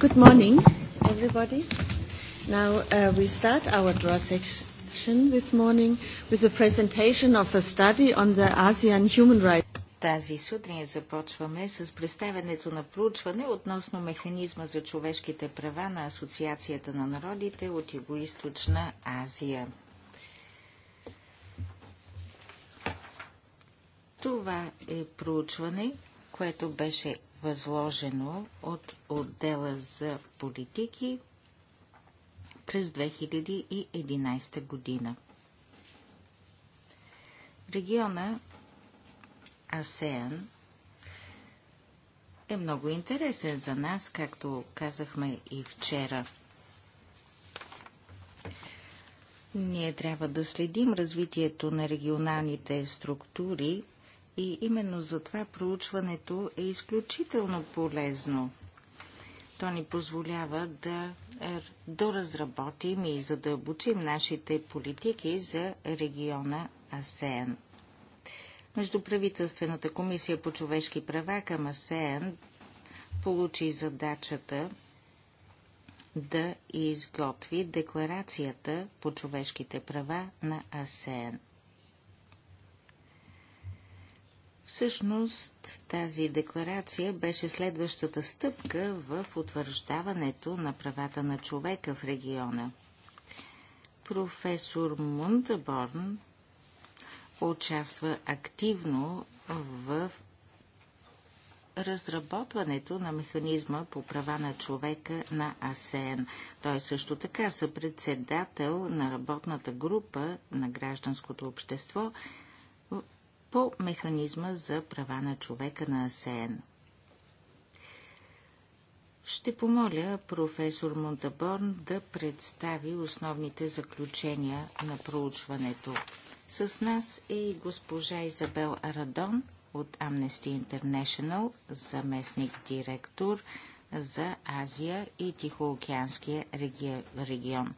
Good morning, everybody. Now uh, we start our draw session this morning with a presentation of a study on the ASEAN human rights. Тази сутрин започваме с представянето на проучване относно механизма за човешките права на Асоциацията на народите от Юго-Источна Азия. Това е проучване, което беше възложено от отдела за политики през 2011 година. Региона АСЕАН е много интересен за нас, както казахме и вчера. Ние трябва да следим развитието на регионалните структури – и именно затова проучването е изключително полезно. То ни позволява да е, доразработим и задълбочим да нашите политики за региона Асен. Междуправителствената комисия по човешки права към Асен получи задачата да изготви декларацията по човешките права на Асен. Всъщност тази декларация беше следващата стъпка в утвърждаването на правата на човека в региона. Професор Мундаборн участва активно в разработването на механизма по права на човека на АСЕН. Той също така съпредседател на работната група на гражданското общество – по механизма за права на човека на АСЕН. Ще помоля професор Монтаборн да представи основните заключения на проучването. С нас е и госпожа Изабел Арадон от Amnesty International, заместник директор за Азия и Тихоокеанския регион.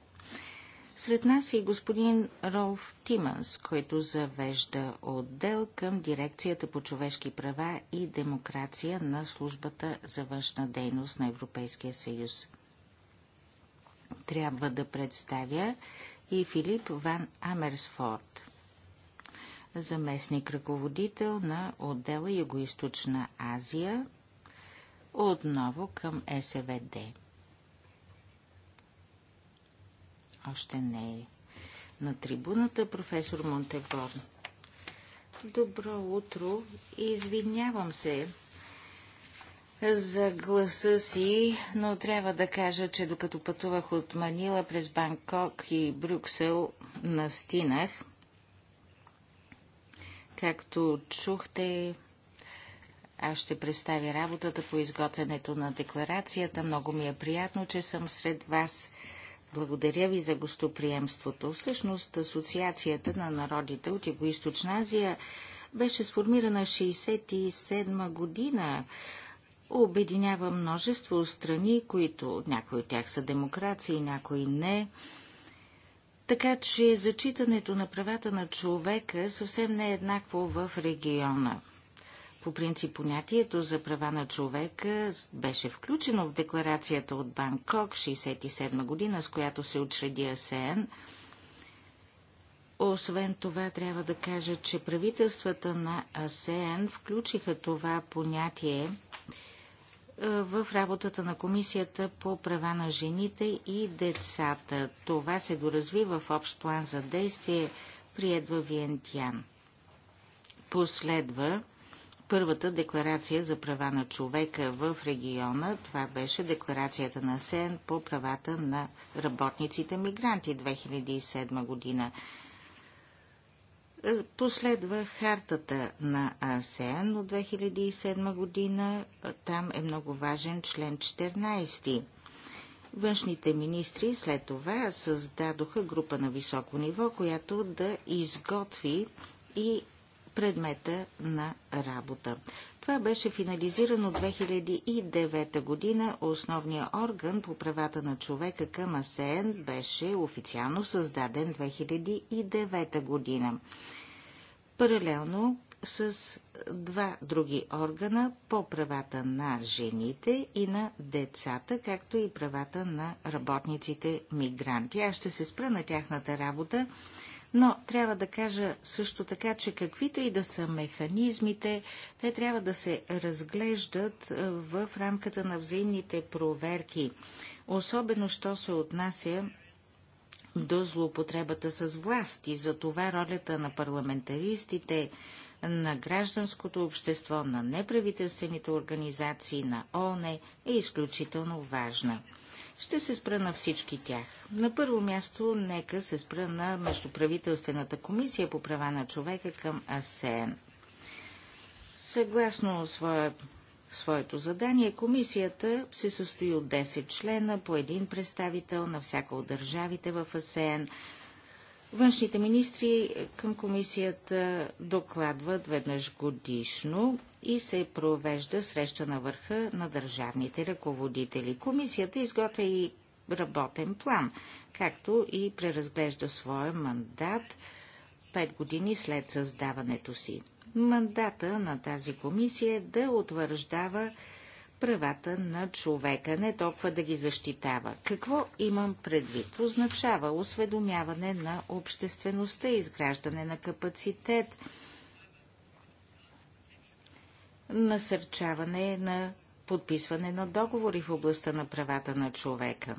Сред нас е господин Ролф Тиманс, който завежда отдел към Дирекцията по човешки права и демокрация на Службата за външна дейност на Европейския съюз. Трябва да представя и Филип Ван Амерсфорд, заместник ръководител на отдела Юго-Источна Азия, отново към СВД. още не е. На трибуната професор Монтегор. Добро утро и извинявам се за гласа си, но трябва да кажа, че докато пътувах от Манила през Банкок и Брюксел, настинах. Както чухте, аз ще представя работата по изготвянето на декларацията. Много ми е приятно, че съм сред вас. Благодаря ви за гостоприемството. Всъщност Асоциацията на народите от Юго-Источна Азия беше сформирана 1967 година. Обединява множество страни, които някои от тях са демокрации, някои не. Така че зачитането на правата на човека съвсем не е еднакво в региона. По принцип понятието за права на човека беше включено в декларацията от Банкок 1967 година, с която се учреди АСЕН. Освен това, трябва да кажа, че правителствата на АСЕН включиха това понятие е, в работата на Комисията по права на жените и децата. Това се доразви в общ план за действие, приедва Виентян. Последва първата декларация за права на човека в региона. Това беше декларацията на СЕН по правата на работниците мигранти 2007 година. Е, последва хартата на АСЕАН от 2007 година. Там е много важен член 14. Външните министри след това създадоха група на високо ниво, която да изготви и предмета на работа. Това беше финализирано 2009 година. Основният орган по правата на човека към АСЕН беше официално създаден 2009 година. Паралелно с два други органа по правата на жените и на децата, както и правата на работниците мигранти. Аз ще се спра на тяхната работа но трябва да кажа също така, че каквито и да са механизмите, те трябва да се разглеждат в рамката на взаимните проверки. Особено, що се отнася до злоупотребата с власт и за това ролята на парламентаристите, на гражданското общество, на неправителствените организации, на ОНЕ е изключително важна. Ще се спра на всички тях. На първо място, нека се спра на Междуправителствената комисия по права на човека към АСЕН. Съгласно своя, своето задание, комисията се състои от 10 члена по един представител на всяка от държавите в АСЕН – Външните министри към комисията докладват веднъж годишно и се провежда среща на върха на държавните ръководители. Комисията изготвя и работен план, както и преразглежда своя мандат пет години след създаването си. Мандата на тази комисия е да утвърждава правата на човека, не толкова да ги защитава. Какво имам предвид? Означава осведомяване на обществеността, изграждане на капацитет, насърчаване на подписване на договори в областта на правата на човека.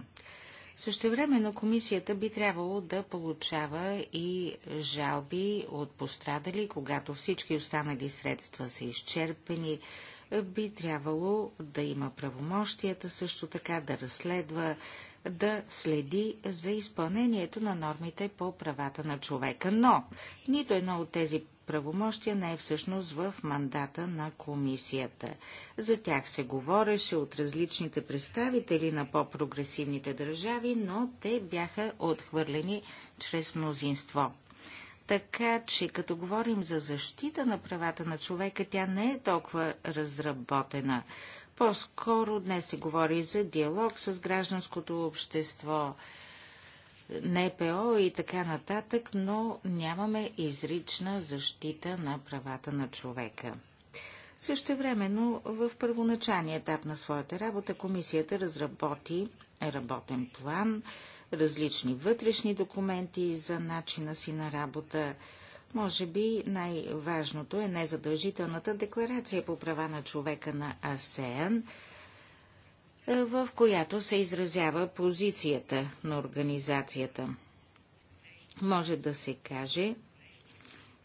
Същевременно комисията би трябвало да получава и жалби от пострадали, когато всички останали средства са изчерпени, би трябвало да има правомощията също така да разследва, да следи за изпълнението на нормите по правата на човека. Но нито едно от тези правомощия не е всъщност в мандата на комисията. За тях се говореше от различните представители на по-прогресивните държави, но те бяха отхвърлени чрез мнозинство. Така че, като говорим за защита на правата на човека, тя не е толкова разработена. По-скоро днес се говори за диалог с гражданското общество, НПО и така нататък, но нямаме изрична защита на правата на човека. времено, в първоначалния етап на своята работа, комисията разработи работен план различни вътрешни документи за начина си на работа. Може би най-важното е незадължителната декларация по права на човека на АСЕАН, в която се изразява позицията на организацията. Може да се каже,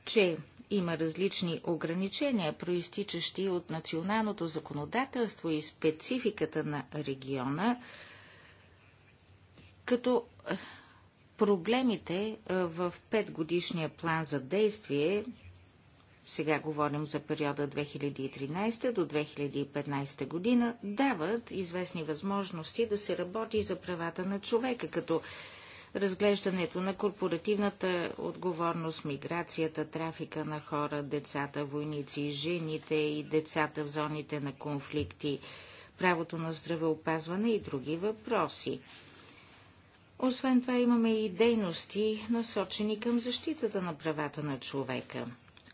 че има различни ограничения, проистичащи от националното законодателство и спецификата на региона, като е, проблемите е, в петгодишния план за действие, сега говорим за периода 2013 до 2015 година, дават известни възможности да се работи за правата на човека, като разглеждането на корпоративната отговорност, миграцията, трафика на хора, децата, войници, жените и децата в зоните на конфликти, правото на здравеопазване и други въпроси. Освен това имаме и дейности, насочени към защитата на правата на човека.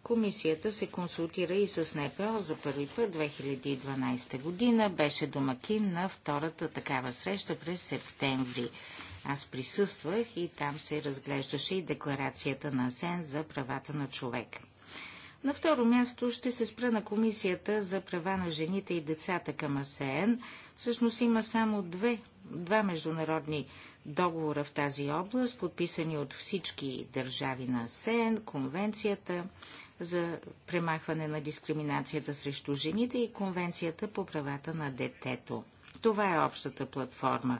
Комисията се консултира и с НПО за първи път 2012 година. Беше домакин на втората такава среща през септември. Аз присъствах и там се разглеждаше и декларацията на СЕН за правата на човека. На второ място ще се спра на Комисията за права на жените и децата към АСЕН. Всъщност има само две, два международни договора в тази област, подписани от всички държави на СЕН, Конвенцията за премахване на дискриминацията срещу жените и Конвенцията по правата на детето. Това е общата платформа.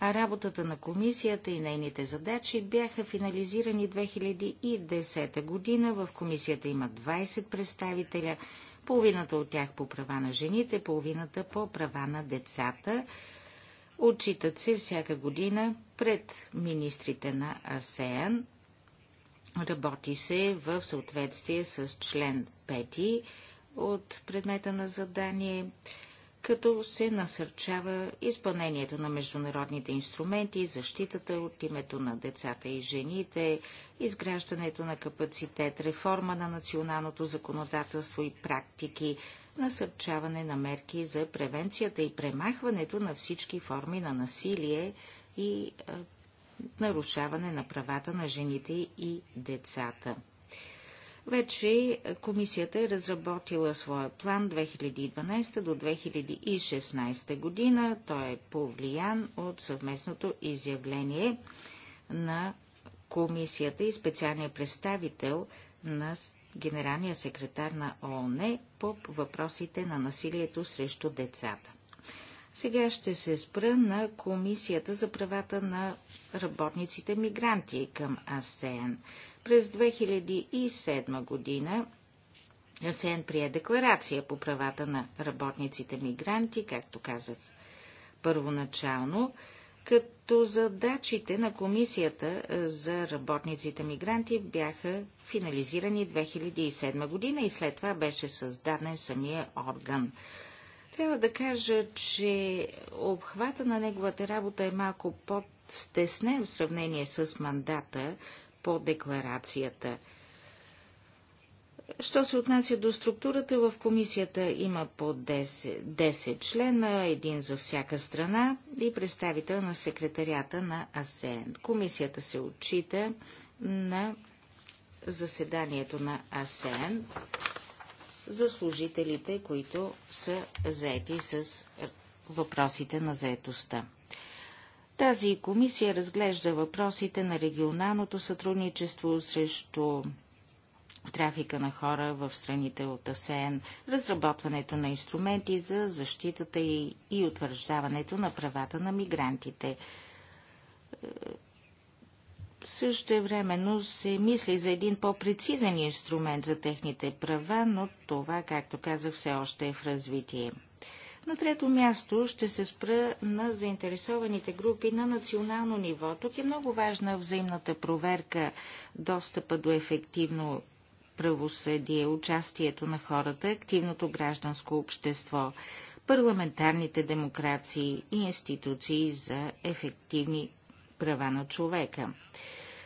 А работата на комисията и нейните задачи бяха финализирани 2010 година. В комисията има 20 представителя, половината от тях по права на жените, половината по права на децата. Отчитат се всяка година пред министрите на АСЕАН. Работи се в съответствие с член 5 от предмета на задание, като се насърчава изпълнението на международните инструменти, защитата от името на децата и жените, изграждането на капацитет, реформа на националното законодателство и практики, насърчаване на мерки за превенцията и премахването на всички форми на насилие и а, нарушаване на правата на жените и децата. Вече комисията е разработила своя план 2012 до 2016 година. Той е повлиян от съвместното изявление на комисията и специалния представител на генералния секретар на ООН по въпросите на насилието срещу децата. Сега ще се спра на Комисията за правата на работниците мигранти към АСЕН. През 2007 година АСен прие декларация по правата на работниците мигранти, както казах първоначално като задачите на комисията за работниците мигранти бяха финализирани 2007 година и след това беше създаден самия орган. Трябва да кажа, че обхвата на неговата работа е малко по-стеснен в сравнение с мандата по декларацията – Що се отнася до структурата, в комисията има по 10, 10 члена, един за всяка страна и представител на секретарията на АСЕН. Комисията се отчита на заседанието на АСЕН за служителите, които са заети с въпросите на заетостта. Тази комисия разглежда въпросите на регионалното сътрудничество срещу трафика на хора в страните от АСЕН, разработването на инструменти за защитата и, и утвърждаването на правата на мигрантите. Също е времено се мисли за един по-прецизен инструмент за техните права, но това, както казах, все още е в развитие. На трето място ще се спра на заинтересованите групи на национално ниво. Тук е много важна взаимната проверка, достъпа до ефективно правосъдие, участието на хората, активното гражданско общество, парламентарните демокрации и институции за ефективни права на човека.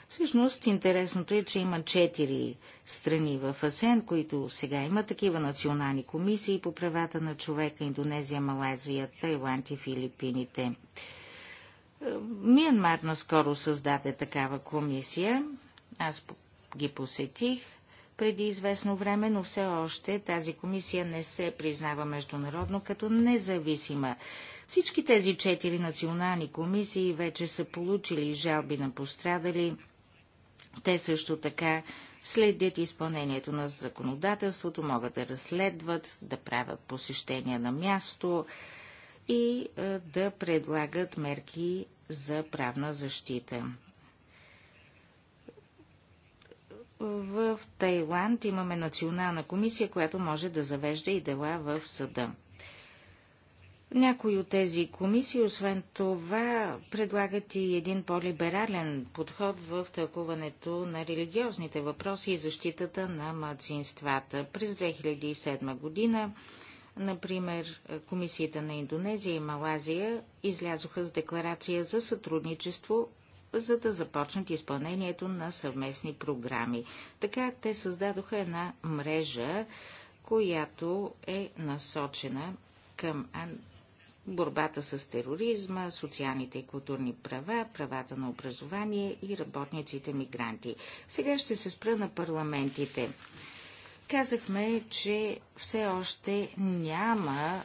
Всъщност, интересното е, че има четири страни в АСЕН, които сега има такива национални комисии по правата на човека Индонезия, Малайзия, Тайланд и Филипините. Миянмар наскоро създаде такава комисия. Аз ги посетих – преди известно време, но все още тази комисия не се признава международно като независима. Всички тези четири национални комисии вече са получили жалби на пострадали. Те също така следят изпълнението на законодателството, могат да разследват, да правят посещения на място и да предлагат мерки за правна защита. В Тайланд имаме национална комисия, която може да завежда и дела в съда. Някои от тези комисии, освен това, предлагат и един по-либерален подход в тълкуването на религиозните въпроси и защитата на младсинствата. През 2007 година, например, комисията на Индонезия и Малазия излязоха с декларация за сътрудничество за да започнат изпълнението на съвместни програми. Така те създадоха една мрежа, която е насочена към борбата с тероризма, социалните и културни права, правата на образование и работниците мигранти. Сега ще се спра на парламентите. Казахме, че все още няма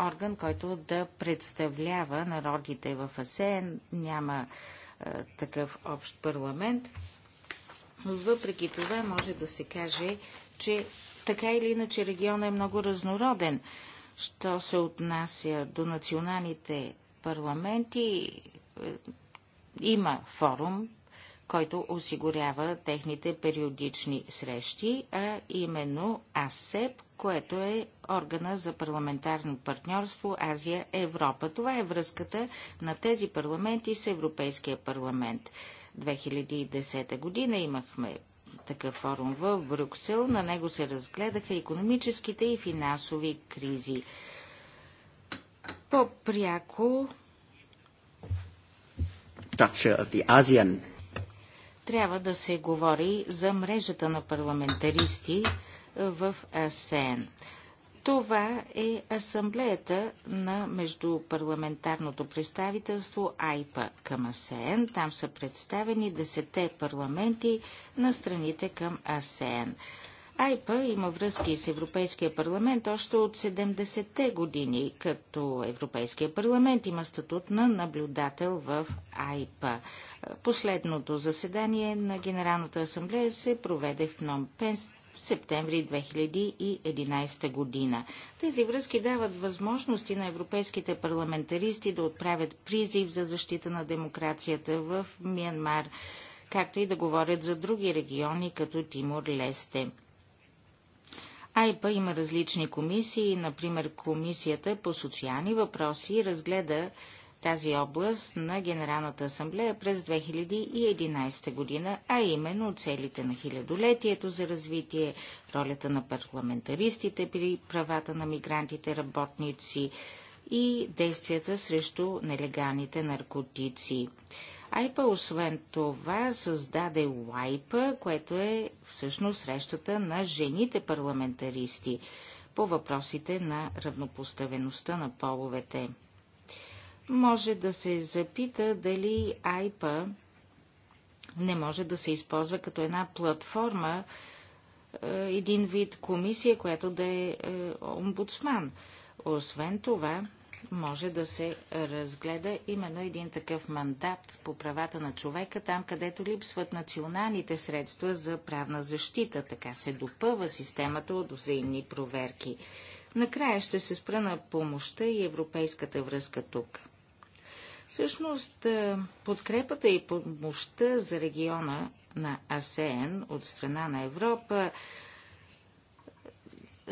орган, който да представлява народите в АСЕН, няма такъв общ парламент. Въпреки това може да се каже, че така или иначе региона е много разнороден. Що се отнася до националните парламенти, е, има форум, който осигурява техните периодични срещи, а именно АСЕП, което е органа за парламентарно партньорство Азия-Европа. Това е връзката на тези парламенти с Европейския парламент. 2010 година имахме такъв форум в Брюксел. На него се разгледаха економическите и финансови кризи. По-пряко трябва да се говори за мрежата на парламентаристи, в АСЕН. Това е асамблеята на междупарламентарното представителство АИПА към АСЕН. Там са представени десете парламенти на страните към АСЕН. АЙПА има връзки с Европейския парламент още от 70-те години, като Европейския парламент има статут на наблюдател в АЙПА. Последното заседание на Генералната асамблея се проведе в Пномпен септември 2011 година. Тези връзки дават възможности на европейските парламентаристи да отправят призив за защита на демокрацията в Миянмар, както и да говорят за други региони, като Тимор-Лесте. Айпа има различни комисии, например Комисията по социални въпроси разгледа тази област на Генералната асамблея през 2011 година, а именно целите на хилядолетието за развитие, ролята на парламентаристите при правата на мигрантите, работници и действията срещу нелегалните наркотици. Айпа освен това създаде Уайпа, което е всъщност срещата на жените парламентаристи по въпросите на равнопоставеността на половете може да се запита дали IPA не може да се използва като една платформа, е, един вид комисия, която да е, е омбудсман. Освен това, може да се разгледа именно един такъв мандат по правата на човека, там където липсват националните средства за правна защита. Така се допълва системата от взаимни проверки. Накрая ще се спра на помощта и европейската връзка тук. Всъщност е, подкрепата и помощта за региона на АСЕН от страна на Европа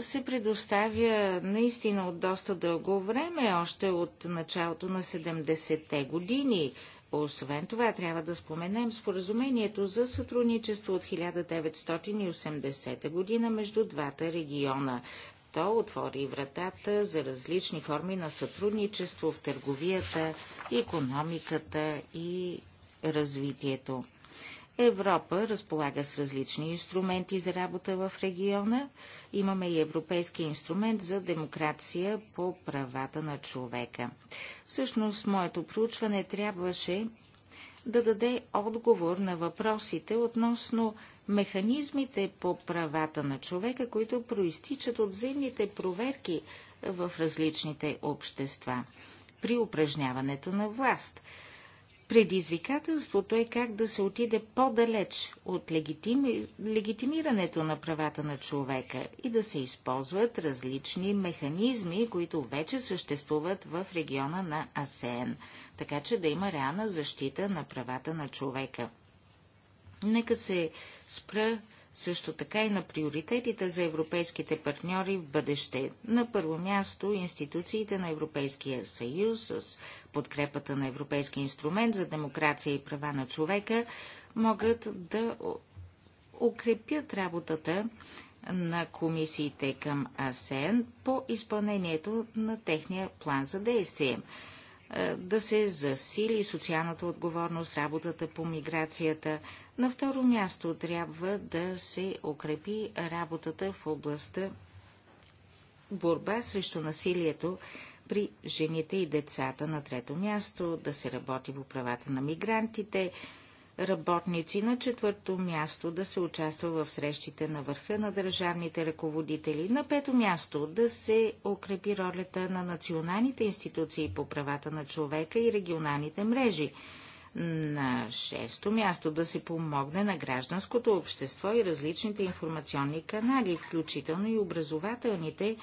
се предоставя наистина от доста дълго време, още от началото на 70-те години. Освен това, трябва да споменем споразумението за сътрудничество от 1980 година между двата региона то отвори вратата за различни форми на сътрудничество в търговията, економиката и развитието. Европа разполага с различни инструменти за работа в региона. Имаме и Европейски инструмент за демокрация по правата на човека. Всъщност, моето проучване трябваше да даде отговор на въпросите относно механизмите по правата на човека, които проистичат от взаимните проверки в различните общества при упражняването на власт. Предизвикателството е как да се отиде по-далеч от легитими... легитимирането на правата на човека и да се използват различни механизми, които вече съществуват в региона на АСЕН, така че да има реална защита на правата на човека. Нека се спра също така и на приоритетите за европейските партньори в бъдеще. На първо място институциите на Европейския съюз с подкрепата на Европейския инструмент за демокрация и права на човека могат да укрепят работата на комисиите към АСЕН по изпълнението на техния план за действие. Е, да се засили социалната отговорност, работата по миграцията, на второ място трябва да се укрепи работата в областта борба срещу насилието при жените и децата. На трето място да се работи по правата на мигрантите, работници. На четвърто място да се участва в срещите на върха на държавните ръководители. На пето място да се укрепи ролята на националните институции по правата на човека и регионалните мрежи. На шесто място да се помогне на гражданското общество и различните информационни канали, включително и образователните,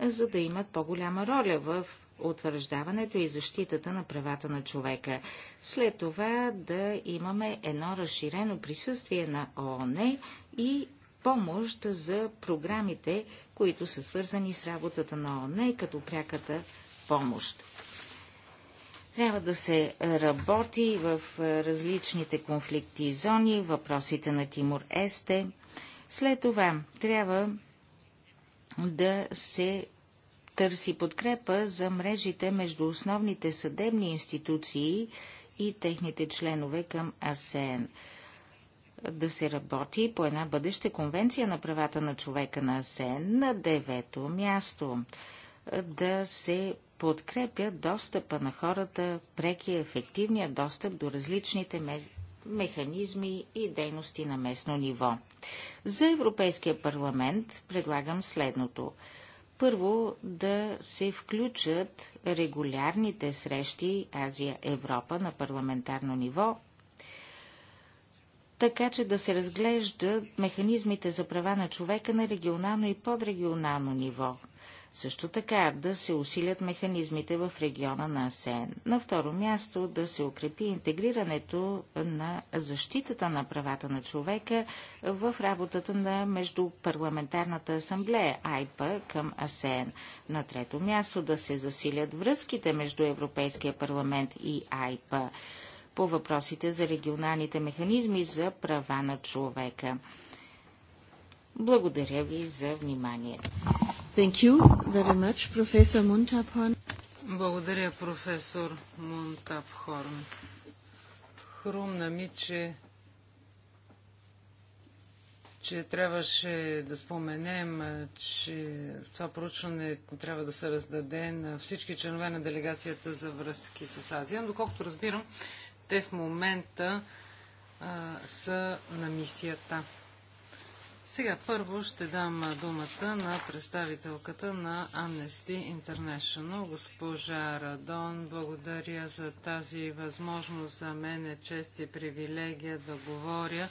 за да имат по-голяма роля в утвърждаването и защитата на правата на човека. След това да имаме едно разширено присъствие на ООН и помощ за програмите, които са свързани с работата на ООН като пряката помощ. Трябва да се работи в е, различните конфликти зони, въпросите на Тимур Есте. След това трябва да се търси подкрепа за мрежите между основните съдебни институции и техните членове към АСН. Да се работи по една бъдеща конвенция на правата на човека на АСН на девето място. Да се подкрепя достъпа на хората, преки ефективния достъп до различните механизми и дейности на местно ниво. За Европейския парламент предлагам следното. Първо да се включат регулярните срещи Азия-Европа на парламентарно ниво, така че да се разглеждат механизмите за права на човека на регионално и подрегионално ниво, също така да се усилят механизмите в региона на АСЕН. На второ място да се укрепи интегрирането на защитата на правата на човека в работата на Междупарламентарната асамблея АЙПА към АСЕН. На трето място да се засилят връзките между Европейския парламент и АЙПА по въпросите за регионалните механизми за права на човека. Благодаря ви за вниманието. Thank you very much, Professor Muntaphorn. Благодаря, професор Монтапхорн. Хрумна ми, че, че трябваше да споменем, че това проучване трябва да се раздаде на всички членове на делегацията за връзки с Азия. Доколкото разбирам, те в момента а, са на мисията. Сега първо ще дам думата на представителката на Amnesty International, госпожа Радон. Благодаря за тази възможност. За мен е чест и привилегия да говоря.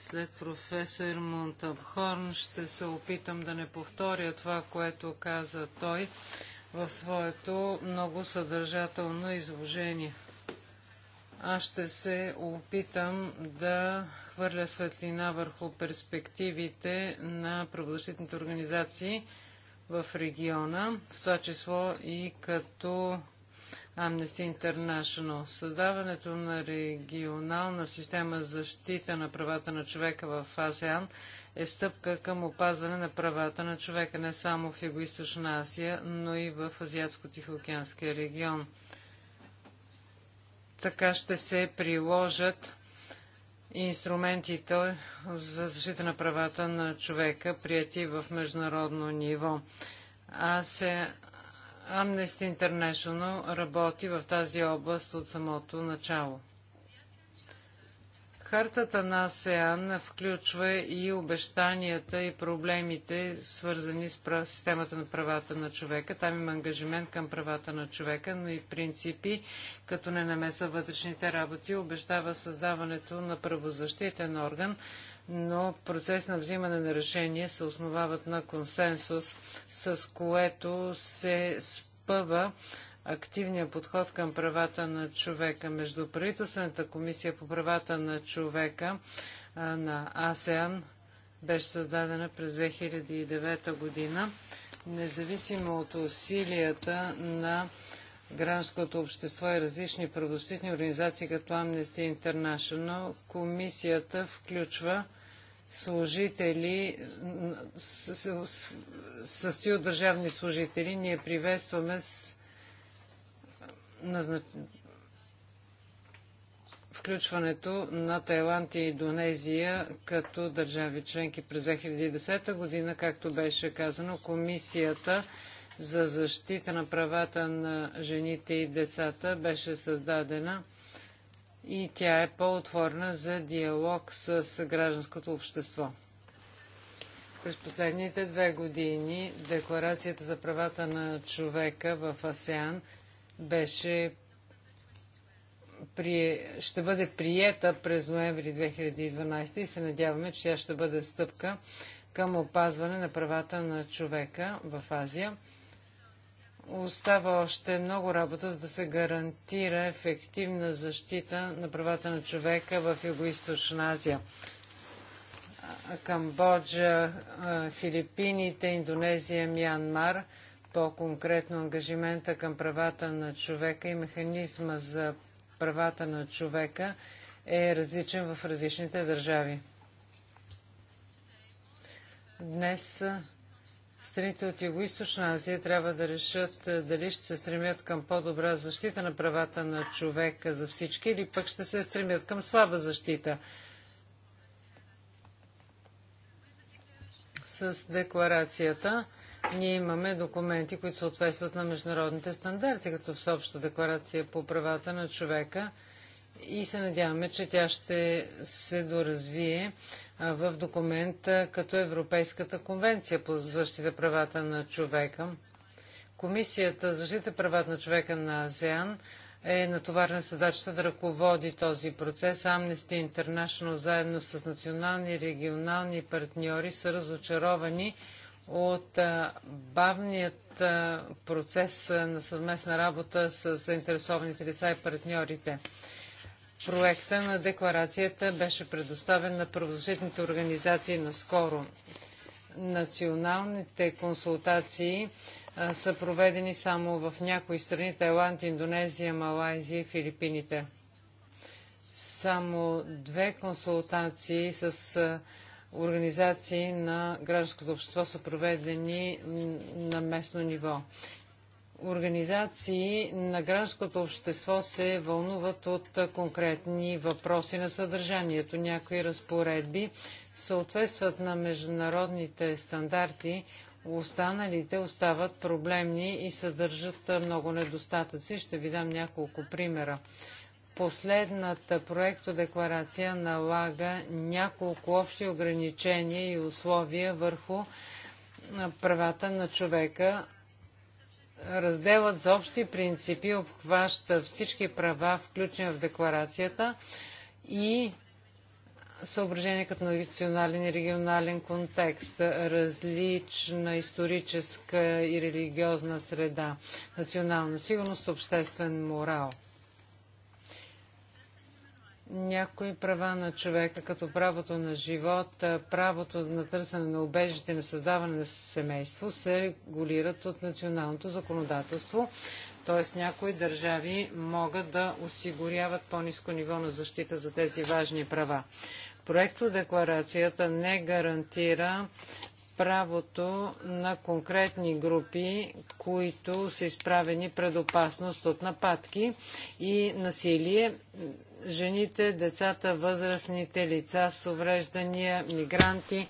След професор Монтабхорн ще се опитам да не повторя това, което каза той в своето много съдържателно изложение. Аз ще се опитам да хвърля светлина върху перспективите на правозащитните организации в региона, в това число и като Amnesty International. Създаването на регионална система за защита на правата на човека в АСЕАН е стъпка към опазване на правата на човека не само в Юго-Источна Азия, но и в Азиатско-Тихоокеанския регион. Така ще се приложат инструментите за защита на правата на човека, прияти в международно ниво. Аз се Amnesty International работи в тази област от самото начало. Хартата на АСЕАН включва и обещанията и проблемите, свързани с системата на правата на човека. Там има ангажимент към правата на човека, но и принципи, като не намеса вътрешните работи, обещава създаването на правозащитен орган, но процес на взимане на решение се основават на консенсус, с което се спъва активния подход към правата на човека. Между правителствената комисия по правата на човека на АСЕАН беше създадена през 2009 година. Независимо от усилията на гражданското общество и различни правозащитни организации като Amnesty International, комисията включва служители, състои от държавни служители. Ние приветстваме с назнач... включването на Тайланд и Индонезия като държави членки през 2010 година, както беше казано, комисията за защита на правата на жените и децата беше създадена и тя е по-отворна за диалог с гражданското общество. През последните две години Декларацията за правата на човека в АСЕАН беше при, ще бъде приета през ноември 2012 и се надяваме, че тя ще бъде стъпка към опазване на правата на човека в Азия. Остава още много работа, за да се гарантира ефективна защита на правата на човека в Юго-Источна Азия. Камбоджа, Филипините, Индонезия, Мянмар – по-конкретно ангажимента към правата на човека и механизма за правата на човека е различен в различните държави. Днес страните от Юго-Источна Азия трябва да решат дали ще се стремят към по-добра защита на правата на човека за всички или пък ще се стремят към слаба защита. С декларацията ние имаме документи, които съответстват на международните стандарти, като Всеобща декларация по правата на човека и се надяваме, че тя ще се доразвие в документ като Европейската конвенция по защита правата на човека. Комисията за защита правата на човека на АЗЕАН е натоварена задачата да ръководи този процес. Amnesty International заедно с национални и регионални партньори са разочаровани от бавният процес на съвместна работа с заинтересованите лица и партньорите. Проекта на декларацията беше предоставен на правозащитните организации наскоро. Националните консултации са проведени само в някои страни Тайланд, Индонезия, Малайзия и Филипините. Само две консултации с а, организации на гражданското общество са проведени на местно ниво. Организации на гражданското общество се вълнуват от конкретни въпроси на съдържанието. Някои разпоредби съответстват на международните стандарти, останалите остават проблемни и съдържат много недостатъци. Ще ви дам няколко примера. Последната проектодекларация налага няколко общи ограничения и условия върху правата на човека. Разделът за общи принципи обхваща всички права, включени в декларацията и съображение като национален и регионален контекст, различна историческа и религиозна среда, национална сигурност, обществен морал – някои права на човека, като правото на живот, правото на търсене на убежище на създаване на семейство, се регулират от националното законодателство. Т.е. някои държави могат да осигуряват по-низко ниво на защита за тези важни права. Проекто декларацията не гарантира правото на конкретни групи, които са изправени пред опасност от нападки и насилие жените, децата, възрастните, лица с увреждания, мигранти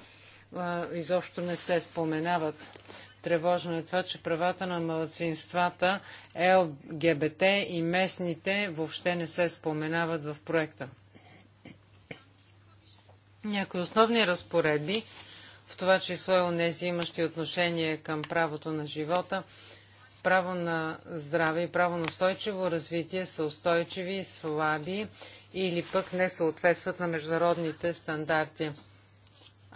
изобщо не се споменават. Тревожно е това, че правата на младсинствата, ЛГБТ и местните въобще не се споменават в проекта. Някои основни разпоредби, в това число и е онези имащи отношение към правото на живота – право на здраве и право на устойчиво развитие са устойчиви и слаби или пък не съответстват на международните стандарти.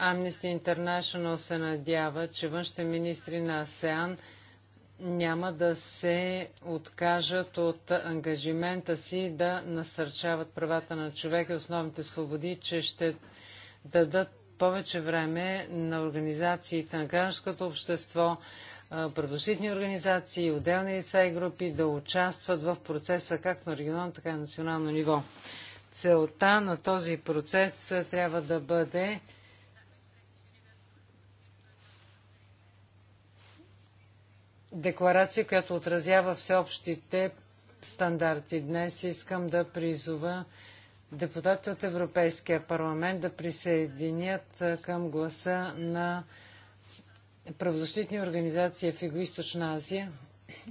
Amnesty International се надява, че външните министри на АСЕАН няма да се откажат от ангажимента си да насърчават правата на човека и основните свободи, че ще дадат повече време на организациите на гражданското общество, правозащитни организации, отделни лица и групи да участват в процеса както на регионално, така и на национално ниво. Целта на този процес трябва да бъде декларация, която отразява всеобщите стандарти. Днес искам да призова депутатите от Европейския парламент да присъединят към гласа на правозащитни организации в Юго-Источна Азия,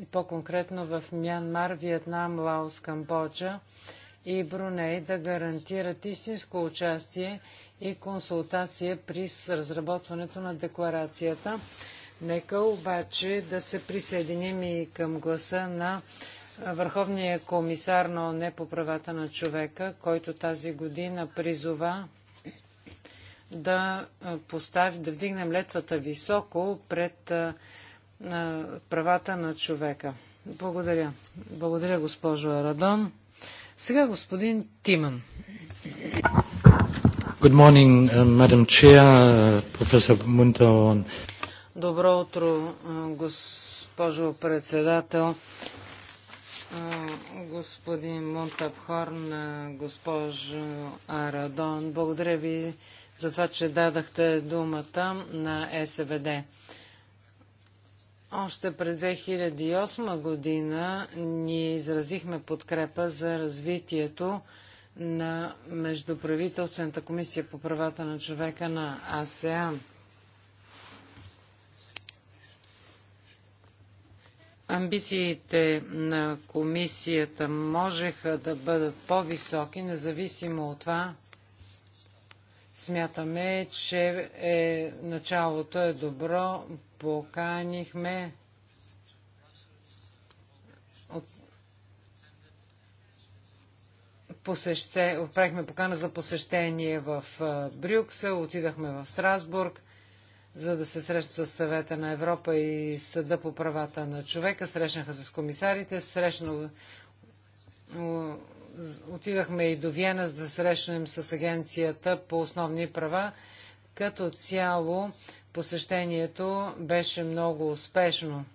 и по-конкретно в Мянмар, Виетнам, Лаос, Камбоджа и Бруней, да гарантират истинско участие и консултация при разработването на декларацията. Нека обаче да се присъединим и към гласа на Върховния комисар на ОНЕ по правата на човека, който тази година призова да, постави, да вдигнем летвата високо пред правата на човека. Благодаря. Благодаря, госпожо Арадон. Сега господин Тиман. Good morning, uh, Madam Chair, професор uh, Мунтаон. Добро утро, госпожо председател, господин Мунтабхорн, госпожо Арадон. Благодаря ви за това, че дадахте думата на СВД. Още през 2008 година ние изразихме подкрепа за развитието на Междуправителствената комисия по правата на човека на АСЕАН. Амбициите на комисията можеха да бъдат по-високи, независимо от това, Смятаме, че е, началото е добро. Поканихме от посеще... отправихме покана за посещение в Брюксел, отидахме в Страсбург, за да се срещат с съвета на Европа и съда по правата на човека. Срещнаха се с комисарите, срещна отидахме и до Виена, за да срещнем с агенцията по основни права. Като цяло посещението беше много успешно.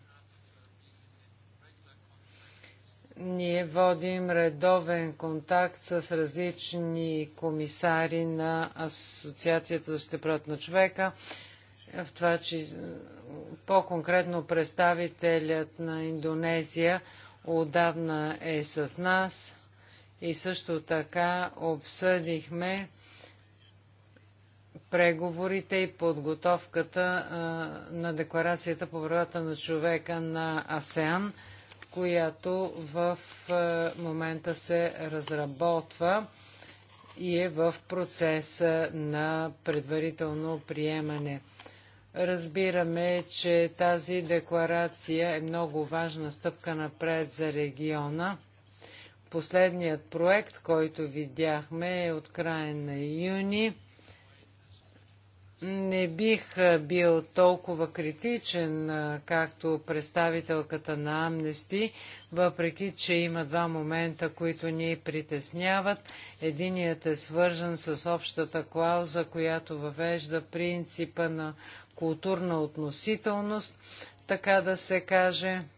Ние водим редовен контакт с различни комисари на Асоциацията за щепрот на човека, в това, че по-конкретно представителят на Индонезия отдавна е с нас. И също така обсъдихме преговорите и подготовката на Декларацията по правата на човека на АСЕАН, която в момента се разработва и е в процеса на предварително приемане. Разбираме, че тази декларация е много важна стъпка напред за региона – Последният проект, който видяхме е от края на юни. Не бих бил толкова критичен, както представителката на Амнести, въпреки че има два момента, които ни притесняват. Единият е свържен с общата клауза, която въвежда принципа на културна относителност, така да се каже –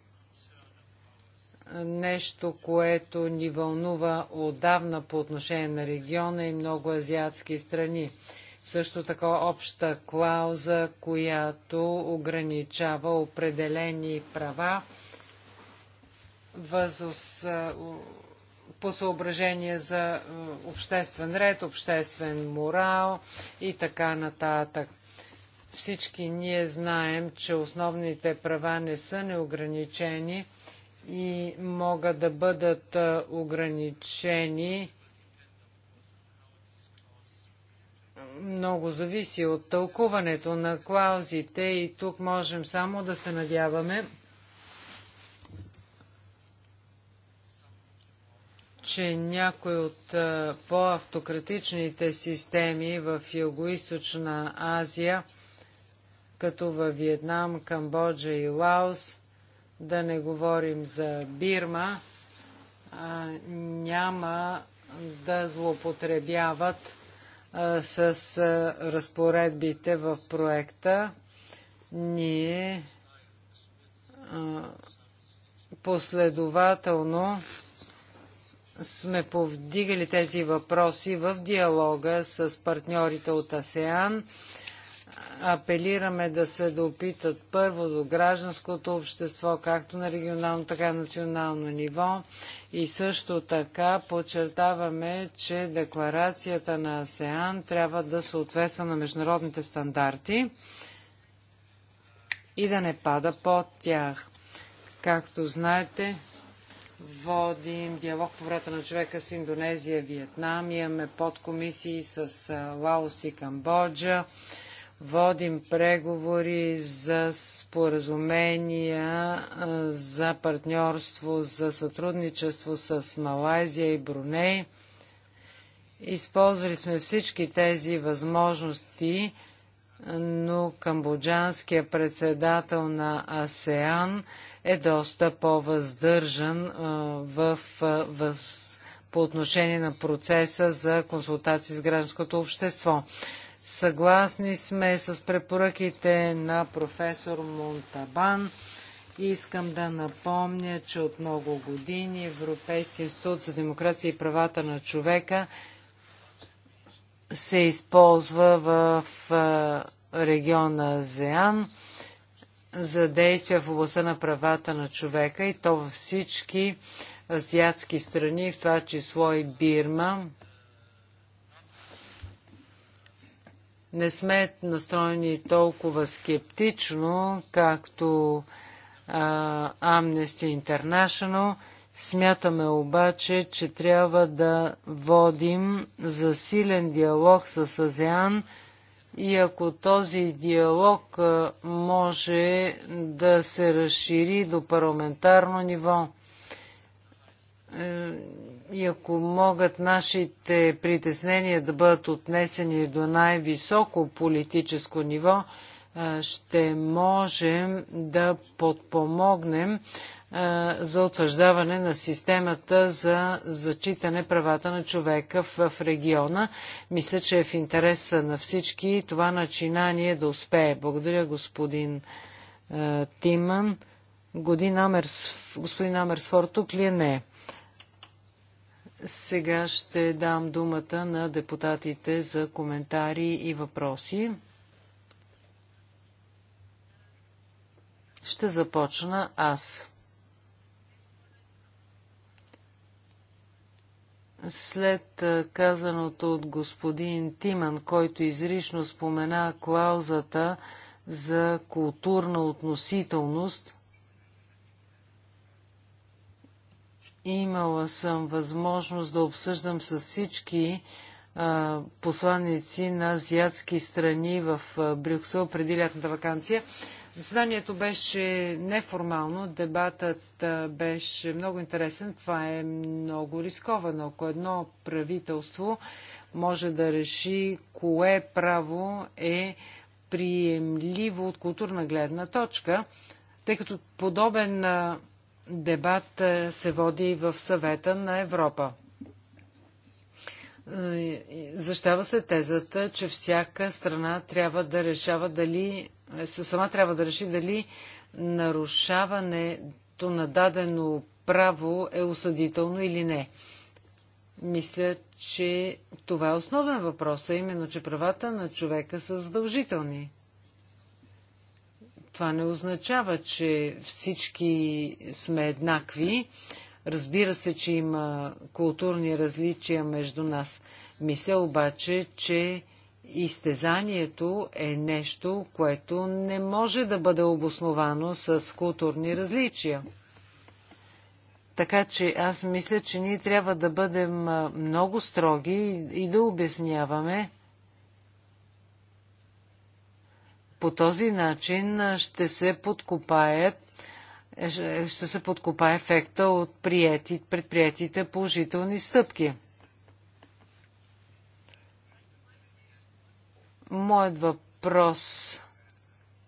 нещо, което ни вълнува отдавна по отношение на региона и много азиатски страни. Също така обща клауза, която ограничава определени права възос, по съображение за обществен ред, обществен морал и така нататък. Всички ние знаем, че основните права не са неограничени – и могат да бъдат ограничени. Много зависи от тълкуването на клаузите и тук можем само да се надяваме, че някои от по-автократичните системи в Юго-Источна Азия, като във Виетнам, Камбоджа и Лаос – да не говорим за Бирма. няма да злоупотребяват с разпоредбите в проекта. Ние последователно сме повдигали тези въпроси в диалога с партньорите от АСЕАН апелираме да се допитат първо до гражданското общество, както на регионално, така и национално ниво. И също така подчертаваме, че декларацията на АСЕАН трябва да съответства на международните стандарти и да не пада под тях. Както знаете, водим диалог по врата на човека с Индонезия, Виетнам, имаме подкомисии с Лаос и Камбоджа водим преговори за споразумения за партньорство, за сътрудничество с Малайзия и Бруней. Използвали сме всички тези възможности, но камбоджанския председател на АСЕАН е доста по-въздържан в, в, по отношение на процеса за консултации с гражданското общество. Съгласни сме с препоръките на професор Монтабан. Искам да напомня, че от много години Европейския институт за демокрация и правата на човека се използва в региона ЗЕАН за действия в областта на правата на човека и то във всички азиатски страни, в това число и Бирма. не сме настроени толкова скептично, както а, Amnesty International. Смятаме обаче, че трябва да водим засилен диалог с АЗЕАН и ако този диалог може да се разшири до парламентарно ниво е, и ако могат нашите притеснения да бъдат отнесени до най-високо политическо ниво, ще можем да подпомогнем за утвърждаване на системата за зачитане правата на човека в региона. Мисля, че е в интереса на всички това начинание да успее. Благодаря, господин Тиман. господин Амерсфор тук ли е? Не. Сега ще дам думата на депутатите за коментари и въпроси. Ще започна аз. След казаното от господин Тиман, който изрично спомена клаузата за културна относителност, Имала съм възможност да обсъждам с всички посланици посланници на азиатски страни в Брюксел преди лятната вакансия. Заседанието беше неформално, дебатът беше много интересен. Това е много рисковано. Ако едно правителство може да реши кое право е приемливо от културна гледна точка, тъй като подобен дебат е, се води в съвета на Европа. Е, защава се тезата, че всяка страна трябва да решава дали, е, сама трябва да реши дали нарушаването на дадено право е осъдително или не. Мисля, че това е основен въпрос, а именно, че правата на човека са задължителни. Това не означава, че всички сме еднакви. Разбира се, че има културни различия между нас. Мисля обаче, че изтезанието е нещо, което не може да бъде обосновано с културни различия. Така че аз мисля, че ние трябва да бъдем много строги и да обясняваме, По този начин ще се подкопае е, е, ще се подкопае ефекта от приети, предприятите положителни стъпки. Моят въпрос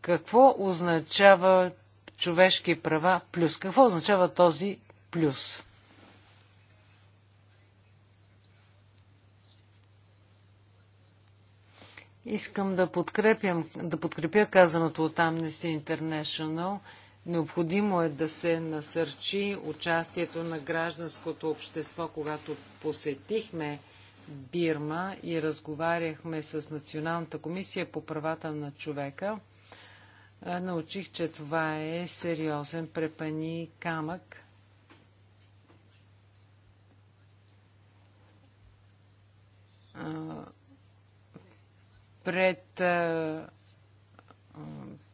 какво означава човешки права плюс? Какво означава този плюс? Искам да, подкрепям, да подкрепя казаното от Amnesty International. Необходимо е да се насърчи участието на гражданското общество, когато посетихме Бирма и разговаряхме с Националната комисия по правата на човека. Научих, че това е сериозен препани камък пред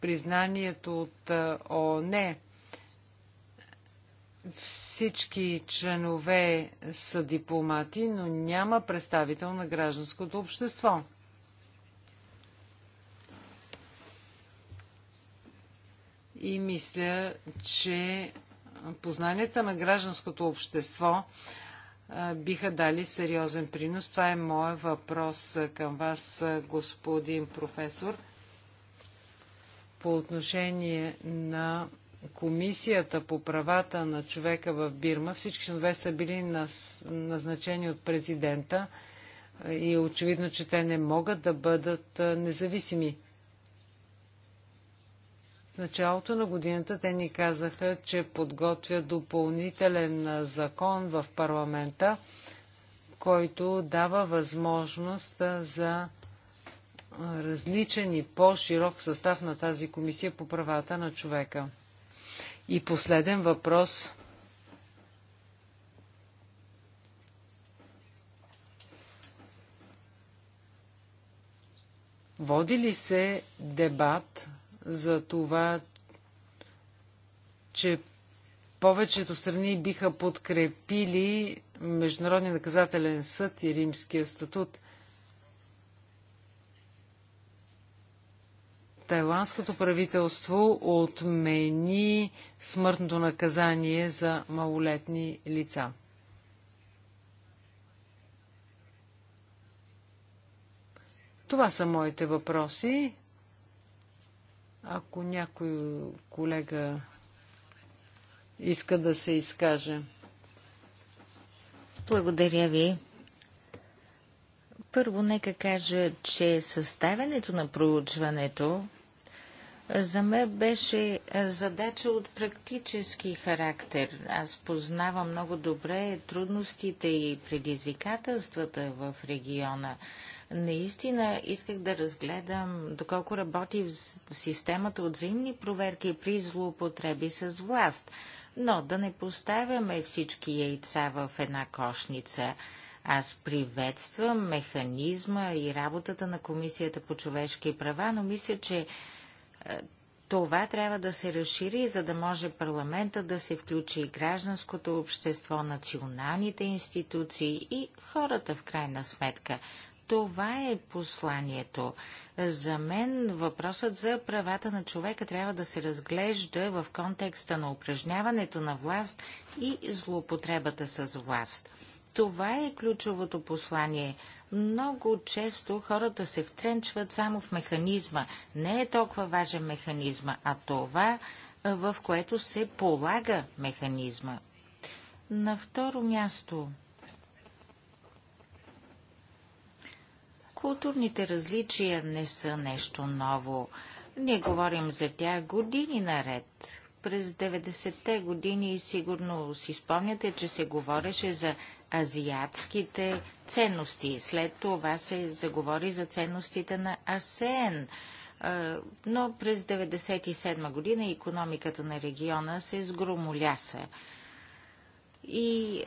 признанието от ООН. Всички членове са дипломати, но няма представител на гражданското общество. И мисля, че познанията на гражданското общество биха дали сериозен принос. Това е моят въпрос към вас, господин професор. По отношение на Комисията по правата на човека в Бирма, всички членове са били назначени от президента и очевидно, че те не могат да бъдат независими. В началото на годината те ни казаха, че подготвя допълнителен закон в парламента, който дава възможност за различен и по-широк състав на тази комисия по правата на човека. И последен въпрос. Води ли се дебат за това, че повечето страни биха подкрепили Международния наказателен съд и Римския статут. Тайландското правителство отмени смъртното наказание за малолетни лица. Това са моите въпроси. Ако някой колега иска да се изкаже. Благодаря ви. Първо нека кажа, че съставянето на проучването за мен беше задача от практически характер. Аз познавам много добре трудностите и предизвикателствата в региона. Наистина исках да разгледам доколко работи в системата от взаимни проверки при злоупотреби с власт. Но да не поставяме всички яйца в една кошница. Аз приветствам механизма и работата на Комисията по човешки права, но мисля, че е, това трябва да се разшири, за да може парламента да се включи и гражданското общество, националните институции и хората в крайна сметка. Това е посланието. За мен въпросът за правата на човека трябва да се разглежда в контекста на упражняването на власт и злоупотребата с власт. Това е ключовото послание. Много често хората се втренчват само в механизма. Не е толкова важен механизма, а това, в което се полага механизма. На второ място – Културните различия не са нещо ново. Ние говорим за тях години наред. През 90-те години сигурно си спомняте, че се говореше за азиатските ценности. След това се заговори за ценностите на АСЕН. Но през 1997 година економиката на региона се сгромоляса. И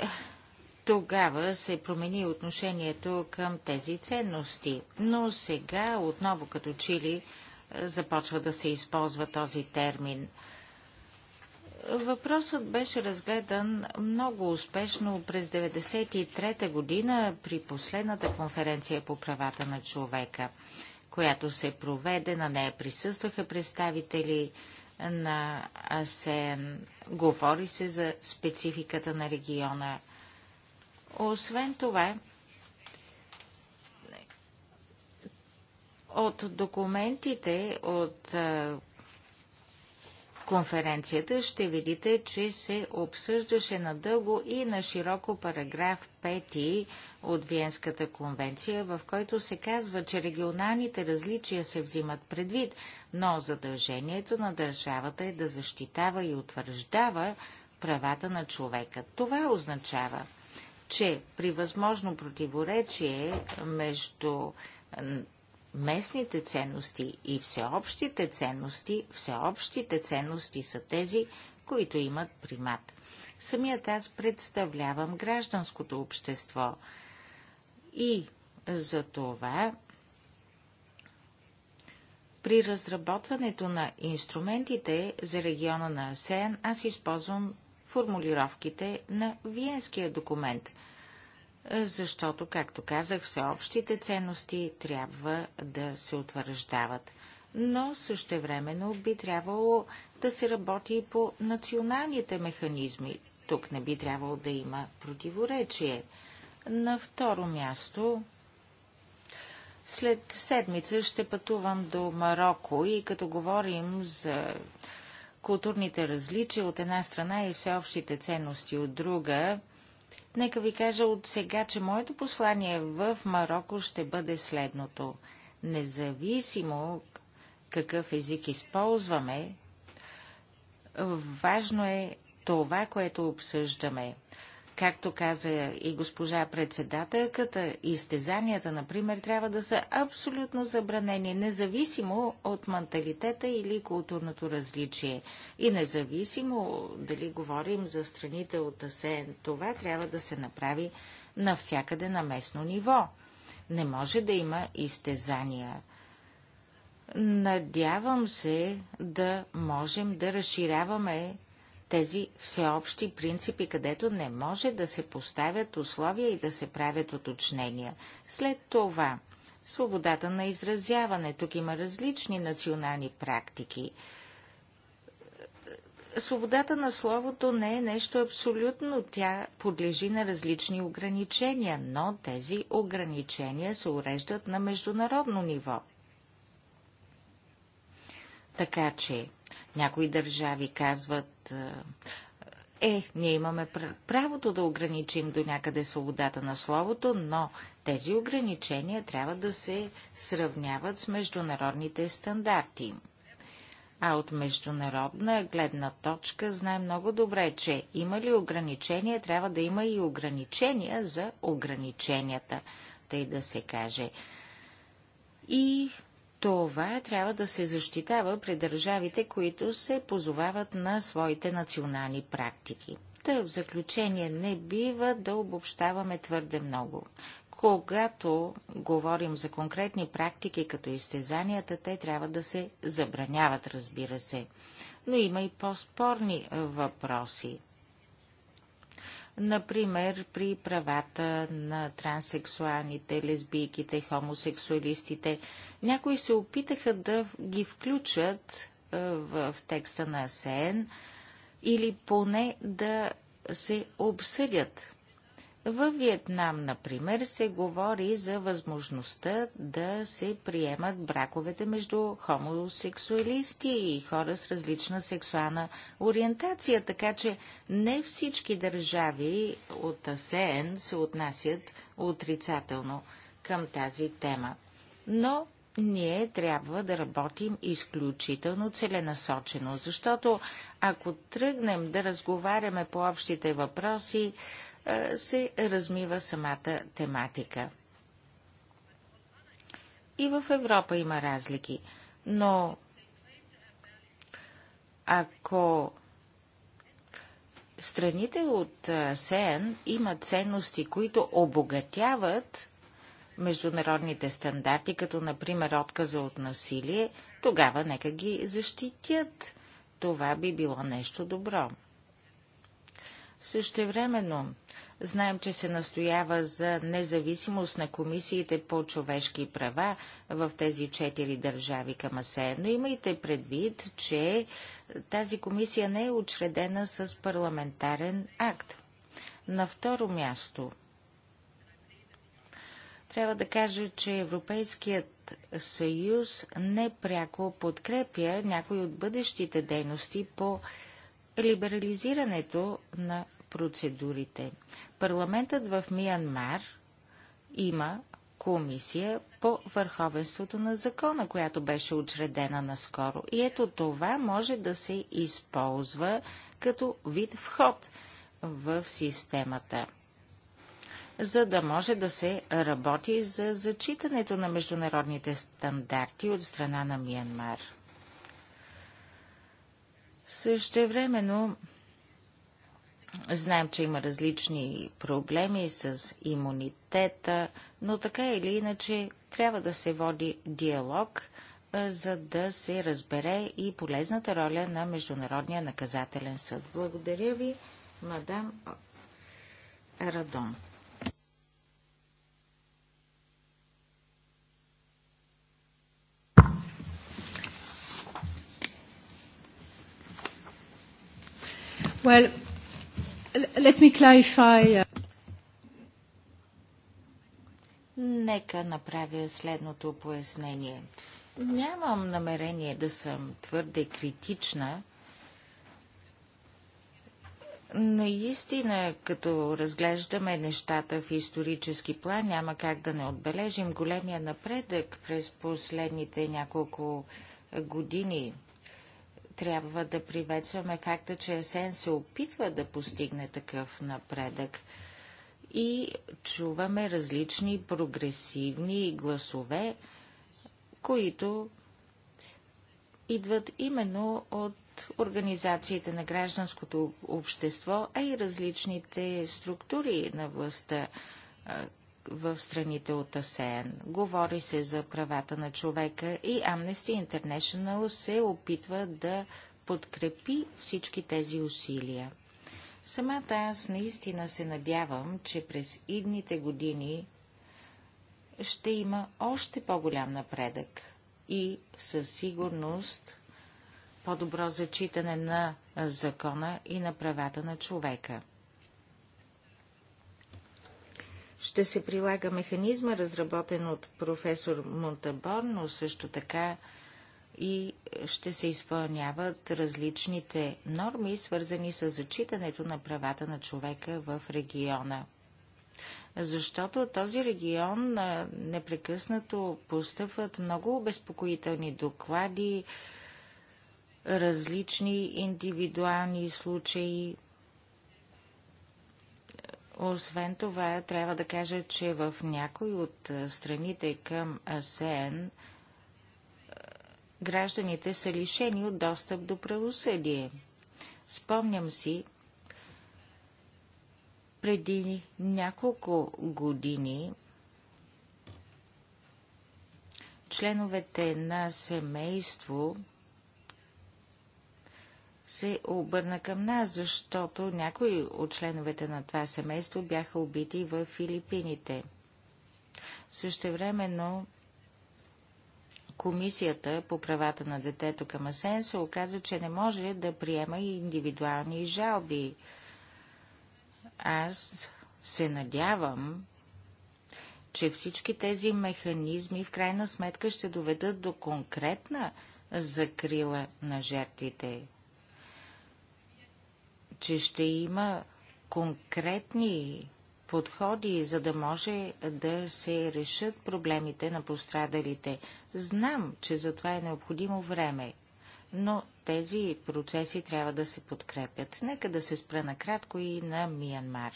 тогава се промени отношението към тези ценности, но сега отново като чили е, започва да се използва този термин. Въпросът беше разгледан много успешно през 1993 година при последната конференция по правата на човека, която се проведе. На нея присъстваха представители на АСЕН. Говори се за спецификата на региона, освен това, от документите от конференцията ще видите, че се обсъждаше надълго и на широко параграф 5 от Виенската конвенция, в който се казва, че регионалните различия се взимат предвид, но задължението на държавата е да защитава и утвърждава правата на човека. Това означава – че при възможно противоречие между местните ценности и всеобщите ценности, всеобщите ценности са тези, които имат примат. Самият аз представлявам гражданското общество и за това при разработването на инструментите за региона на АСЕН аз използвам формулировките на Виенския документ. Защото, както казах, всеобщите ценности трябва да се утвърждават. Но същевременно би трябвало да се работи и по националните механизми. Тук не би трябвало да има противоречие. На второ място след седмица ще пътувам до Марокко и като говорим за културните различия от една страна и всеобщите ценности от друга. Нека ви кажа от сега, че моето послание в Марокко ще бъде следното. Независимо какъв език използваме, важно е това, което обсъждаме. Както каза и госпожа председателката, изтезанията, например, трябва да са абсолютно забранени, независимо от менталитета или културното различие. И независимо дали говорим за страните от АСЕН, това трябва да се направи навсякъде на местно ниво. Не може да има изтезания. Надявам се да можем да разширяваме тези всеобщи принципи, където не може да се поставят условия и да се правят уточнения. След това, свободата на изразяване. Тук има различни национални практики. Свободата на словото не е нещо абсолютно. Тя подлежи на различни ограничения, но тези ограничения се уреждат на международно ниво. Така че някои държави казват, е, е ние имаме правото да ограничим до някъде свободата на словото, но тези ограничения трябва да се сравняват с международните стандарти. А от международна гледна точка знае много добре, че има ли ограничения, трябва да има и ограничения за ограниченията, тъй да се каже. И това трябва да се защитава при държавите, които се позовават на своите национални практики. Та в заключение не бива да обобщаваме твърде много. Когато говорим за конкретни практики като изтезанията, те трябва да се забраняват, разбира се. Но има и по-спорни въпроси. Например, при правата на транссексуалните, лесбийките, хомосексуалистите. Някои се опитаха да ги включат в текста на СЕН или поне да се обсъдят в Виетнам, например, се говори за възможността да се приемат браковете между хомосексуалисти и хора с различна сексуална ориентация, така че не всички държави от АСЕН се отнасят отрицателно към тази тема. Но ние трябва да работим изключително целенасочено, защото ако тръгнем да разговаряме по общите въпроси, се размива самата тематика. И в Европа има разлики, но ако страните от СЕН имат ценности, които обогатяват международните стандарти, като например отказа от насилие, тогава нека ги защитят. Това би било нещо добро. Същевременно, знаем, че се настоява за независимост на комисиите по човешки права в тези четири държави към АСЕ, но имайте предвид, че тази комисия не е учредена с парламентарен акт. На второ място, трябва да кажа, че Европейският съюз непряко подкрепя някои от бъдещите дейности по либерализирането на процедурите. Парламентът в Миянмар има комисия по върховенството на закона, която беше учредена наскоро. И ето това може да се използва като вид вход в системата за да може да се работи за зачитането на международните стандарти от страна на Миянмар. времено, Знаем, че има различни проблеми с имунитета, но така или иначе трябва да се води диалог, за да се разбере и полезната роля на Международния наказателен съд. Благодаря ви, мадам Радон. Well, Let me clarify. Uh, Нека направя следното пояснение. Нямам намерение да съм твърде критична. Наистина, като разглеждаме нещата в исторически план, няма как да не отбележим големия напредък през последните няколко години трябва да приветстваме факта, че АСЕН се опитва да постигне такъв напредък. И чуваме различни прогресивни гласове, които идват именно от организациите на гражданското общество, а и различните структури на властта, в страните от Асен, Говори се за правата на човека и Amnesty International се опитва да подкрепи всички тези усилия. Самата аз наистина се надявам, че през идните години ще има още по-голям напредък и със сигурност по-добро зачитане на закона и на правата на човека. Ще се прилага механизма, разработен от професор Монтабор, но също така и ще се изпълняват различните норми, свързани с зачитането на правата на човека в региона. Защото този регион непрекъснато постъпват много обезпокоителни доклади, различни индивидуални случаи. Освен това, трябва да кажа, че в някои от страните към АСЕН гражданите са лишени от достъп до правосъдие. Спомням си, преди няколко години членовете на семейство се обърна към нас, защото някои от членовете на това семейство бяха убити в Филипините. Същевременно Комисията по правата на детето към Асен се оказа, че не може да приема и индивидуални жалби. Аз се надявам, че всички тези механизми в крайна сметка ще доведат до конкретна закрила на жертвите че ще има конкретни подходи, за да може да се решат проблемите на пострадалите. Знам, че за това е необходимо време, но тези процеси трябва да се подкрепят. Нека да се спра накратко и на Миянмар.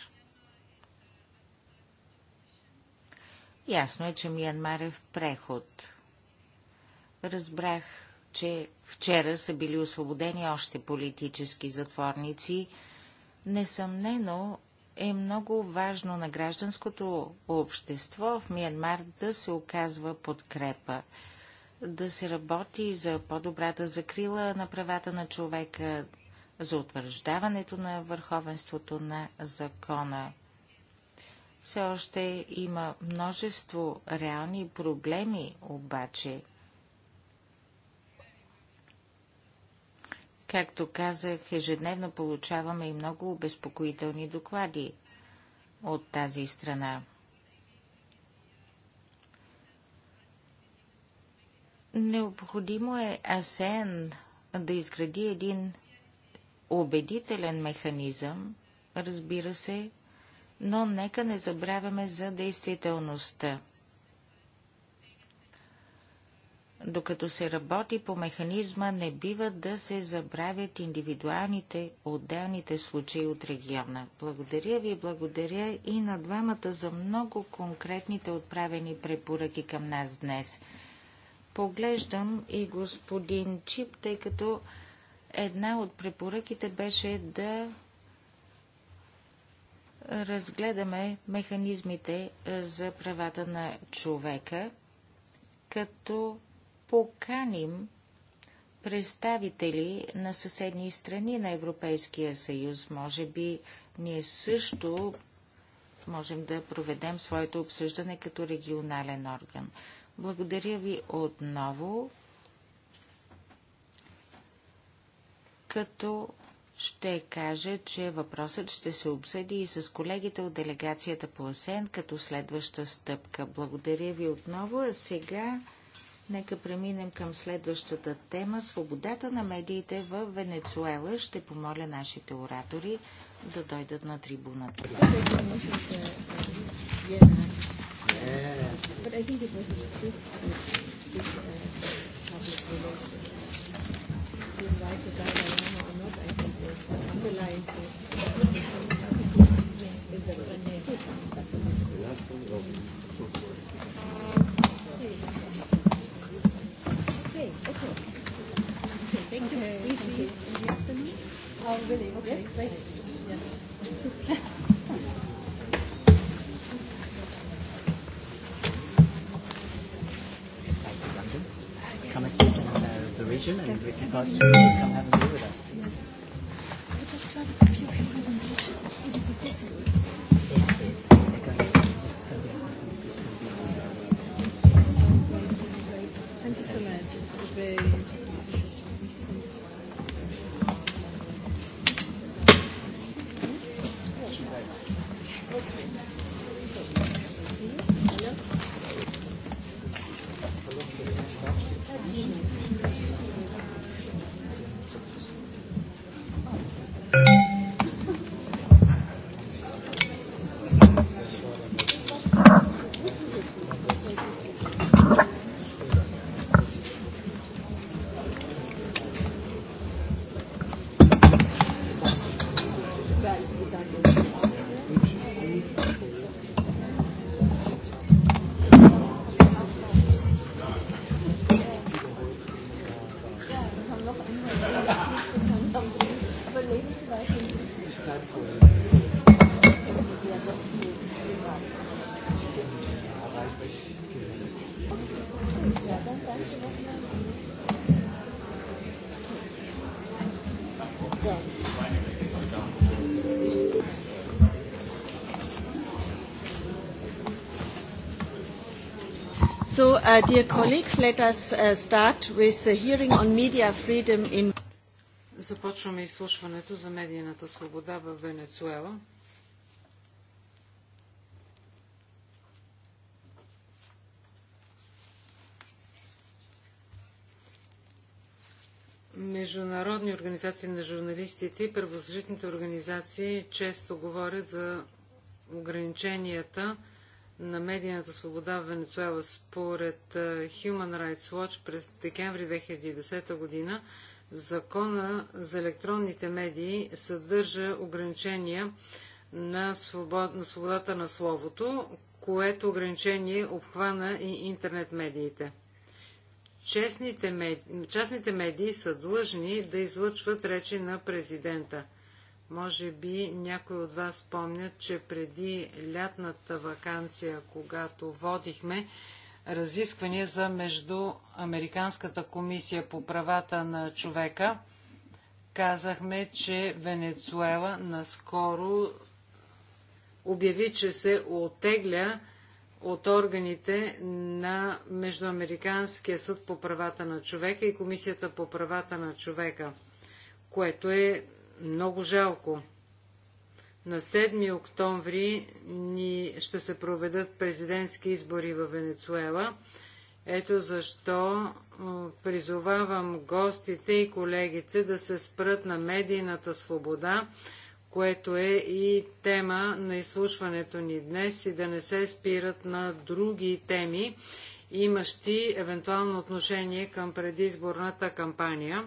Ясно е, че Миянмар е в преход. Разбрах че вчера са били освободени още политически затворници. Несъмнено е много важно на гражданското общество в Миянмар да се оказва подкрепа, да се работи за по-добрата закрила на правата на човека, за утвърждаването на върховенството на закона. Все още има множество реални проблеми, обаче – Както казах, ежедневно получаваме и много обезпокоителни доклади от тази страна. Необходимо е АСЕН да изгради един убедителен механизъм, разбира се, но нека не забравяме за действителността. Докато се работи по механизма, не бива да се забравят индивидуалните, отделните случаи от региона. Благодаря ви, благодаря и на двамата за много конкретните отправени препоръки към нас днес. Поглеждам и господин Чип, тъй като една от препоръките беше да разгледаме механизмите е, за правата на човека, като поканим представители на съседни страни на Европейския съюз. Може би ние също можем да проведем своето обсъждане като регионален орган. Благодаря ви отново, като ще кажа, че въпросът ще се обсъди и с колегите от делегацията по АСен като следваща стъпка. Благодаря ви отново, а сега Нека преминем към следващата тема – свободата на медиите в Венецуела. Ще помоля нашите оратори да дойдат на трибуната. Thank you. Thank you. We see you in the Oh, really? Okay. Great. Come and sit in uh, the region and we can go you and come have a meal with us, please. Yes. Let us try to prepare a presentation. minutes. Je vais... So, uh, dear colleagues, let us uh, start with the hearing on media freedom in... Започваме изслушването за медийната свобода в Венецуела. международни организации на журналистите и правозащитните организации често говорят за ограниченията на медийната свобода в Венецуела според Human Rights Watch през декември 2010 година, закона за електронните медии съдържа ограничения на, свобод... на свободата на словото, което ограничение обхвана и интернет медиите. Честните меди... Частните медии са длъжни да излъчват речи на президента – може би някои от вас спомнят, че преди лятната вакансия, когато водихме разисквания за между Американската комисия по правата на човека, казахме, че Венецуела наскоро обяви, че се отегля от органите на Междуамериканския съд по правата на човека и Комисията по правата на човека, което е много жалко. На 7 октомври ни ще се проведат президентски избори в Венецуела. Ето защо призовавам гостите и колегите да се спрат на медийната свобода, което е и тема на изслушването ни днес и да не се спират на други теми, имащи евентуално отношение към предизборната кампания.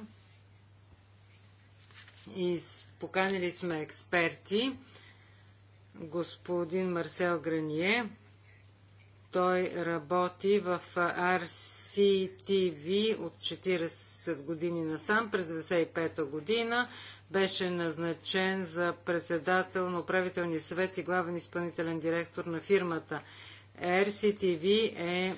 Поканили сме експерти, господин Марсел Грание. Той работи в RCTV от 40 години насам. През 1995 година беше назначен за председател на управителния съвет и главен изпълнителен директор на фирмата. RCTV е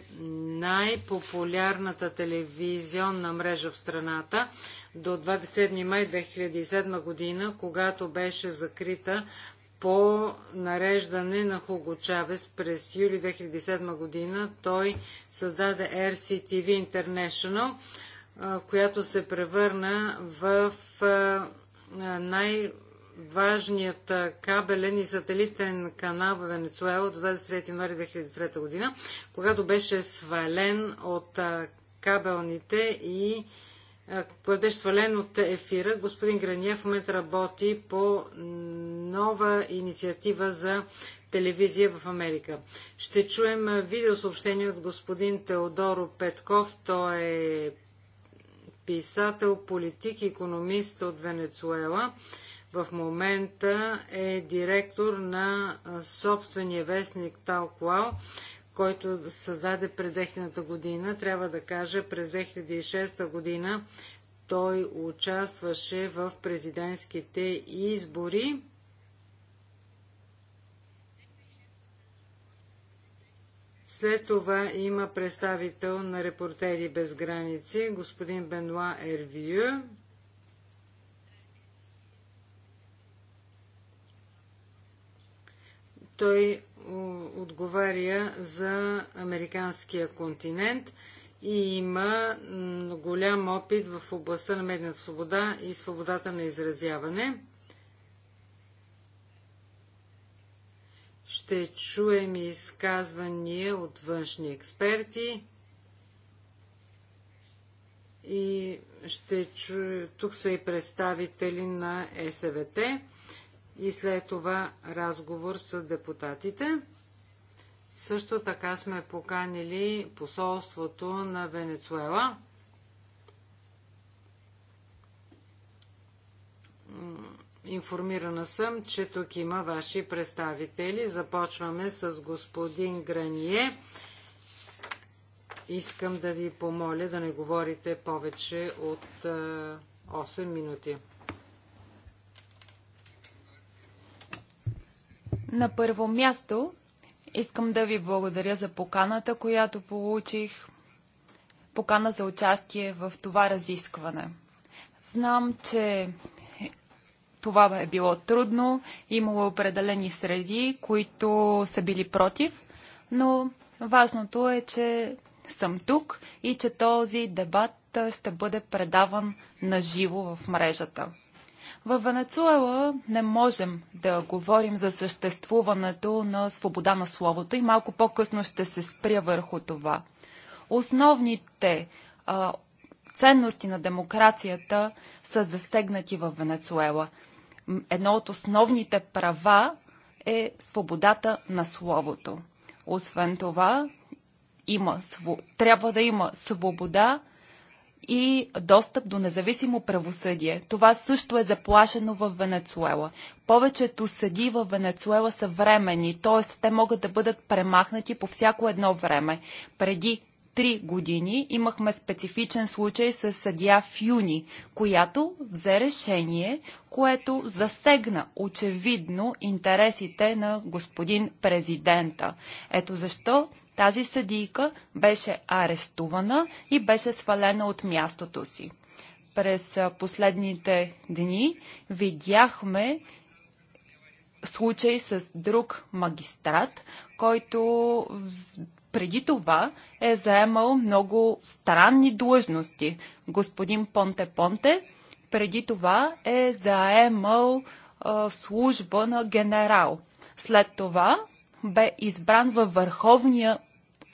най-популярната телевизионна мрежа в страната до 27 май 2007 година, когато беше закрита по нареждане на Хуго Чавес през юли 2007 година. Той създаде RCTV International, която се превърна в най- важният кабелен и сателитен канал в Венецуела от 23 януари 2003 година, когато беше свален от кабелните и бъдеш свален от ефира. Господин Грания в момента работи по нова инициатива за телевизия в Америка. Ще чуем видеосъобщение от господин Теодоро Петков. Той е писател, политик, економист от Венецуела. В момента е директор на собствения вестник Талкуал който създаде през 2000 година. Трябва да кажа, през 2006 година той участваше в президентските избори. След това има представител на Репортери без граници, господин Бенуа Ервию, Той отговаря за американския континент и има голям опит в областта на медната свобода и свободата на изразяване. Ще чуем изказвания от външни експерти и ще чу... тук са и представители на СВТ и след това разговор с депутатите. Също така сме поканили посолството на Венецуела. Информирана съм, че тук има ваши представители. Започваме с господин Грание. Искам да ви помоля да не говорите повече от 8 минути. На първо място искам да ви благодаря за поканата, която получих. Покана за участие в това разискване. Знам, че това е било трудно. Имало определени среди, които са били против, но важното е, че съм тук и че този дебат ще бъде предаван на живо в мрежата. В Венецуела не можем да говорим за съществуването на свобода на словото и малко по-късно ще се спря върху това. Основните а, ценности на демокрацията са засегнати в Венецуела. Едно от основните права е свободата на словото. Освен това, има, трябва да има свобода и достъп до независимо правосъдие. Това също е заплашено в Венецуела. Повечето съди в Венецуела са времени, т.е. те могат да бъдат премахнати по всяко едно време. Преди три години имахме специфичен случай с съдия Фюни, която взе решение, което засегна очевидно интересите на господин президента. Ето защо тази съдийка беше арестувана и беше свалена от мястото си. През последните дни видяхме случай с друг магистрат, който преди това е заемал много странни длъжности. Господин Понте Понте преди това е заемал служба на генерал. След това бе избран във Върховния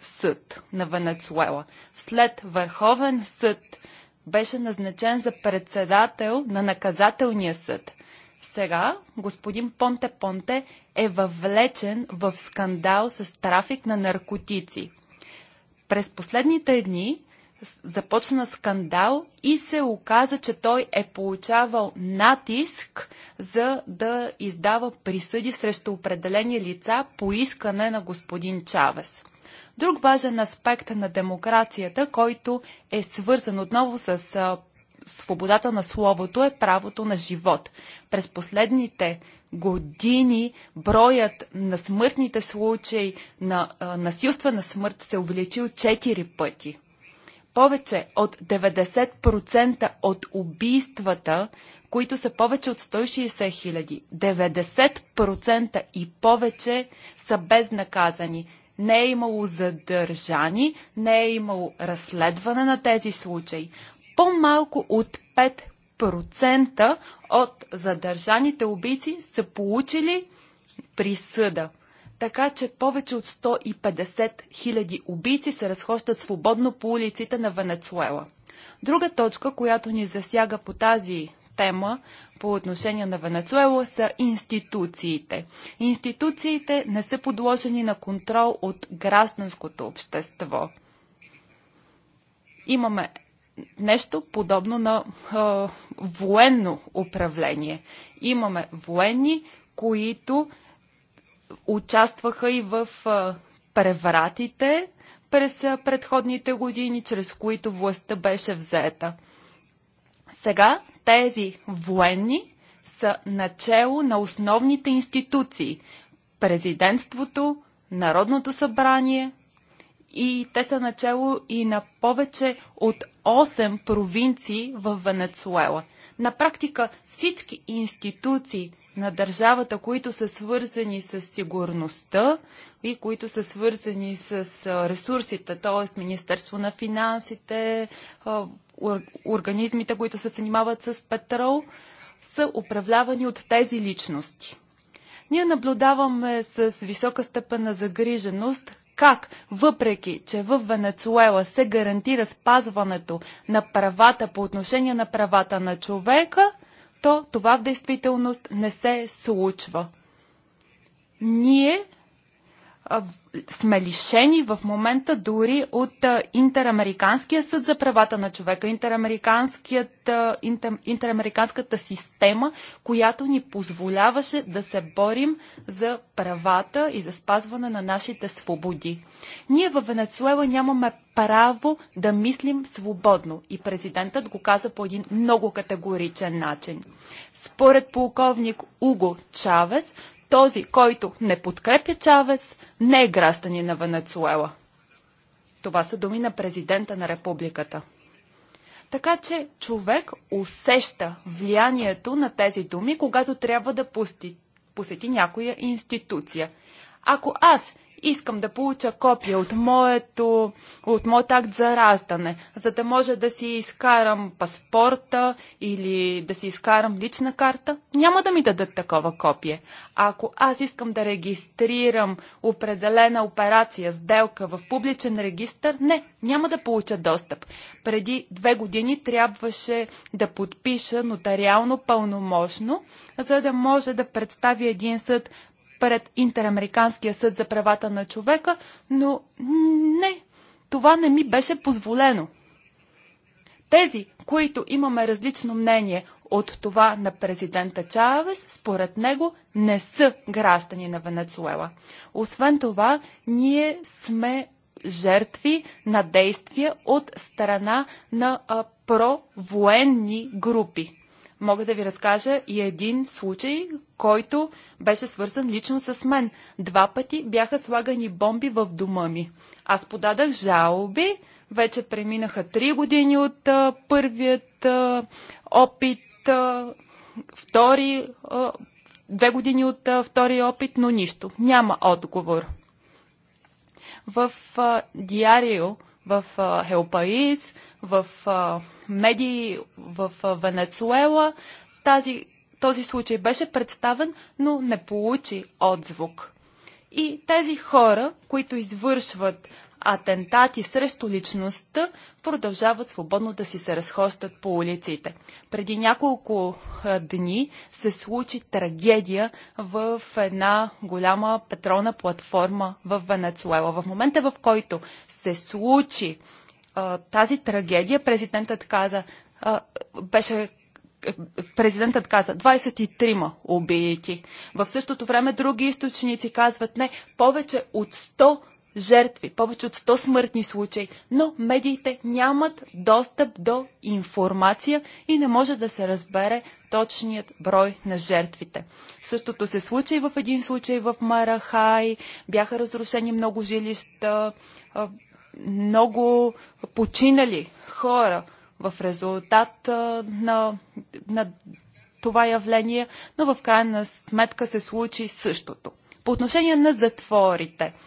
съд на Венецуела. След Върховен съд беше назначен за председател на наказателния съд. Сега господин Понте Понте е въвлечен в скандал с трафик на наркотици. През последните дни започна скандал и се оказа, че той е получавал натиск за да издава присъди срещу определени лица по искане на господин Чавес. Друг важен аспект на демокрацията, който е свързан отново с свободата на словото, е правото на живот. През последните години броят на смъртните случаи на насилствена смърт се увеличил 4 пъти повече от 90% от убийствата, които са повече от 160 хиляди. 90% и повече са безнаказани. Не е имало задържани, не е имало разследване на тези случаи. По-малко от 5% от задържаните убийци са получили присъда така че повече от 150 хиляди убийци се разхождат свободно по улиците на Венецуела. Друга точка, която ни засяга по тази тема по отношение на Венецуела са институциите. Институциите не са подложени на контрол от гражданското общество. Имаме нещо подобно на е, военно управление. Имаме военни, които участваха и в превратите през предходните години, чрез които властта беше взета. Сега тези военни са начало на основните институции президентството, Народното събрание и те са начало и на повече от 8 провинции в Венецуела. На практика всички институции на държавата, които са свързани с сигурността и които са свързани с ресурсите, т.е. Министерство на финансите, организмите, които се занимават с петрол, са управлявани от тези личности. Ние наблюдаваме с висока степен на загриженост как, въпреки че в Венецуела се гарантира спазването на правата по отношение на правата на човека, то това в действителност не се случва. Ние сме лишени в момента дори от Интерамериканския съд за правата на човека, интер, Интерамериканската система, която ни позволяваше да се борим за правата и за спазване на нашите свободи. Ние в Венецуела нямаме право да мислим свободно и президентът го каза по един много категоричен начин. Според полковник Уго Чавес, този, който не подкрепя Чавес, не е граждани на Венецуела. Това са думи на президента на републиката. Така че човек усеща влиянието на тези думи, когато трябва да пусти, посети някоя институция. Ако аз Искам да получа копия от, моето, от моят акт за раждане, за да може да си изкарам паспорта или да си изкарам лична карта. Няма да ми дадат такова копие. А ако аз искам да регистрирам определена операция, сделка в публичен регистр, не, няма да получа достъп. Преди две години трябваше да подпиша нотариално пълномощно, за да може да представи един съд пред Интерамериканския съд за правата на човека, но не, това не ми беше позволено. Тези, които имаме различно мнение от това на президента Чавес, според него не са граждани на Венецуела. Освен това, ние сме жертви на действия от страна на провоенни групи. Мога да ви разкажа и един случай, който беше свързан лично с мен. Два пъти бяха слагани бомби в дома ми. Аз подадах жалби, вече преминаха три години от а, първият а, опит, а, втори, а, две години от а, втори опит, но нищо. Няма отговор. В а, Диарио в Париз, в медии в Венецуела. Тази, този случай беше представен, но не получи отзвук. И тези хора, които извършват атентати срещу личността продължават свободно да си се разхождат по улиците. Преди няколко дни се случи трагедия в една голяма петролна платформа в Венецуела. В момента, в който се случи а, тази трагедия, президентът каза, а, беше е, президентът каза 23-ма убити. В същото време други източници казват не, повече от 100 жертви, повече от 100 смъртни случаи, но медиите нямат достъп до информация и не може да се разбере точният брой на жертвите. Същото се случи в един случай в Марахай, бяха разрушени много жилища, много починали хора в резултат на, на това явление, но в крайна сметка се случи същото. По отношение на затворите –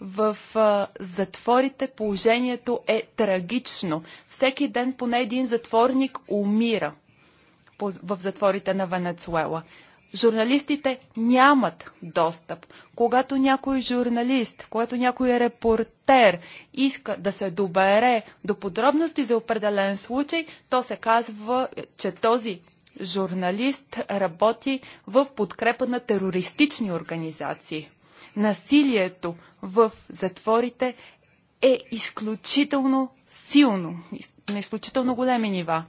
в а, затворите положението е трагично. Всеки ден поне един затворник умира в затворите на Венецуела. Журналистите нямат достъп. Когато някой журналист, когато някой репортер иска да се добере до подробности за определен случай, то се казва, че този журналист работи в подкрепа на терористични организации. Насилието в затворите е изключително силно, на изключително големи нива.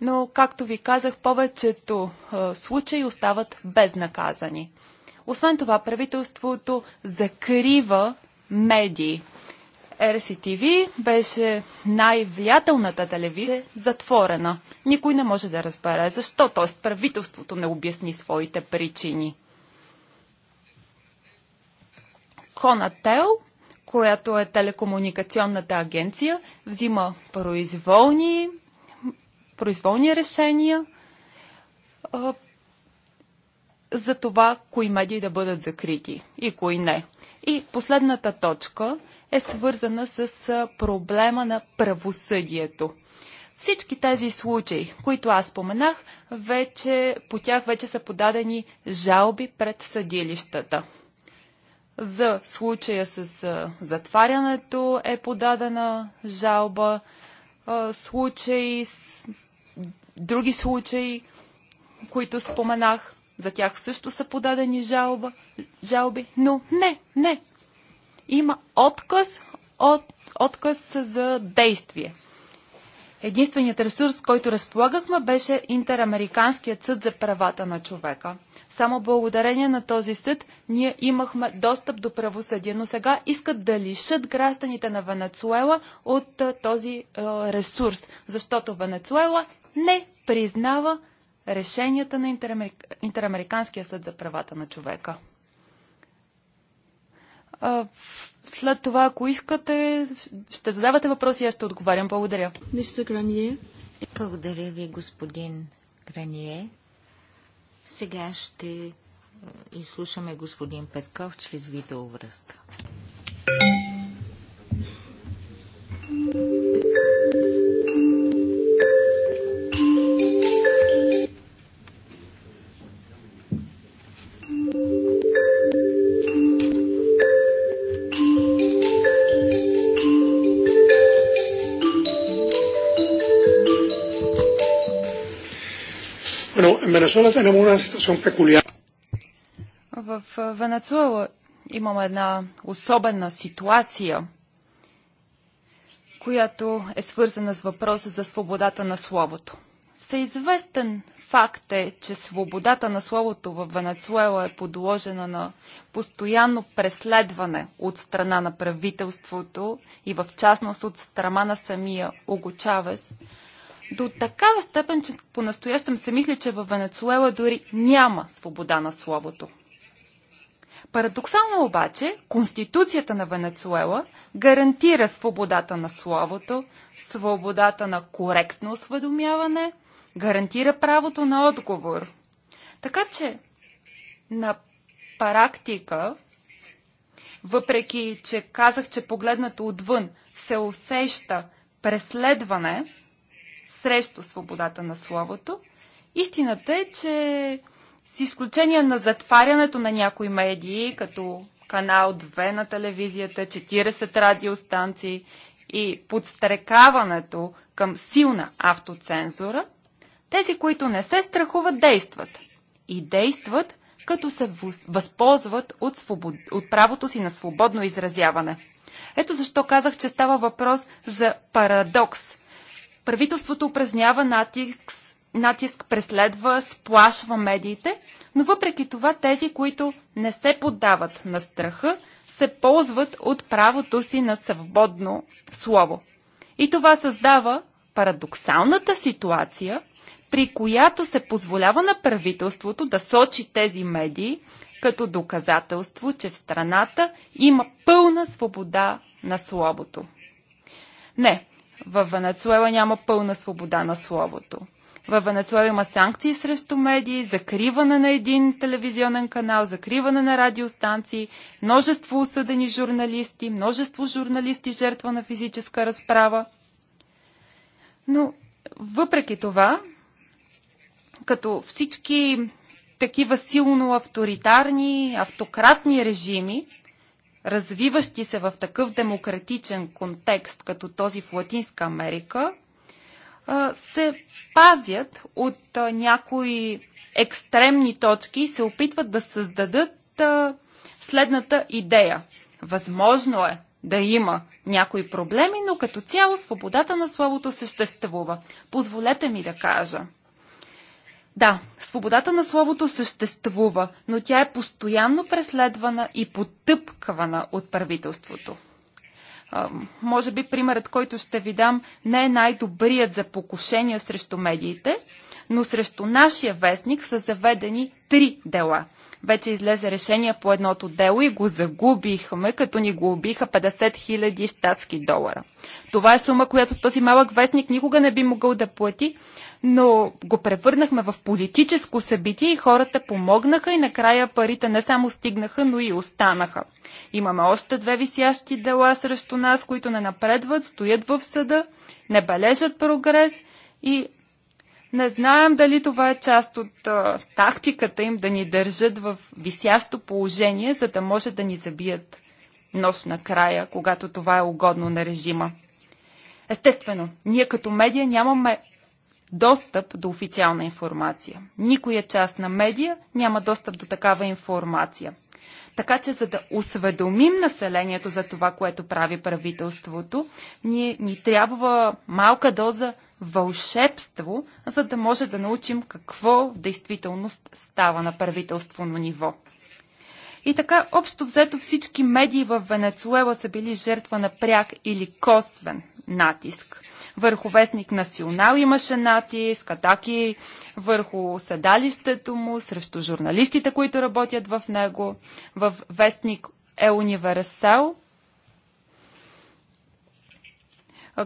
Но, както ви казах, повечето случаи остават безнаказани. Освен това, правителството закрива медии. RCTV беше най-влиятелната телевизия, затворена. Никой не може да разбере защо, т.е. правителството не обясни своите причини. Конател, която е телекомуникационната агенция, взима произволни, произволни решения а, за това, кои медии да бъдат закрити и кои не. И последната точка е свързана с проблема на правосъдието. Всички тези случаи, които аз споменах, вече, по тях вече са подадени жалби пред съдилищата. За случая с затварянето е подадена жалба, случаи, други случаи, които споменах, за тях също са подадени жалба, жалби, но не, не. Има отказ от отказ за действие. Единственият ресурс, който разполагахме, беше Интерамериканският съд за правата на човека – само благодарение на този съд ние имахме достъп до правосъдие, но сега искат да лишат гражданите на Венецуела от този ресурс, защото Венецуела не признава решенията на Интерамериканския съд за правата на човека. След това, ако искате, ще задавате въпроси и аз ще отговарям. Благодаря. Мистер Грание. Благодаря ви, господин Грание. Сега ще е, изслушаме господин Петков чрез видеовръзка. Венесуела tenemos una situación peculiar. В Венецуела имаме една особена ситуация, която е свързана с въпроса за свободата на словото. Съизвестен факт е, че свободата на словото в Венецуела е подложена на постоянно преследване от страна на правителството и в частност от страна на самия Огочавес. Чавес до такава степен, че по-настоящем се мисли, че в Венецуела дори няма свобода на словото. Парадоксално обаче, Конституцията на Венецуела гарантира свободата на словото, свободата на коректно осведомяване, гарантира правото на отговор. Така че, на практика, въпреки че казах, че погледнато отвън се усеща преследване, срещу свободата на словото. Истината е, че с изключение на затварянето на някои медии, като канал 2 на телевизията, 40 радиостанции и подстрекаването към силна автоцензура, тези, които не се страхуват, действат. И действат, като се възползват от, свобод... от правото си на свободно изразяване. Ето защо казах, че става въпрос за парадокс – Правителството упражнява натиск, натиск преследва, сплашва медиите, но въпреки това тези, които не се поддават на страха, се ползват от правото си на свободно слово. И това създава парадоксалната ситуация, при която се позволява на правителството да сочи тези медии като доказателство, че в страната има пълна свобода на словото. Не, в Венецуела няма пълна свобода на словото. В Венецуела има санкции срещу медии, закриване на един телевизионен канал, закриване на радиостанции, множество осъдени журналисти, множество журналисти жертва на физическа разправа. Но въпреки това, като всички такива силно авторитарни, автократни режими, развиващи се в такъв демократичен контекст, като този в Латинска Америка, се пазят от някои екстремни точки и се опитват да създадат следната идея. Възможно е да има някои проблеми, но като цяло свободата на словото съществува. Позволете ми да кажа – да, свободата на словото съществува, но тя е постоянно преследвана и потъпквана от правителството. А, може би примерът, който ще ви дам, не е най-добрият за покушения срещу медиите – но срещу нашия вестник са заведени три дела. Вече излезе решение по едното дело и го загубихме, като ни го убиха 50 000 щатски долара. Това е сума, която този малък вестник никога не би могъл да плати, но го превърнахме в политическо събитие и хората помогнаха и накрая парите не само стигнаха, но и останаха. Имаме още две висящи дела срещу нас, които не напредват, стоят в съда, не бележат прогрес и не знаем дали това е част от а, тактиката им да ни държат в висящо положение, за да може да ни забият нощ края, когато това е угодно на режима. Естествено, ние като медия нямаме достъп до официална информация. Никоя част на медия няма достъп до такава информация. Така че, за да осведомим населението за това, което прави правителството, ние ни трябва малка доза вълшебство, за да може да научим какво в действителност става на правителствено ниво. И така, общо взето всички медии в Венецуела са били жертва на пряк или косвен натиск. Върху вестник Национал имаше натиск, атаки върху седалището му, срещу журналистите, които работят в него. В вестник Е Универсал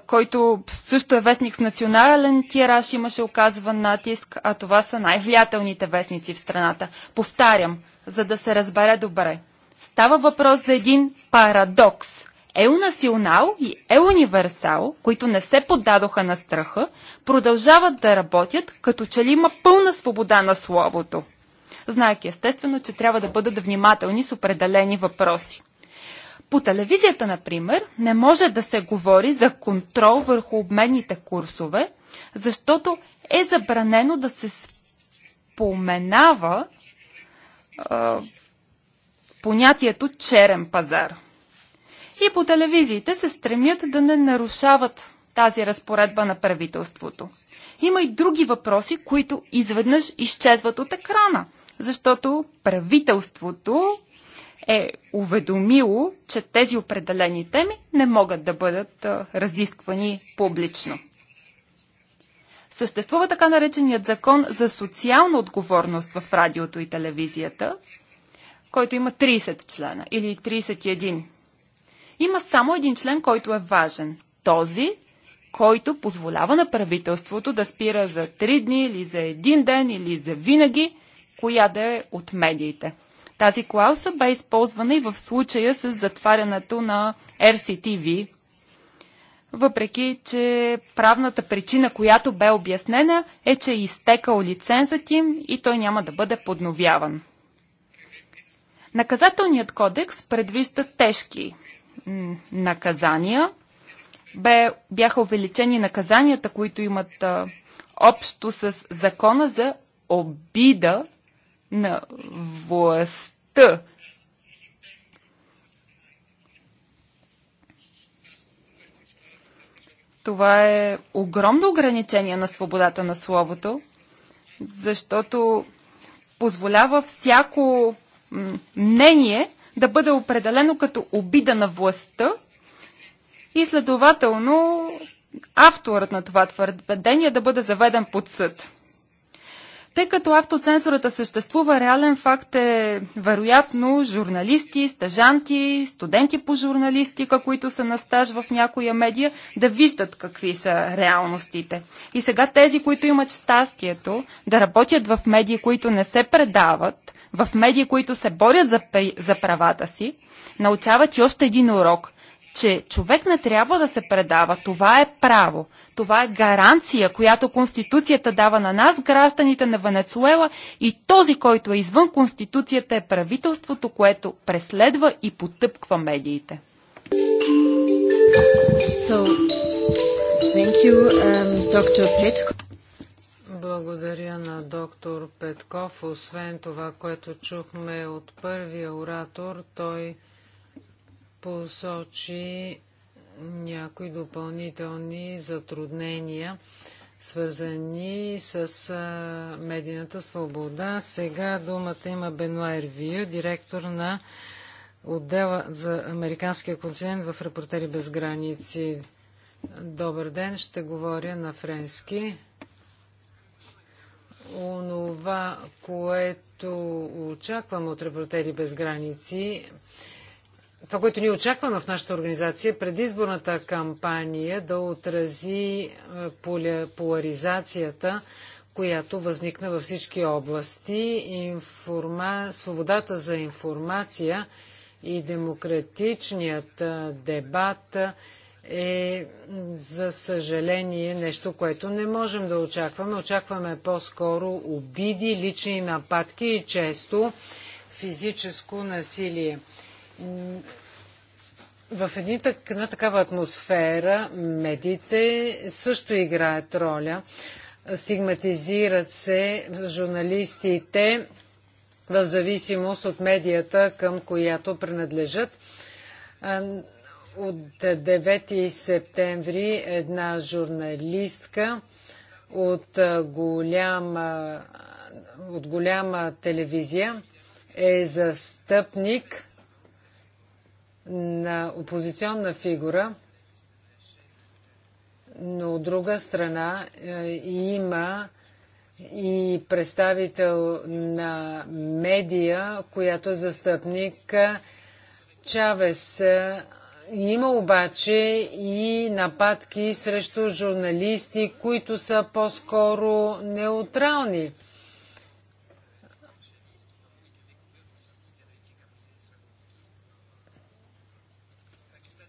който също е вестник с национален тираж, имаше оказван натиск, а това са най-влиятелните вестници в страната. Повтарям, за да се разбере добре. Става въпрос за един парадокс. Ел Национал и Ел Универсал, които не се поддадоха на страха, продължават да работят, като че ли има пълна свобода на словото. Знайки естествено, че трябва да бъдат внимателни с определени въпроси. По телевизията, например, не може да се говори за контрол върху обменните курсове, защото е забранено да се споменава а, понятието черен пазар. И по телевизиите се стремят да не нарушават тази разпоредба на правителството. Има и други въпроси, които изведнъж изчезват от екрана, защото правителството е уведомило, че тези определени теми не могат да бъдат разисквани публично. Съществува така нареченият закон за социална отговорност в радиото и телевизията, който има 30 члена или 31. Има само един член, който е важен. Този, който позволява на правителството да спира за 3 дни или за един ден или за винаги, коя да е от медиите – тази клауса бе използвана и в случая с затварянето на RCTV, въпреки че правната причина, която бе обяснена, е, че е изтекал лицензът им и той няма да бъде подновяван. Наказателният кодекс предвижда тежки наказания. Бе, бяха увеличени наказанията, които имат а, общо с закона за обида на властта. Това е огромно ограничение на свободата на словото, защото позволява всяко мнение да бъде определено като обида на властта и следователно авторът на това твърдение да бъде заведен под съд. Тъй като автоцензурата съществува, реален факт е вероятно журналисти, стажанти, студенти по журналистика, които са на стаж в някоя медия, да виждат какви са реалностите. И сега тези, които имат щастието да работят в медии, които не се предават, в медии, които се борят за, за правата си, научават и още един урок – че човек не трябва да се предава. Това е право. Това е гаранция, която Конституцията дава на нас, гражданите на Венецуела и този, който е извън Конституцията е правителството, което преследва и потъпква медиите. So, thank you, um, Dr. Благодаря на доктор Петков. Освен това, което чухме от първия оратор, той посочи някои допълнителни затруднения, свързани с медийната свобода. Сега думата има Бенуа Вио, директор на отдела за Американския континент в Репортери без граници. Добър ден, ще говоря на френски. Онова, което очаквам от Репортери без граници това, което ние очакваме в нашата организация, е предизборната кампания да отрази поляризацията, която възникна във всички области. Информа... Свободата за информация и демократичният дебат е, за съжаление, нещо, което не можем да очакваме. Очакваме по-скоро обиди, лични нападки и често физическо насилие в една такава атмосфера медиите също играят роля. Стигматизират се журналистите в зависимост от медията, към която принадлежат. От 9 септември една журналистка от голяма, от голяма телевизия е застъпник на опозиционна фигура, но от друга страна е, има и представител на медия, която е застъпник е, Чавес. Е, има обаче и нападки срещу журналисти, които са по-скоро неутрални.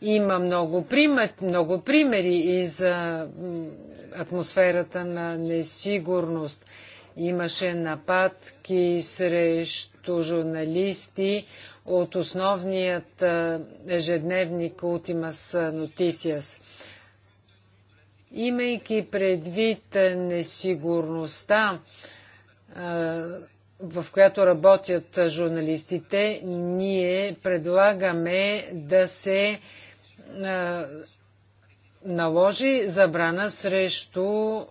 Има много, пример, много примери и за атмосферата на несигурност. Имаше нападки срещу журналисти от основният ежедневник Ultimas Нотисиас. Имайки предвид несигурността, в която работят журналистите, ние предлагаме да се е, наложи забрана срещу е,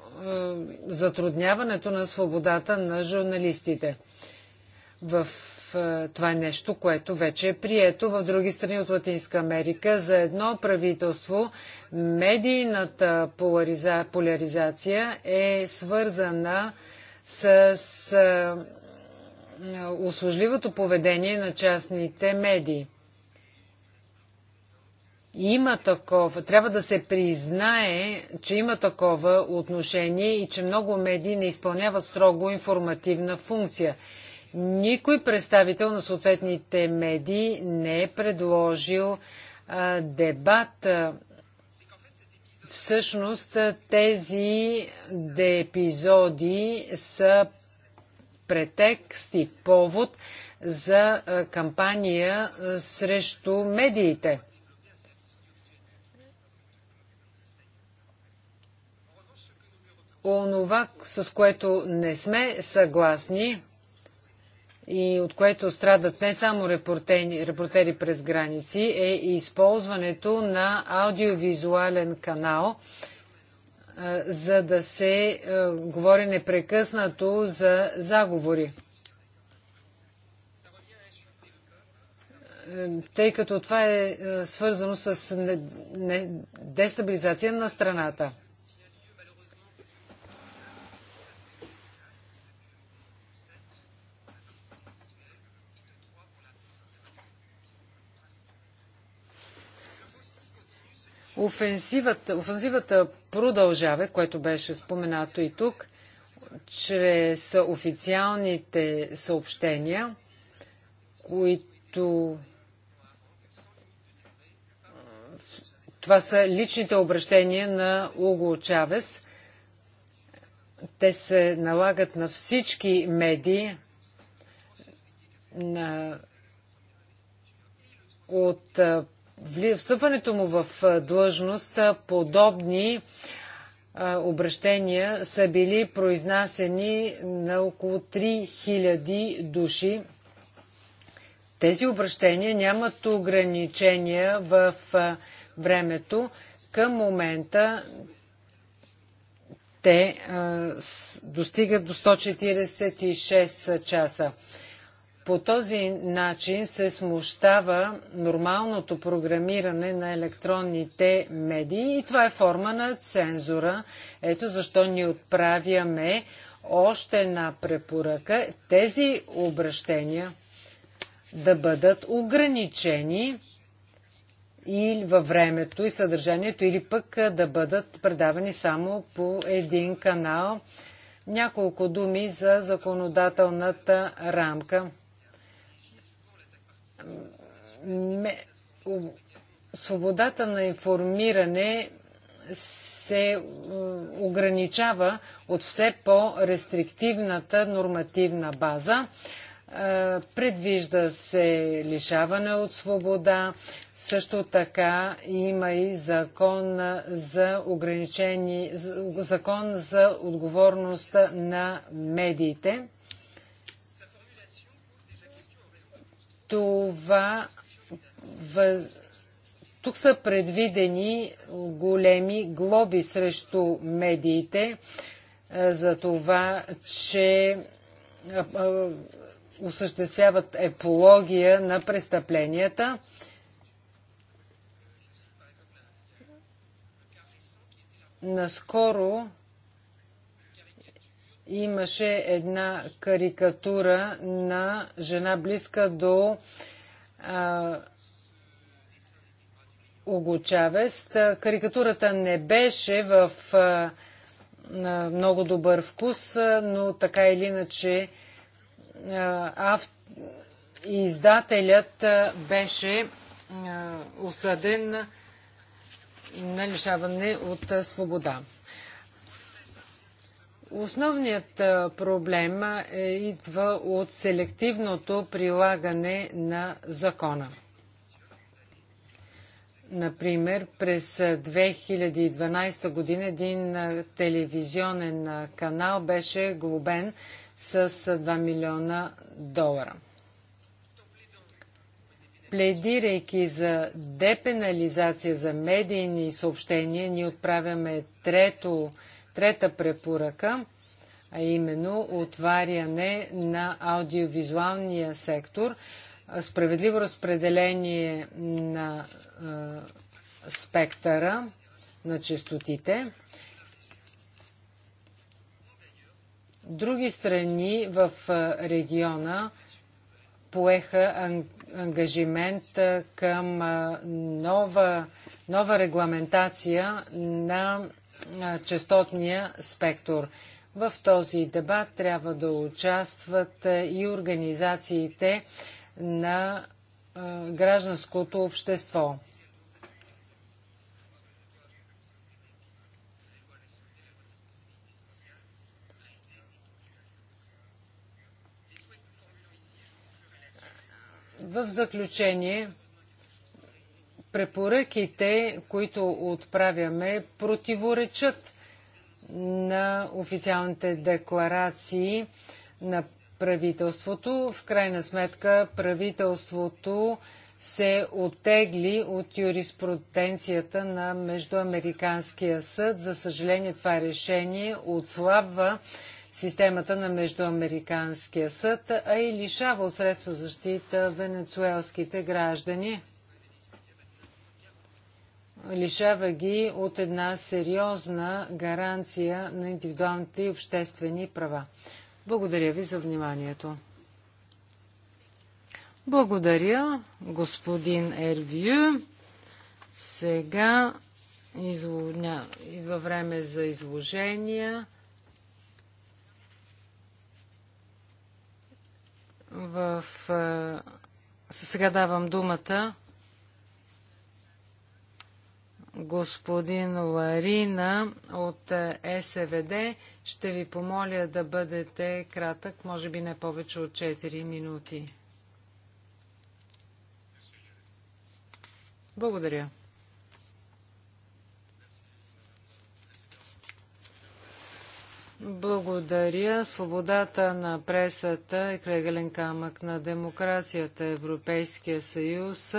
затрудняването на свободата на журналистите. В е, това е нещо, което вече е прието в други страни от Латинска Америка. За едно правителство медийната поляриза... поляризация е свързана с услужливото поведение на частните медии има такова, трябва да се признае, че има такова отношение и че много медии не изпълняват строго информативна функция. Никой представител на съответните медии не е предложил а, дебат. Всъщност тези епизоди са претекст и повод за кампания срещу медиите. онова, с което не сме съгласни и от което страдат не само репортери, репортери през граници, е използването на аудиовизуален канал, за да се говори непрекъснато за заговори. Е, тъй като това е свързано с дестабилизация на страната. Офензивата офенсивата продължава, което беше споменато и тук, чрез официалните съобщения, които това са личните обращения на Уго Чавес. Те се налагат на всички медии, на от встъпването му в длъжност подобни обращения са били произнасени на около 3000 души. Тези обращения нямат ограничения в времето. Към момента те достигат до 146 часа. По този начин се смущава нормалното програмиране на електронните медии и това е форма на цензура. Ето защо ни отправяме още една препоръка тези обращения да бъдат ограничени и във времето и съдържанието, или пък да бъдат предавани само по един канал. Няколко думи за законодателната рамка свободата на информиране се е, ограничава от все по-рестриктивната нормативна база. Е, предвижда се лишаване от свобода. Също така има и закон за ограничени, закон за отговорност на медиите. Това въз... Тук са предвидени големи глоби срещу медиите за това, че осъществяват епология на престъпленията. Наскоро имаше една карикатура на жена близка до а, Уго Чавест. Карикатурата не беше в а, много добър вкус, но така или иначе ав... издателят беше осъден на лишаване от свобода. Основният проблем е, идва от селективното прилагане на закона. Например, през 2012 година един телевизионен канал беше глобен с 2 милиона долара. Пледирайки за депенализация за медийни съобщения, ни отправяме трето трета препоръка, а именно отваряне на аудиовизуалния сектор, справедливо разпределение на е, спектъра на частотите. Други страни в региона поеха ангажимент към нова, нова регламентация на частотния спектър. В този дебат трябва да участват и организациите на гражданското общество. В заключение, препоръките, които отправяме, противоречат на официалните декларации на правителството. В крайна сметка правителството се отегли от юриспруденцията на Междуамериканския съд. За съжаление, това решение отслабва системата на Междуамериканския съд, а и лишава от средства защита венецуелските граждани лишава ги от една сериозна гаранция на индивидуалните и обществени права. Благодаря ви за вниманието. Благодаря, господин Ервю. Сега идва време за изложения. В, сега давам думата господин Ларина от е, СВД. Ще ви помоля да бъдете кратък, може би не повече от 4 минути. Благодаря. Благодаря. Свободата на пресата е крегален камък на демокрацията. Европейския съюз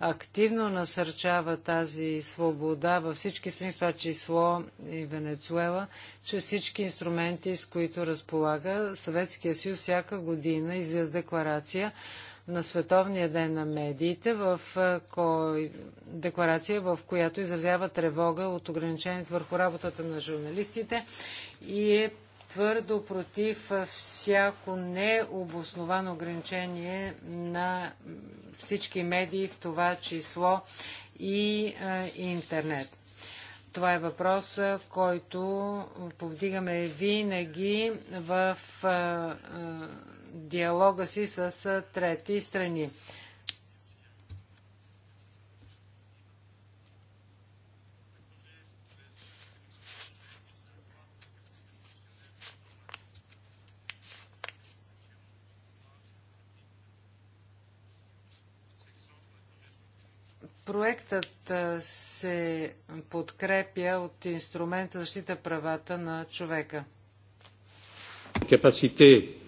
активно насърчава тази свобода във всички страни, в това число и Венецуела, че всички инструменти, с които разполага. Съветския съюз всяка година излиза декларация на Световния ден на медиите, в кой... декларация, в която изразява тревога от ограничението върху работата на журналистите и е твърдо против всяко необосновано ограничение на всички медии, в това число и, интернет. Това е въпрос, който повдигаме винаги в диалога си с трети страни. Проектът се подкрепя от инструмента защита правата на човека. Капацитет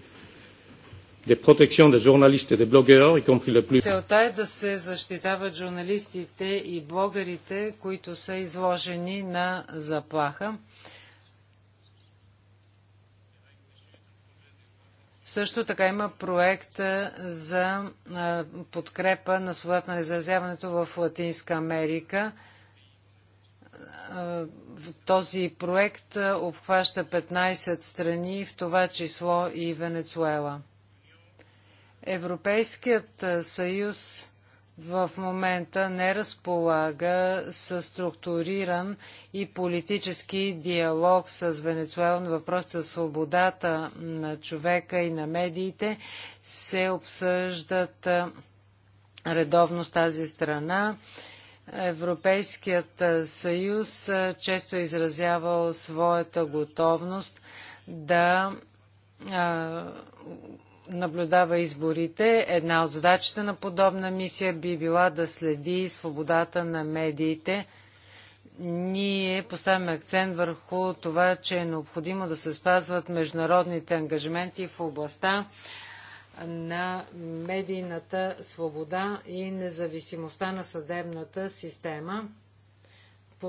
de protection des journalistes et des blogueurs, y compris les plus... Целта е да се защитават журналистите и блогерите, които са изложени на заплаха. Също така има проект за подкрепа на свободата на изразяването в Латинска Америка. Този проект обхваща 15 страни, в това число и Венецуела. Европейският съюз в момента не разполага със структуриран и политически диалог с Венецуела на въпросите за свободата на човека и на медиите се обсъждат редовно с тази страна. Европейският съюз често е изразявал своята готовност да наблюдава изборите, една от задачите на подобна мисия би била да следи свободата на медиите. Ние поставяме акцент върху това, че е необходимо да се спазват международните ангажименти в областта на медийната свобода и независимостта на съдебната система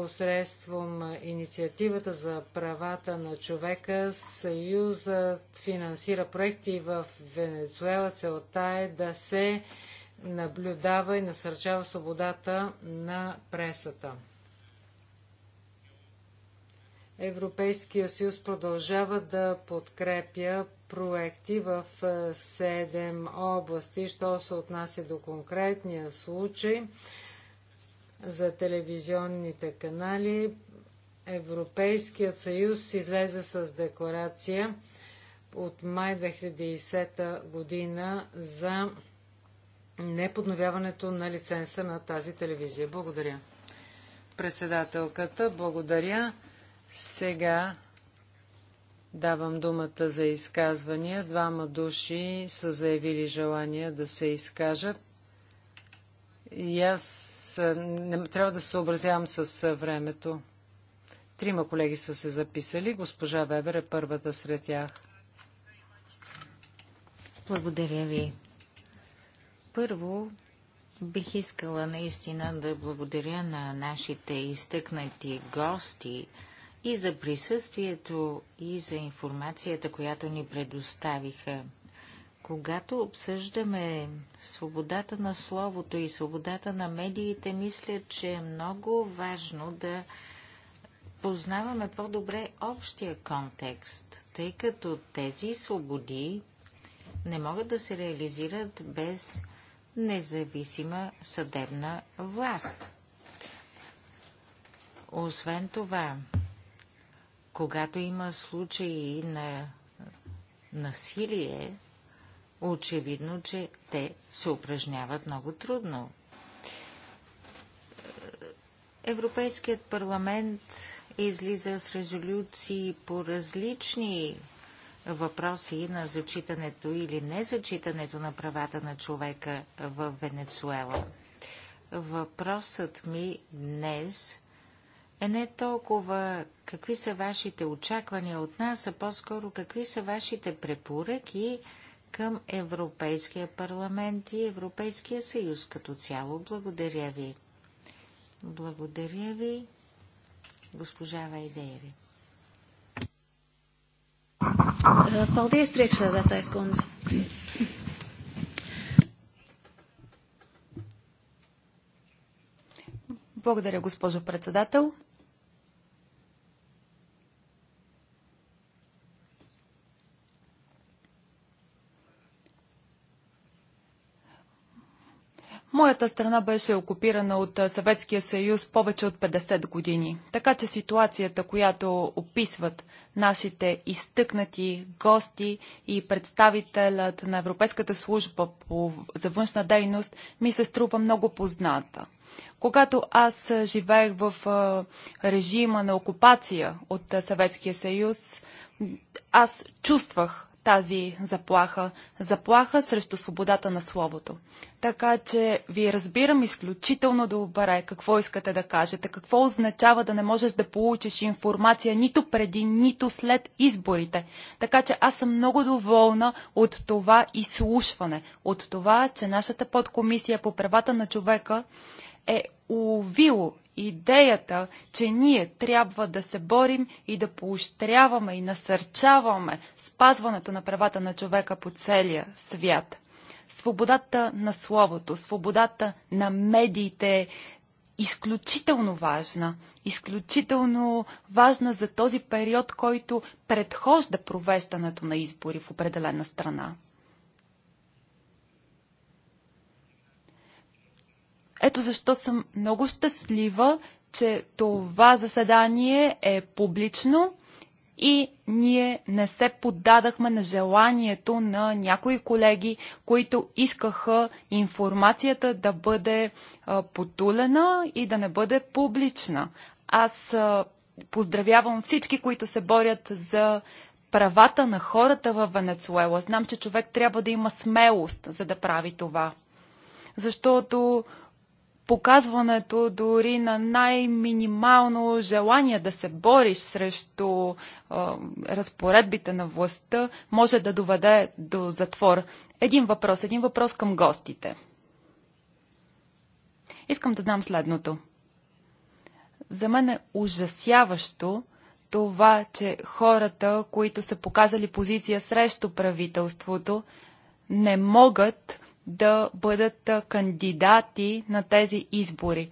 посредством инициативата за правата на човека Съюзът финансира проекти в Венецуела. Целта е да се наблюдава и насърчава свободата на пресата. Европейския съюз продължава да подкрепя проекти в е, седем области. Що се отнася до конкретния случай, за телевизионните канали. Европейският съюз излезе с декларация от май 2010 година за неподновяването на лиценса на тази телевизия. Благодаря. Председателката, благодаря. Сега давам думата за изказвания. Двама души са заявили желание да се изкажат. И аз аз не, трябва да се съобразявам с времето. Трима колеги са се записали. Госпожа Вебер е първата сред тях. Благодаря ви. Първо, бих искала наистина да благодаря на нашите изтъкнати гости и за присъствието, и за информацията, която ни предоставиха. Когато обсъждаме свободата на словото и свободата на медиите, мисля, че е много важно да познаваме по-добре общия контекст, тъй като тези свободи не могат да се реализират без независима съдебна власт. Освен това, когато има случаи на насилие, очевидно, че те се упражняват много трудно. Европейският парламент излиза с резолюции по различни въпроси на зачитането или незачитането на правата на човека в Венецуела. Въпросът ми днес е не толкова какви са вашите очаквания от нас, а по-скоро какви са вашите препоръки към Европейския парламент и Европейския съюз като цяло. Благодаря ви. Благодаря ви, госпожа Вайдери. Paldies, priekšsēdētājs kundze. Благодаря, госпожо председател. Моята страна беше окупирана от Съветския съюз повече от 50 години, така че ситуацията, която описват нашите изтъкнати гости и представителят на Европейската служба по, за външна дейност, ми се струва много позната. Когато аз живеех в режима на окупация от Съветския съюз, аз чувствах тази заплаха. Заплаха срещу свободата на словото. Така че ви разбирам изключително добре какво искате да кажете, какво означава да не можеш да получиш информация нито преди, нито след изборите. Така че аз съм много доволна от това изслушване, от това, че нашата подкомисия по правата на човека е увило идеята, че ние трябва да се борим и да поощряваме и насърчаваме спазването на правата на човека по целия свят. Свободата на словото, свободата на медиите е изключително важна. Изключително важна за този период, който предхожда провеждането на избори в определена страна. Ето защо съм много щастлива, че това заседание е публично и ние не се поддадахме на желанието на някои колеги, които искаха информацията да бъде потулена и да не бъде публична. Аз поздравявам всички, които се борят за правата на хората в Венецуела. Знам, че човек трябва да има смелост, за да прави това. Защото показването дори на най-минимално желание да се бориш срещу а, разпоредбите на властта може да доведе до затвор. Един въпрос, един въпрос към гостите. Искам да знам следното. За мен е ужасяващо това, че хората, които са показали позиция срещу правителството, не могат да бъдат кандидати на тези избори.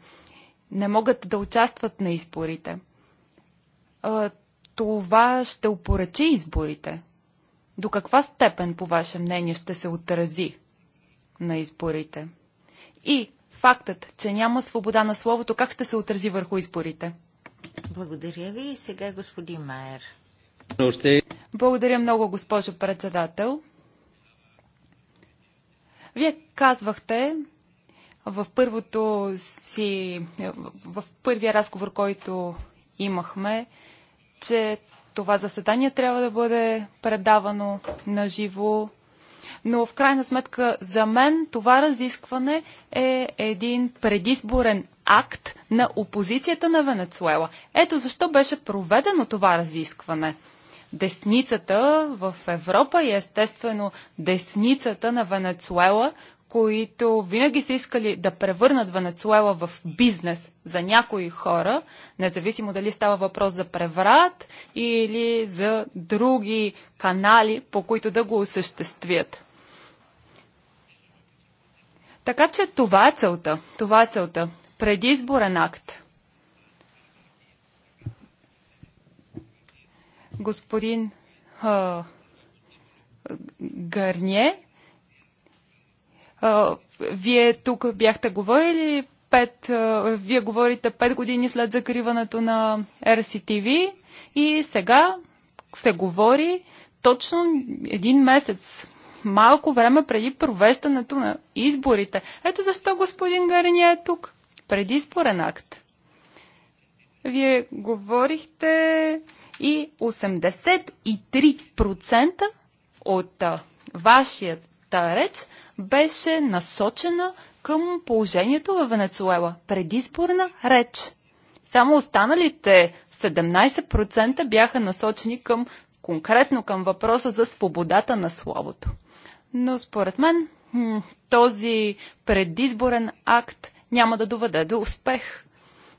Не могат да участват на изборите. Това ще опоръчи изборите. До каква степен, по ваше мнение, ще се отрази на изборите? И фактът, че няма свобода на словото, как ще се отрази върху изборите? Благодаря ви и сега господин Майер. Благодаря много, госпожо председател. Вие казвахте в първото си, в първия разговор, който имахме, че това заседание трябва да бъде предавано на живо. Но в крайна сметка за мен това разискване е един предизборен акт на опозицията на Венецуела. Ето защо беше проведено това разискване – десницата в Европа и естествено десницата на Венецуела, които винаги са искали да превърнат Венецуела в бизнес за някои хора, независимо дали става въпрос за преврат или за други канали, по които да го осъществят. Така че това е целта. Това е целта. Предизборен акт. господин а, Гарние. А, вие тук бяхте говорили пет, а, вие говорите пет години след закриването на RCTV и сега се говори точно един месец малко време преди провеждането на изборите. Ето защо господин Гарния е тук. Предизборен акт. Вие говорихте и 83% от вашият реч беше насочена към положението във Венецуела. Предизборна реч. Само останалите 17% бяха насочени към конкретно към въпроса за свободата на словото. Но според мен този предизборен акт няма да доведе до успех.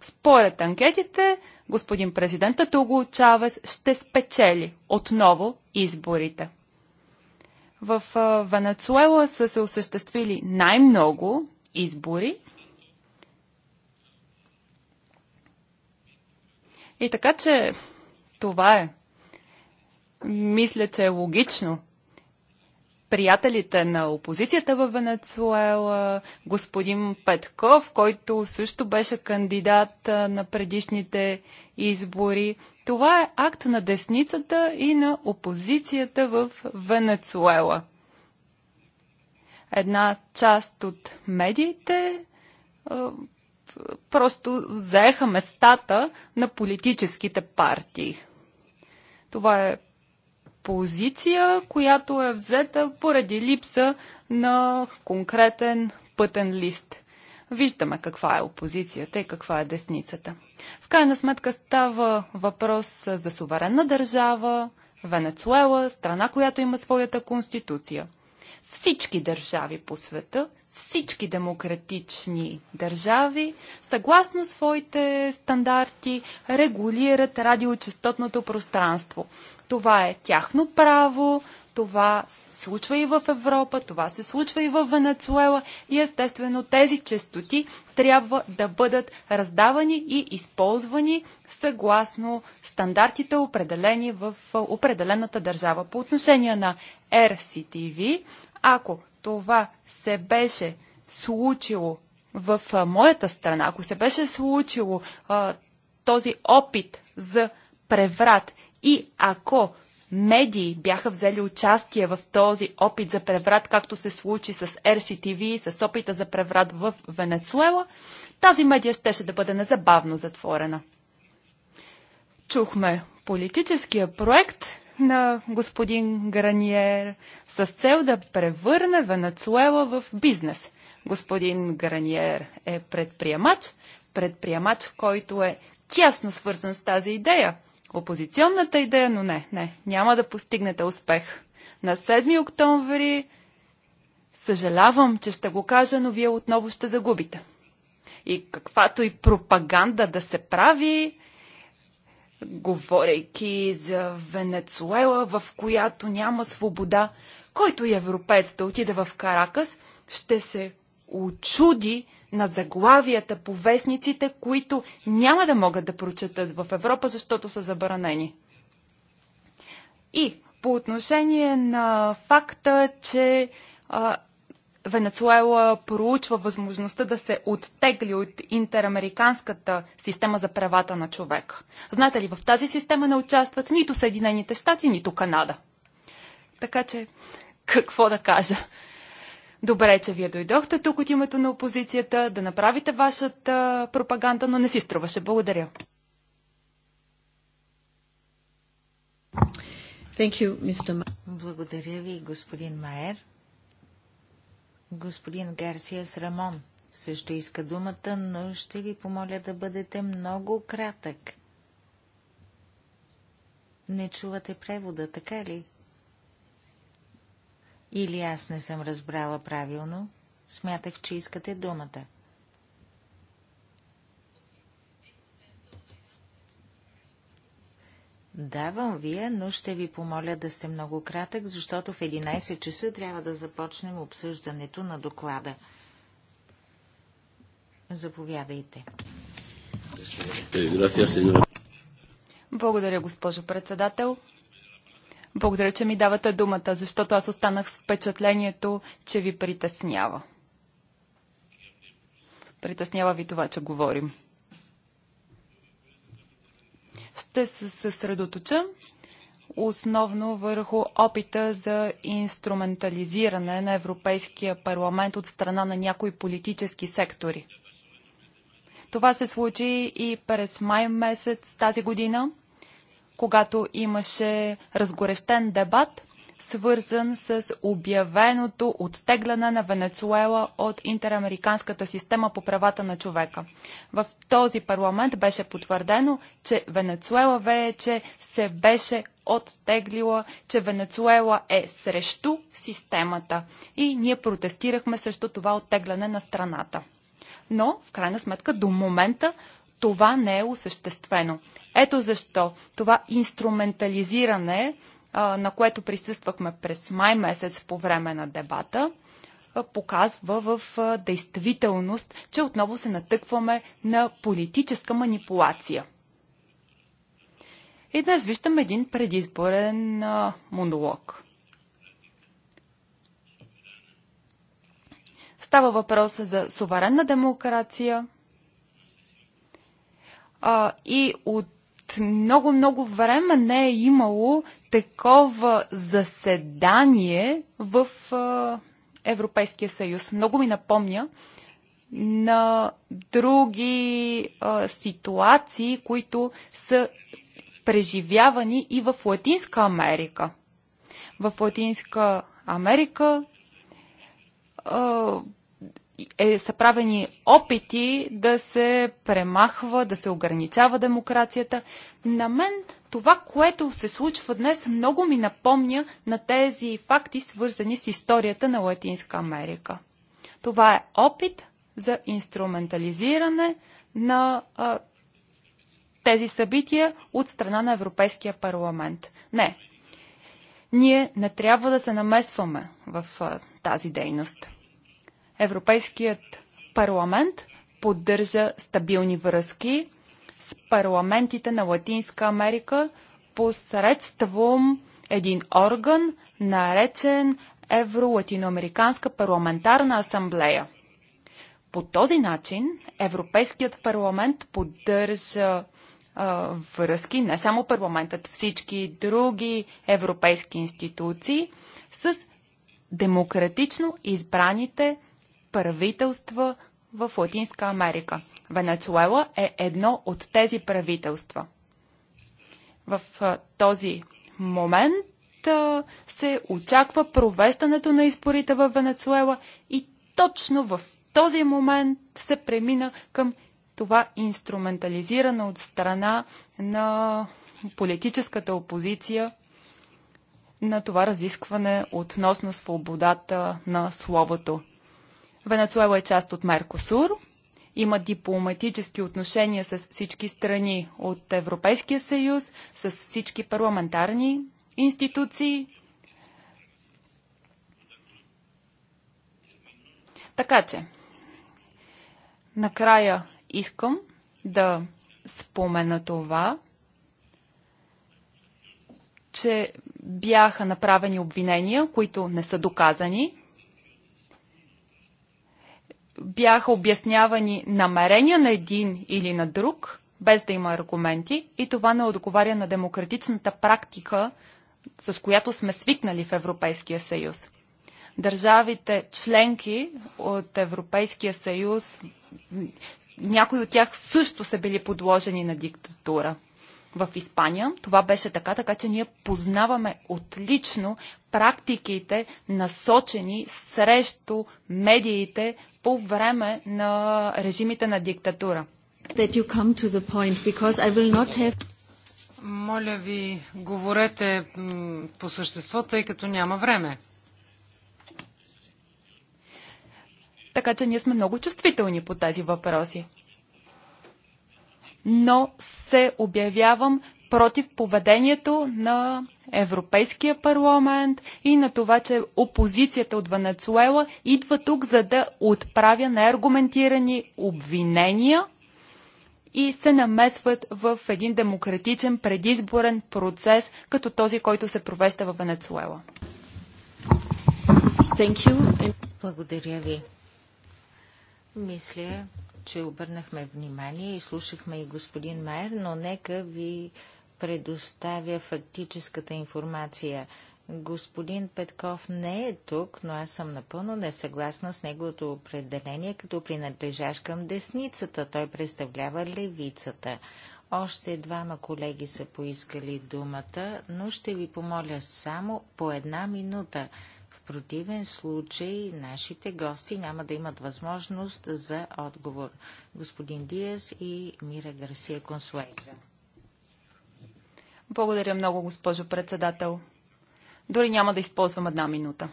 Според анкетите, господин президентът Уго Чавес ще спечели отново изборите. В Венецуела са се осъществили най-много избори. И така, че това е. Мисля, че е логично приятелите на опозицията в Венецуела, господин Петков, който също беше кандидат на предишните избори. Това е акт на десницата и на опозицията в Венецуела. Една част от медиите просто заеха местата на политическите партии. Това е позиция, която е взета поради липса на конкретен пътен лист. Виждаме каква е опозицията и каква е десницата. В крайна сметка става въпрос за суверенна държава, Венецуела, страна, която има своята конституция. Всички държави по света, всички демократични държави, съгласно своите стандарти, регулират радиочастотното пространство. Това е тяхно право, това се случва и в Европа, това се случва и в Венецуела и естествено тези честоти трябва да бъдат раздавани и използвани съгласно стандартите определени в определената държава. По отношение на RCTV, ако това се беше случило в моята страна, ако се беше случило а, този опит за преврат и ако медии бяха взели участие в този опит за преврат, както се случи с RCTV, с опита за преврат в Венецуела, тази медия щеше да бъде незабавно затворена. Чухме политическия проект на господин Граниер с цел да превърне Венецуела в бизнес. Господин Граниер е предприемач, предприемач, който е тясно свързан с тази идея – опозиционната идея, но не, не, няма да постигнете успех. На 7 октомври съжалявам, че ще го кажа, но вие отново ще загубите. И каквато и пропаганда да се прави, говорейки за Венецуела, в която няма свобода, който и европеец да отиде в Каракас, ще се очуди на заглавията по вестниците, които няма да могат да прочетат в Европа, защото са забранени. И по отношение на факта, че а, Венецуела проучва възможността да се оттегли от интерамериканската система за правата на човек. Знаете ли, в тази система не участват нито Съединените щати, нито Канада. Така че, какво да кажа? Добре, че вие дойдохте тук от името на опозицията да направите вашата пропаганда, но не си струваше. Благодаря. Thank you, Mr. Благодаря ви, господин Майер. Господин Гарсия Срамон също иска думата, но ще ви помоля да бъдете много кратък. Не чувате превода, така ли? Или аз не съм разбрала правилно? Смятах, че искате думата. Давам вие, но ще ви помоля да сте много кратък, защото в 11 часа трябва да започнем обсъждането на доклада. Заповядайте. Е, Благодаря, госпожо председател. Благодаря, че ми давате думата, защото аз останах с впечатлението, че ви притеснява. Притеснява ви това, че говорим. Ще се съсредоточа основно върху опита за инструментализиране на Европейския парламент от страна на някои политически сектори. Това се случи и през май месец тази година – когато имаше разгорещен дебат, свързан с обявеното оттегляне на Венецуела от интерамериканската система по правата на човека. В този парламент беше потвърдено, че Венецуела вече се беше оттеглила, че Венецуела е срещу системата и ние протестирахме срещу това оттегляне на страната. Но, в крайна сметка, до момента това не е осъществено. Ето защо това инструментализиране, на което присъствахме през май месец по време на дебата, показва в действителност, че отново се натъкваме на политическа манипулация. И днес виждам един предизборен монолог. Става въпрос за суверенна демокрация, а, и от много-много време не е имало такова заседание в а, Европейския съюз. Много ми напомня на други а, ситуации, които са преживявани и в Латинска Америка. В Латинска Америка а, е, са правени опити да се премахва, да се ограничава демокрацията. На мен това, което се случва днес, много ми напомня на тези факти, свързани с историята на Латинска Америка. Това е опит за инструментализиране на а, тези събития от страна на Европейския парламент. Не, ние не трябва да се намесваме в а, тази дейност. Европейският парламент поддържа стабилни връзки с парламентите на Латинска Америка посредством един орган, наречен Евро-Латиноамериканска парламентарна асамблея. По този начин Европейският парламент поддържа а, връзки, не само парламентът, всички други европейски институции с демократично избраните правителства в Латинска Америка. Венецуела е едно от тези правителства. В този момент се очаква провеждането на изборите в Венецуела и точно в този момент се премина към това инструментализиране от страна на политическата опозиция на това разискване относно свободата на словото. Венецуела е част от Меркосур, има дипломатически отношения с всички страни от Европейския съюз, с всички парламентарни институции. Така че, накрая искам да спомена това, че бяха направени обвинения, които не са доказани бяха обяснявани намерения на един или на друг, без да има аргументи, и това не отговаря на демократичната практика, с която сме свикнали в Европейския съюз. Държавите членки от Европейския съюз, някои от тях също са били подложени на диктатура в Испания. Това беше така, така че ние познаваме отлично практиките, насочени срещу медиите по време на режимите на диктатура. Моля ви, говорете по същество, тъй като няма време. Така че ние сме много чувствителни по тези въпроси но се обявявам против поведението на Европейския парламент и на това, че опозицията от Венецуела идва тук, за да отправя неаргументирани обвинения и се намесват в един демократичен предизборен процес, като този, който се провежда в Венецуела. Благодаря ви. Мисля, че обърнахме внимание и слушахме и господин Майер, но нека ви предоставя фактическата информация. Господин Петков не е тук, но аз съм напълно несъгласна с неговото определение като принадлежащ към десницата. Той представлява левицата. Още двама колеги са поискали думата, но ще ви помоля само по една минута, противен случай нашите гости няма да имат възможност за отговор. Господин Диас и Мира Гарсия Консуейка. Благодаря много, госпожо председател. Дори няма да използвам една минута.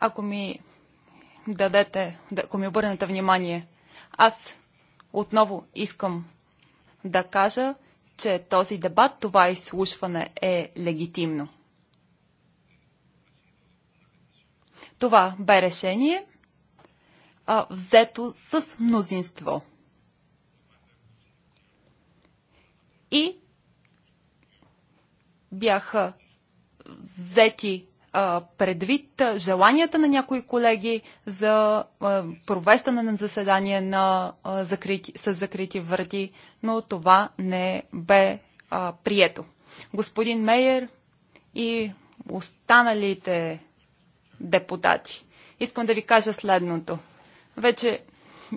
Ако ми дадете, ако ми обърнете внимание, аз отново искам да кажа, че този дебат, това изслушване е легитимно. Това бе решение, а, взето с мнозинство. И бяха взети предвид желанията на някои колеги за провеждане на заседание на, закрити, с закрити врати, но това не бе а, прието. Господин Мейер и останалите депутати, искам да ви кажа следното. Вече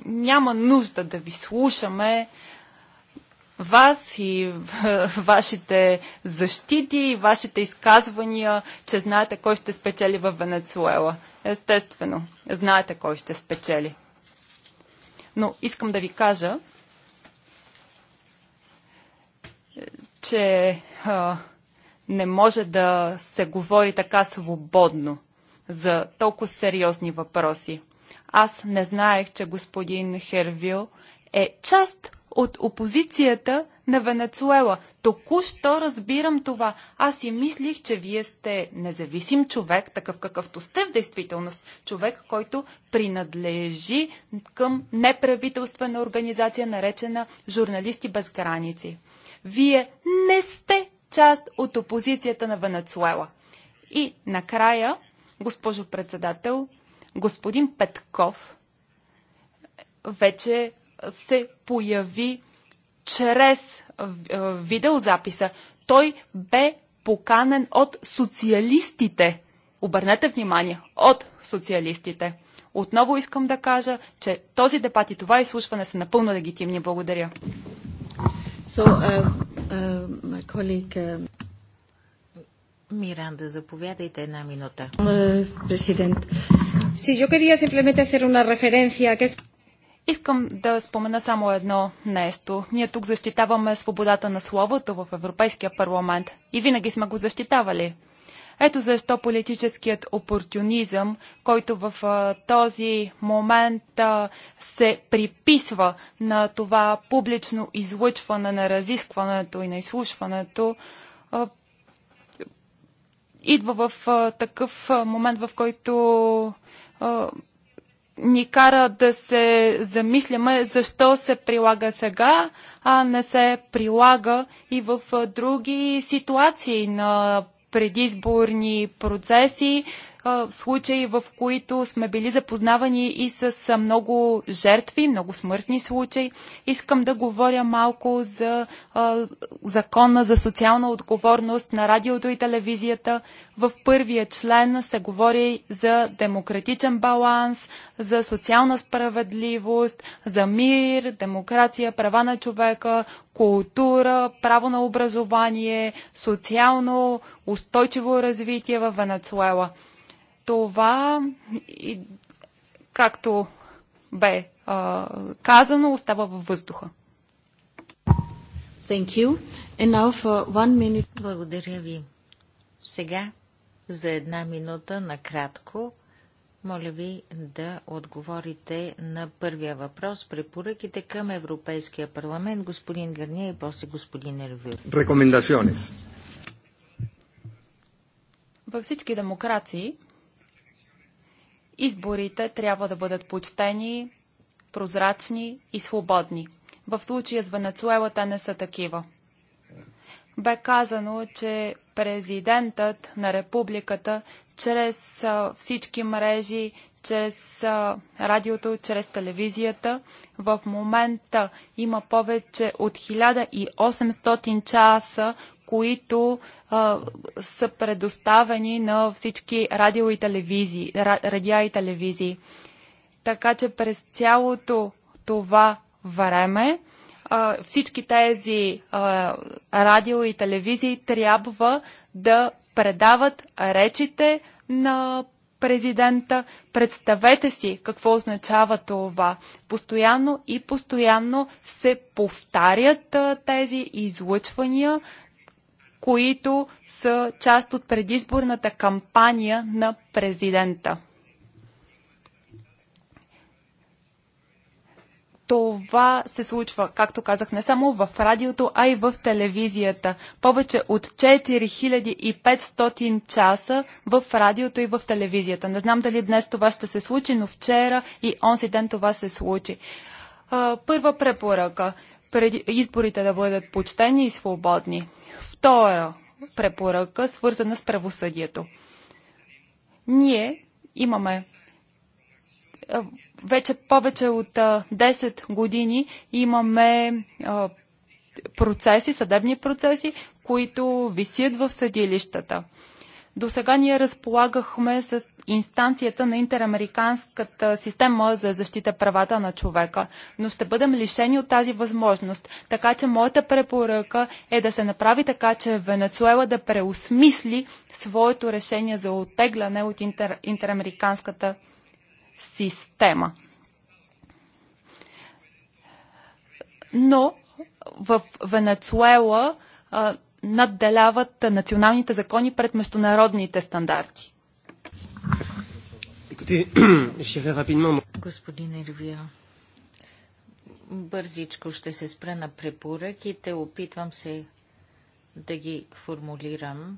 няма нужда да ви слушаме вас и вашите защити и вашите изказвания, че знаете кой ще спечели в Венецуела. Естествено, знаете кой ще спечели. Но искам да ви кажа, че а, не може да се говори така свободно за толкова сериозни въпроси. Аз не знаех, че господин Хервил е част от опозицията на Венецуела. Току-що разбирам това. Аз си мислих, че вие сте независим човек, такъв какъвто сте в действителност. Човек, който принадлежи към неправителствена организация, наречена Журналисти без граници. Вие не сте част от опозицията на Венецуела. И накрая, госпожо председател, господин Петков вече се появи чрез видеозаписа. Той бе поканен от социалистите. Обърнете внимание, от социалистите. Отново искам да кажа, че този дебат и това изслушване са напълно легитимни. Благодаря. So, uh, uh, my colleague, uh... Миранда, заповядайте една минута. Президент. Sí, yo quería simplemente hacer una referencia que... Искам да спомена само едно нещо. Ние тук защитаваме свободата на словото в Европейския парламент и винаги сме го защитавали. Ето защо политическият опортунизъм, който в този момент се приписва на това публично излъчване на разискването и на изслушването, идва в такъв момент, в който ни кара да се замисляме защо се прилага сега, а не се прилага и в други ситуации на предизборни процеси, случаи, в които сме били запознавани и с много жертви, много смъртни случаи. Искам да говоря малко за закона за социална отговорност на радиото и телевизията. В първия член се говори за демократичен баланс, за социална справедливост, за мир, демокрация, права на човека, култура, право на образование, социално устойчиво развитие в Венецуела това, и, както бе а, казано, остава във въздуха. Thank you. And now for one minute. Благодаря ви. Сега за една минута накратко. Моля ви да отговорите на първия въпрос. Препоръките към Европейския парламент, господин Гарния и после господин Ервил. Рекомендациони. Във всички демокрации Изборите трябва да бъдат почтени, прозрачни и свободни. В случая с Венецуела те не са такива. Бе казано, че президентът на републиката чрез всички мрежи, чрез радиото, чрез телевизията. В момента има повече от 1800 часа които а, са предоставени на всички радио и телевизии, радиа и телевизии. Така че през цялото това време а, всички тези а, радио и телевизии трябва да предават речите на президента. Представете си какво означава това. Постоянно и постоянно се повтарят а, тези излъчвания които са част от предизборната кампания на президента. това се случва, както казах, не само в радиото, а и в телевизията. Повече от 4500 часа в радиото и в телевизията. Не знам дали днес това ще се случи, но вчера и онзи ден това се случи. Първа препоръка преди, изборите да бъдат почтени и свободни. Втора препоръка, свързана с правосъдието. Ние имаме вече повече от 10 години имаме процеси, съдебни процеси, които висят в съдилищата. До сега ние разполагахме с инстанцията на Интерамериканската система за защита правата на човека, но ще бъдем лишени от тази възможност. Така че моята препоръка е да се направи така, че Венецуела да преосмисли своето решение за оттегляне от интер, Интерамериканската система. Но в Венецуела надделяват националните закони пред международните стандарти? Господин Ервио, бързичко ще се спра на препоръките. Опитвам се да ги формулирам.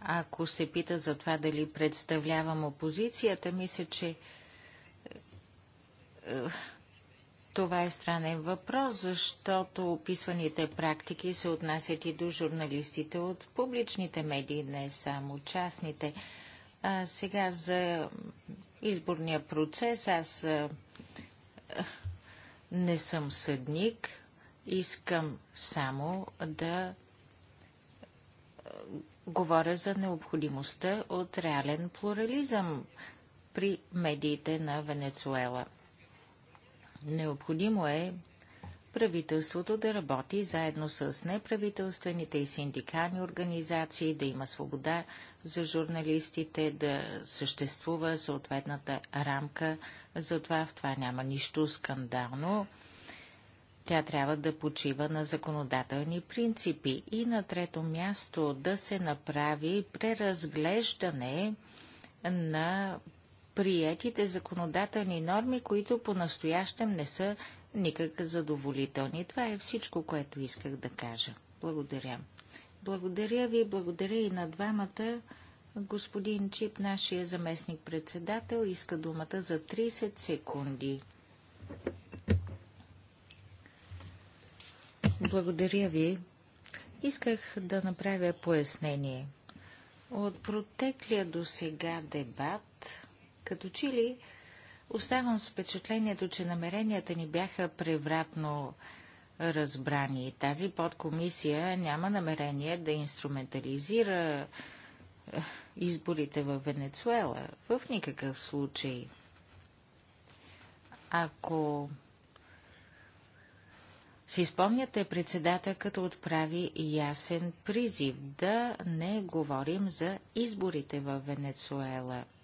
Ако се пита за това дали представлявам опозицията, мисля, че е, това е странен въпрос, защото описваните практики се отнасят и до журналистите от публичните медии, не само частните. А сега за изборния процес аз а, не съм съдник. Искам само да говоря за необходимостта от реален плурализъм при медиите на Венецуела – Необходимо е правителството да работи заедно с неправителствените и синдикални организации, да има свобода за журналистите, да съществува съответната рамка. Затова в това няма нищо скандално. Тя трябва да почива на законодателни принципи и на трето място да се направи преразглеждане на приятите законодателни норми, които по-настоящем не са никак задоволителни. Това е всичко, което исках да кажа. Благодаря. Благодаря ви, благодаря и на двамата. Господин Чип, нашия заместник-председател, иска думата за 30 секунди. Благодаря ви. Исках да направя пояснение. От протеклия до сега дебат като че ли оставам с впечатлението, че намеренията ни бяха превратно разбрани. Тази подкомисия няма намерение да инструментализира е, изборите в Венецуела. В никакъв случай. Ако си спомняте, председателката отправи ясен призив да не говорим за изборите в Венецуела –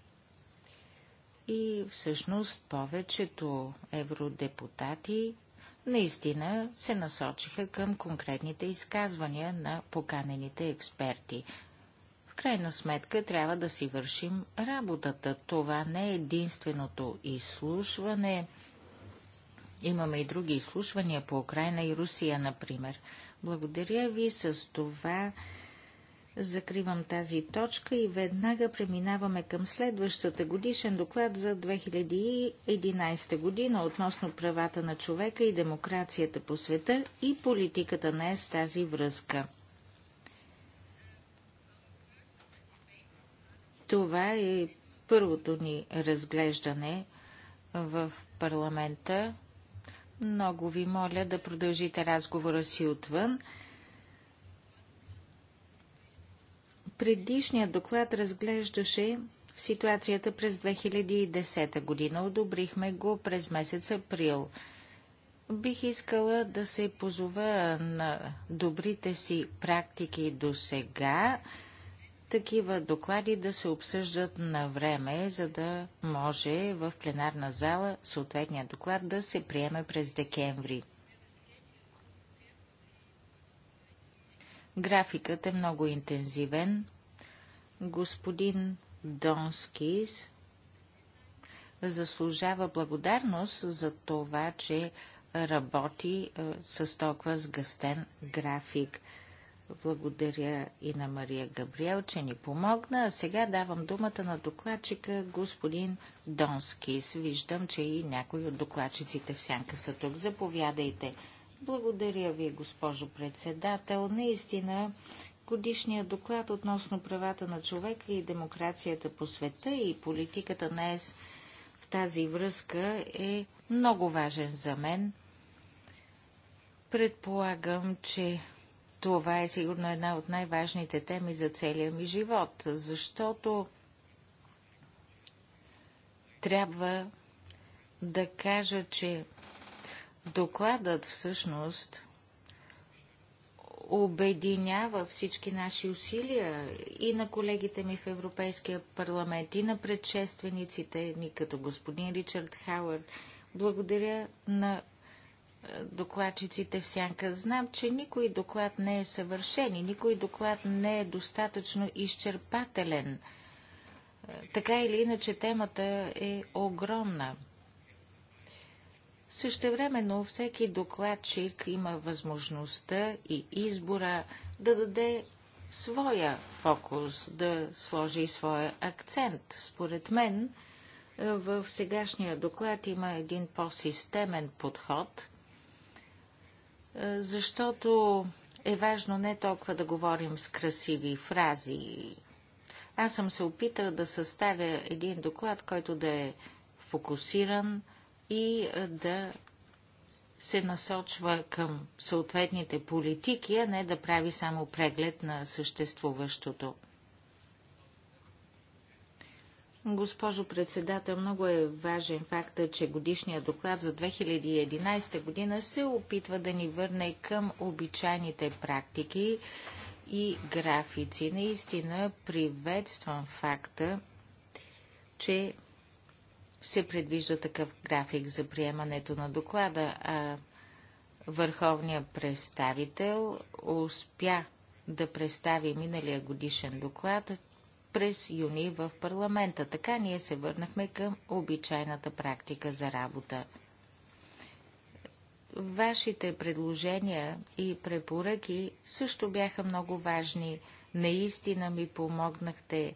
и всъщност повечето евродепутати наистина се насочиха към конкретните изказвания на поканените експерти. В крайна сметка трябва да си вършим работата. Това не е единственото изслушване. Имаме и други изслушвания по Украина и Русия, например. Благодаря ви с това. Закривам тази точка и веднага преминаваме към следващата годишен доклад за 2011 година относно правата на човека и демокрацията по света и политиката на е с тази връзка. Това е първото ни разглеждане в парламента. Много ви моля да продължите разговора си отвън. Предишният доклад разглеждаше ситуацията през 2010 година. Одобрихме го през месец април. Бих искала да се позова на добрите си практики до сега, такива доклади да се обсъждат на време, за да може в пленарна зала съответният доклад да се приеме през декември. Графикът е много интензивен. Господин Донскис заслужава благодарност за това, че работи е, с толкова сгъстен график. Благодаря и на Мария Габриел, че ни помогна. А сега давам думата на докладчика господин Донскис. Виждам, че и някои от докладчиците в сянка са тук. Заповядайте. Благодаря ви, госпожо председател. Наистина годишния доклад относно правата на човека и демокрацията по света и политиката на ЕС в тази връзка е много важен за мен. Предполагам, че това е сигурно една от най-важните теми за целия ми живот, защото трябва да кажа, че докладът всъщност обединява всички наши усилия и на колегите ми в Европейския парламент, и на предшествениците ни, като господин Ричард Хауърд. Благодаря на е, докладчиците в сянка. Знам, че никой доклад не е съвършен и никой доклад не е достатъчно изчерпателен. Е, така или иначе темата е огромна. Същевременно всеки докладчик има възможността и избора да даде своя фокус, да сложи своя акцент. Според мен, в сегашния доклад има един по-системен подход, защото е важно не толкова да говорим с красиви фрази. Аз съм се опитал да съставя един доклад, който да е фокусиран – и да се насочва към съответните политики, а не да прави само преглед на съществуващото. Госпожо председател, много е важен факта, че годишният доклад за 2011 година се опитва да ни върне към обичайните практики и графици. Наистина приветствам факта, че се предвижда такъв график за приемането на доклада, а върховният представител успя да представи миналия годишен доклад през юни в парламента. Така ние се върнахме към обичайната практика за работа. Вашите предложения и препоръки също бяха много важни. Наистина ми помогнахте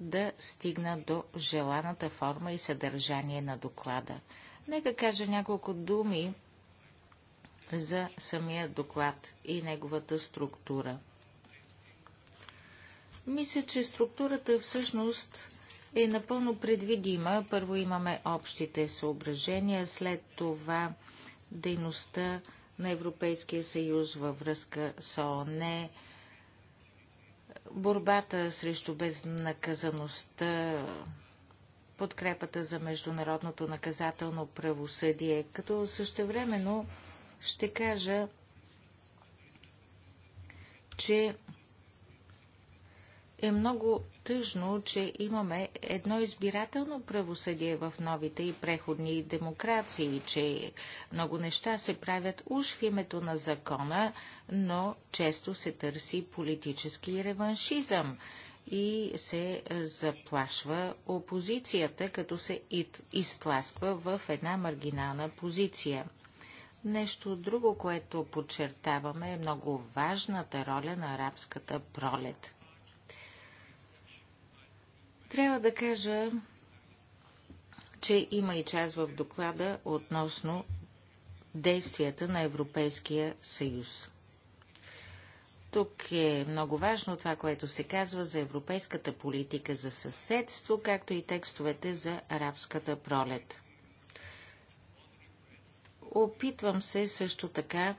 да стигна до желаната форма и съдържание на доклада. Нека кажа няколко думи за самия доклад и неговата структура. Мисля, че структурата всъщност е напълно предвидима. Първо имаме общите съображения, след това дейността на Европейския съюз във връзка с ООН, борбата срещу безнаказаността, подкрепата за международното наказателно правосъдие, като същевременно ще кажа, че е много тъжно, че имаме едно избирателно правосъдие в новите и преходни демокрации, че много неща се правят уж в името на закона, но често се търси политически реваншизъм и се заплашва опозицията, като се изтласква в една маргинална позиция. Нещо друго, което подчертаваме е много важната роля на арабската пролет. Трябва да кажа, че има и част в доклада относно действията на Европейския съюз. Тук е много важно това, което се казва за европейската политика за съседство, както и текстовете за арабската пролет. Опитвам се също така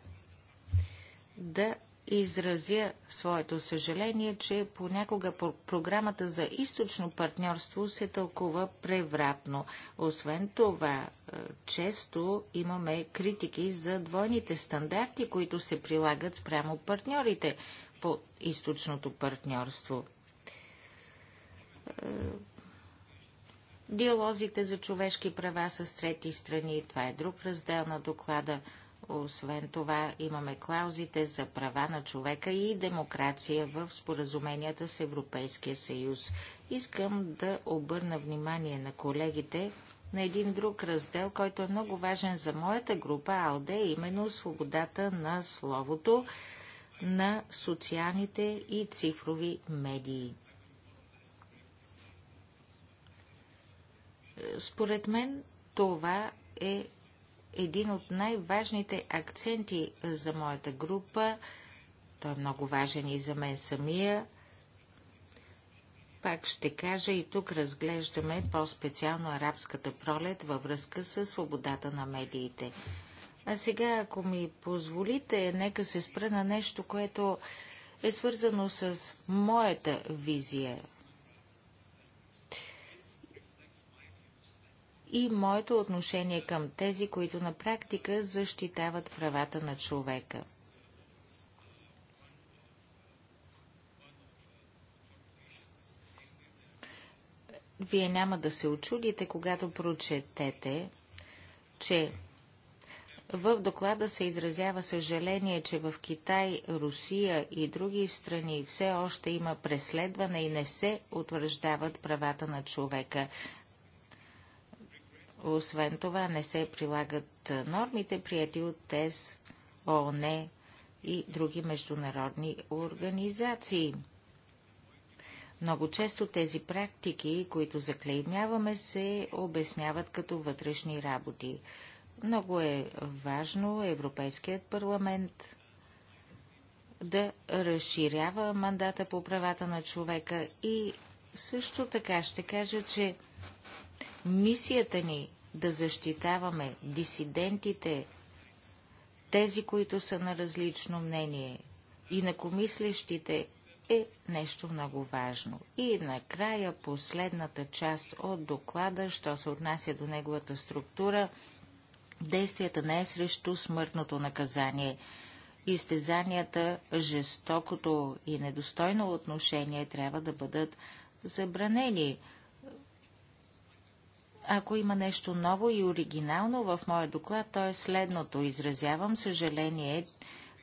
да изразя своето съжаление, че понякога програмата за източно партньорство се тълкува превратно. Освен това, е, често имаме критики за двойните стандарти, които се прилагат спрямо партньорите по източното партньорство. Е, диалозите за човешки права с трети страни, това е друг раздел на доклада – освен това имаме клаузите за права на човека и демокрация в споразуменията с Европейския съюз. Искам да обърна внимание на колегите на един друг раздел, който е много важен за моята група АЛДЕ, именно свободата на словото на социалните и цифрови медии. Според мен това е един от най-важните акценти за моята група. Той е много важен и за мен самия. Пак ще кажа и тук разглеждаме по-специално арабската пролет във връзка с свободата на медиите. А сега, ако ми позволите, нека се спра на нещо, което е свързано с моята визия и моето отношение към тези, които на практика защитават правата на човека. Вие няма да се очудите, когато прочетете, че в доклада се изразява съжаление, че в Китай, Русия и други страни все още има преследване и не се утвърждават правата на човека. Освен това не се прилагат нормите, прияти от ТЕС, ООН и други международни организации. Много често тези практики, които заклеймяваме, се обясняват като вътрешни работи. Много е важно Европейският парламент да разширява мандата по правата на човека и също така ще кажа, че Мисията ни да защитаваме дисидентите, тези, които са на различно мнение, и на комислещите е нещо много важно. И накрая последната част от доклада, що се отнася до неговата структура, действията не е срещу смъртното наказание. Изтезанията, жестокото и недостойно отношение трябва да бъдат забранени. Ако има нещо ново и оригинално в моя доклад, то е следното. Изразявам съжаление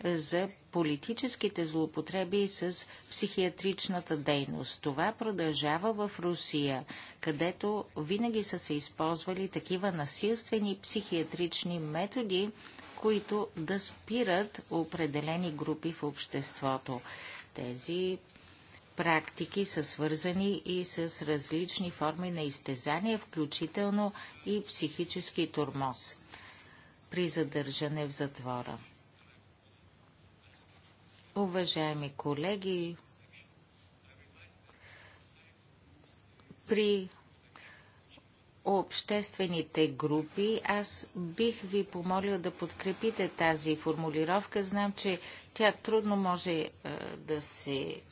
за политическите злоупотреби с психиатричната дейност. Това продължава в Русия, където винаги са се използвали такива насилствени психиатрични методи, които да спират определени групи в обществото. Тези практики са свързани и с различни форми на изтезания, включително и психически тормоз при задържане в затвора. Уважаеми колеги, при обществените групи, аз бих ви помолил да подкрепите тази формулировка. Знам, че тя трудно може да се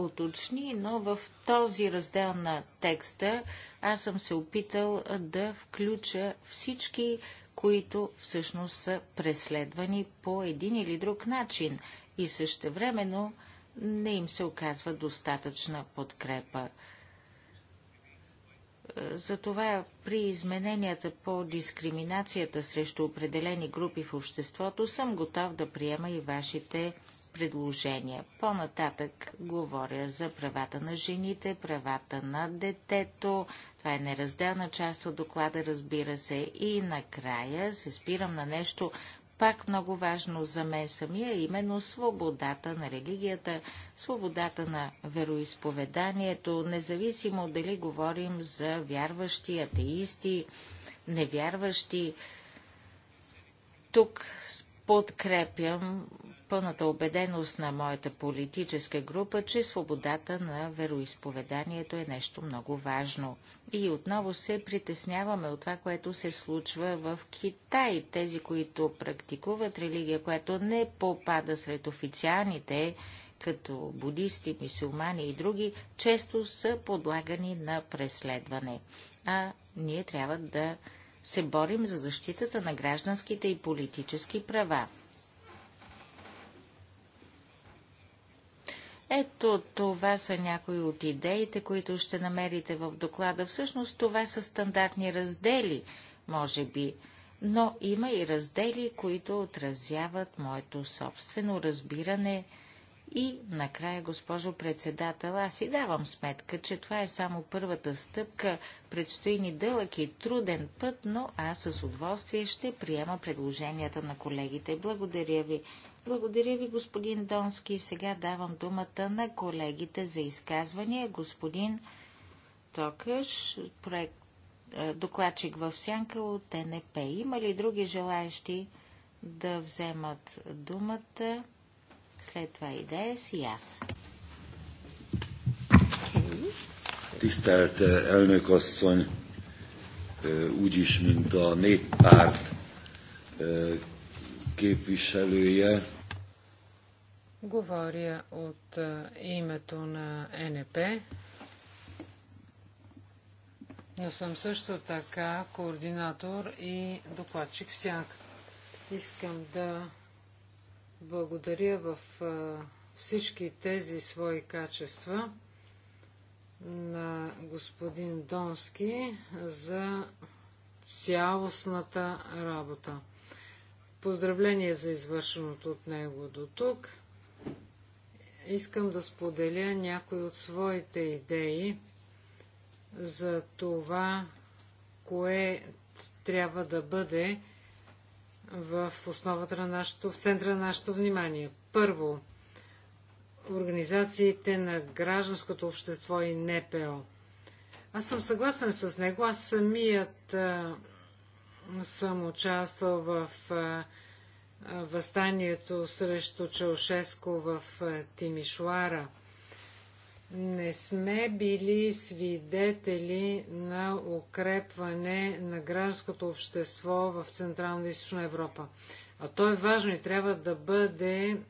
уточни, но в този раздел на текста аз съм се опитал да включа всички, които всъщност са преследвани по един или друг начин и същевременно не им се оказва достатъчна подкрепа. Затова при измененията по дискриминацията срещу определени групи в обществото съм готов да приема и вашите предложения. По-нататък говоря за правата на жените, правата на детето. Това е неразделна част от доклада, разбира се. И накрая се спирам на нещо пак много важно за мен самия, именно свободата на религията, свободата на вероисповеданието, независимо дали говорим за вярващи, атеисти, невярващи. Тук подкрепям пълната убеденост на моята политическа група, че свободата на вероисповеданието е нещо много важно. И отново се притесняваме от това, което се случва в Китай. Тези, които практикуват религия, която не попада сред официалните, като будисти, мусулмани и други, често са подлагани на преследване. А ние трябва да се борим за защитата на гражданските и политически права. Ето това са някои от идеите, които ще намерите в доклада. Всъщност това са стандартни раздели, може би, но има и раздели, които отразяват моето собствено разбиране. И накрая, госпожо председател, аз си давам сметка, че това е само първата стъпка. Предстои ни дълъг и труден път, но аз с удоволствие ще приема предложенията на колегите. Благодаря ви. Благодаря ви, господин Донски. Сега давам думата на колегите за изказвания. Господин Токаш, проект, е, докладчик в сянка от НП. Има ли други желаящи да вземат думата? След това идея си аз. Tisztelt е, elnök asszony, е, úgyis, mint a néppárt e, képviselője, Говоря от името на НП, но съм също така координатор и докладчик всяк. Искам да благодаря в всички тези свои качества на господин Донски за цялостната работа. Поздравление за извършеното от него до тук. Искам да споделя някои от своите идеи за това, кое трябва да бъде в основата на нашето, в центъра на нашето внимание. Първо, организациите на гражданското общество и НПО. Аз съм съгласен с него. Аз самият а, съм участвал в а, възстанието срещу Чаушеско в Тимишуара. Не сме били свидетели на укрепване на гражданското общество в Централна и Източна Европа. А то е важно и трябва да бъде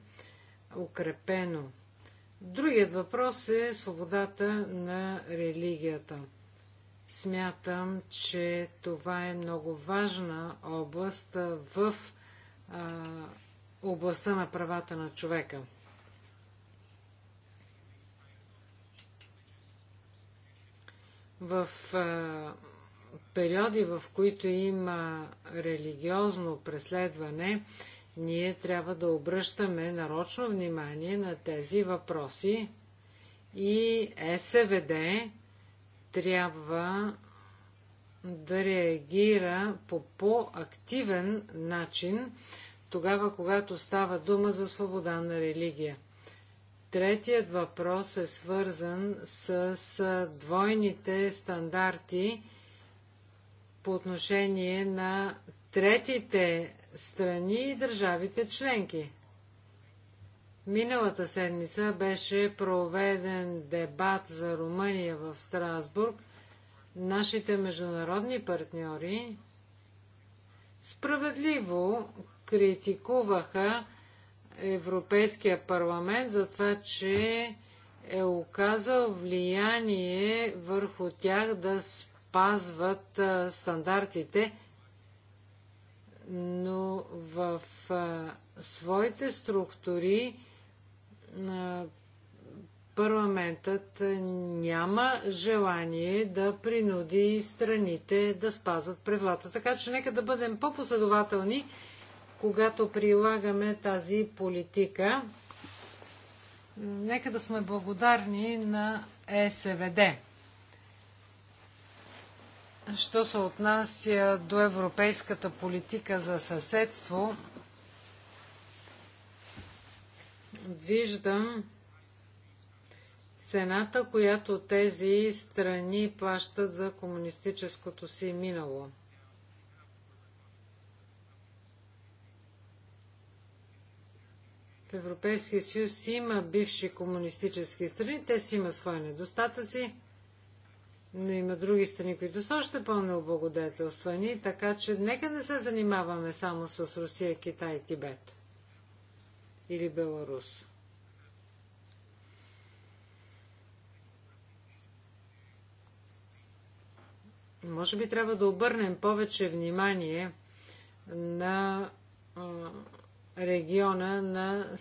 укрепено. Другият въпрос е свободата на религията. Смятам, че това е много важна област в а, областта на правата на човека. В а, периоди, в които има религиозно преследване, ние трябва да обръщаме нарочно внимание на тези въпроси и СВД трябва да реагира по по-активен начин тогава, когато става дума за свобода на религия. Третият въпрос е свързан с, двойните стандарти по отношение на третите страни и държавите членки. Миналата седмица беше проведен дебат за Румъния в Страсбург – Нашите международни партньори справедливо критикуваха Европейския парламент за това, че е оказал влияние върху тях да спазват стандартите, но в своите структури парламентът няма желание да принуди страните да спазват правилата. Така че нека да бъдем по-последователни, когато прилагаме тази политика. Нека да сме благодарни на ЕСВД. Що се отнася до европейската политика за съседство, виждам, цената, която тези страни плащат за комунистическото си минало. В Европейския съюз има бивши комунистически страни, те си има свои недостатъци, но има други страни, които са още по-необлагодетелствани, така че нека не се занимаваме само с Русия, Китай Тибет или Беларус. Може би трябва да обърнем повече внимание на региона на,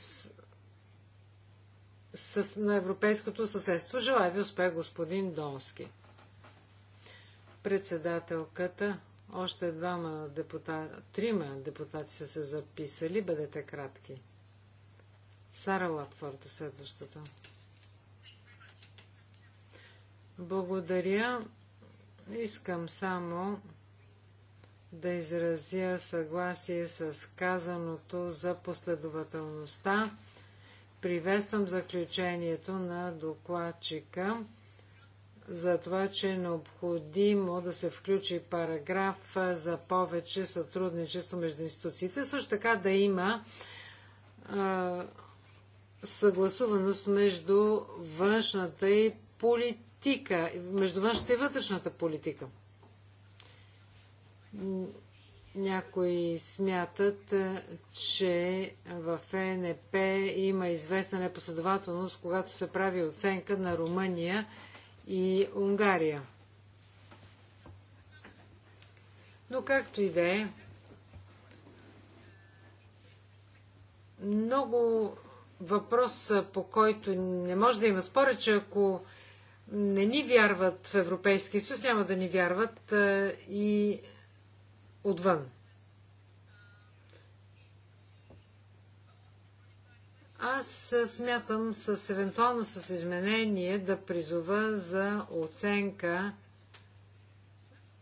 с, на европейското съседство. Желая ви успех, господин Донски. Председателката, още двама депутати, трима депутати са се записали. Бъдете кратки. Сара Латфорд е следващата. Благодаря. Искам само да изразя съгласие с казаното за последователността. Приветствам заключението на докладчика за това, че е необходимо да се включи параграф за повече сътрудничество между институциите, също така да има съгласуваност между външната и политиката политика, между външната и вътрешната политика. Някои смятат, е, че в ЕНП има известна непоследователност, когато се прави оценка на Румъния и Унгария. Но както и да е, много въпрос, по който не може да има спор, е, че ако не ни вярват в Европейския съюз, няма да ни вярват и отвън. Аз смятам с евентуално с изменение да призова за оценка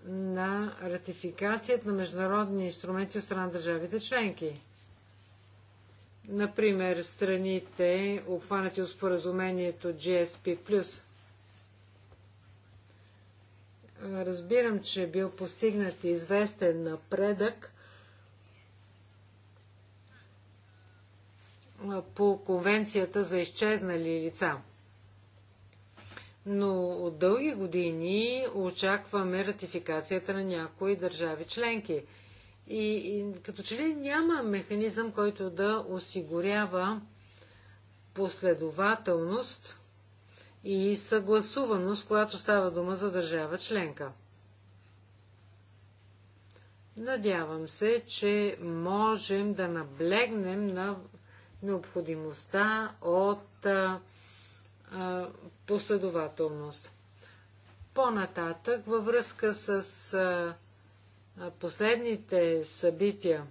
на ратификацията на международни инструменти от страна на държавите членки. Например, страните, обхванати от споразумението GSP+, Разбирам, че е бил постигнат известен напредък по конвенцията за изчезнали лица. Но от дълги години очакваме ратификацията на някои държави членки. И, и като че ли няма механизъм, който да осигурява последователност и съгласуваност, която става дума за държава членка. Надявам се, че можем да наблегнем на необходимостта от а, а, последователност. По-нататък, във връзка с а, последните събития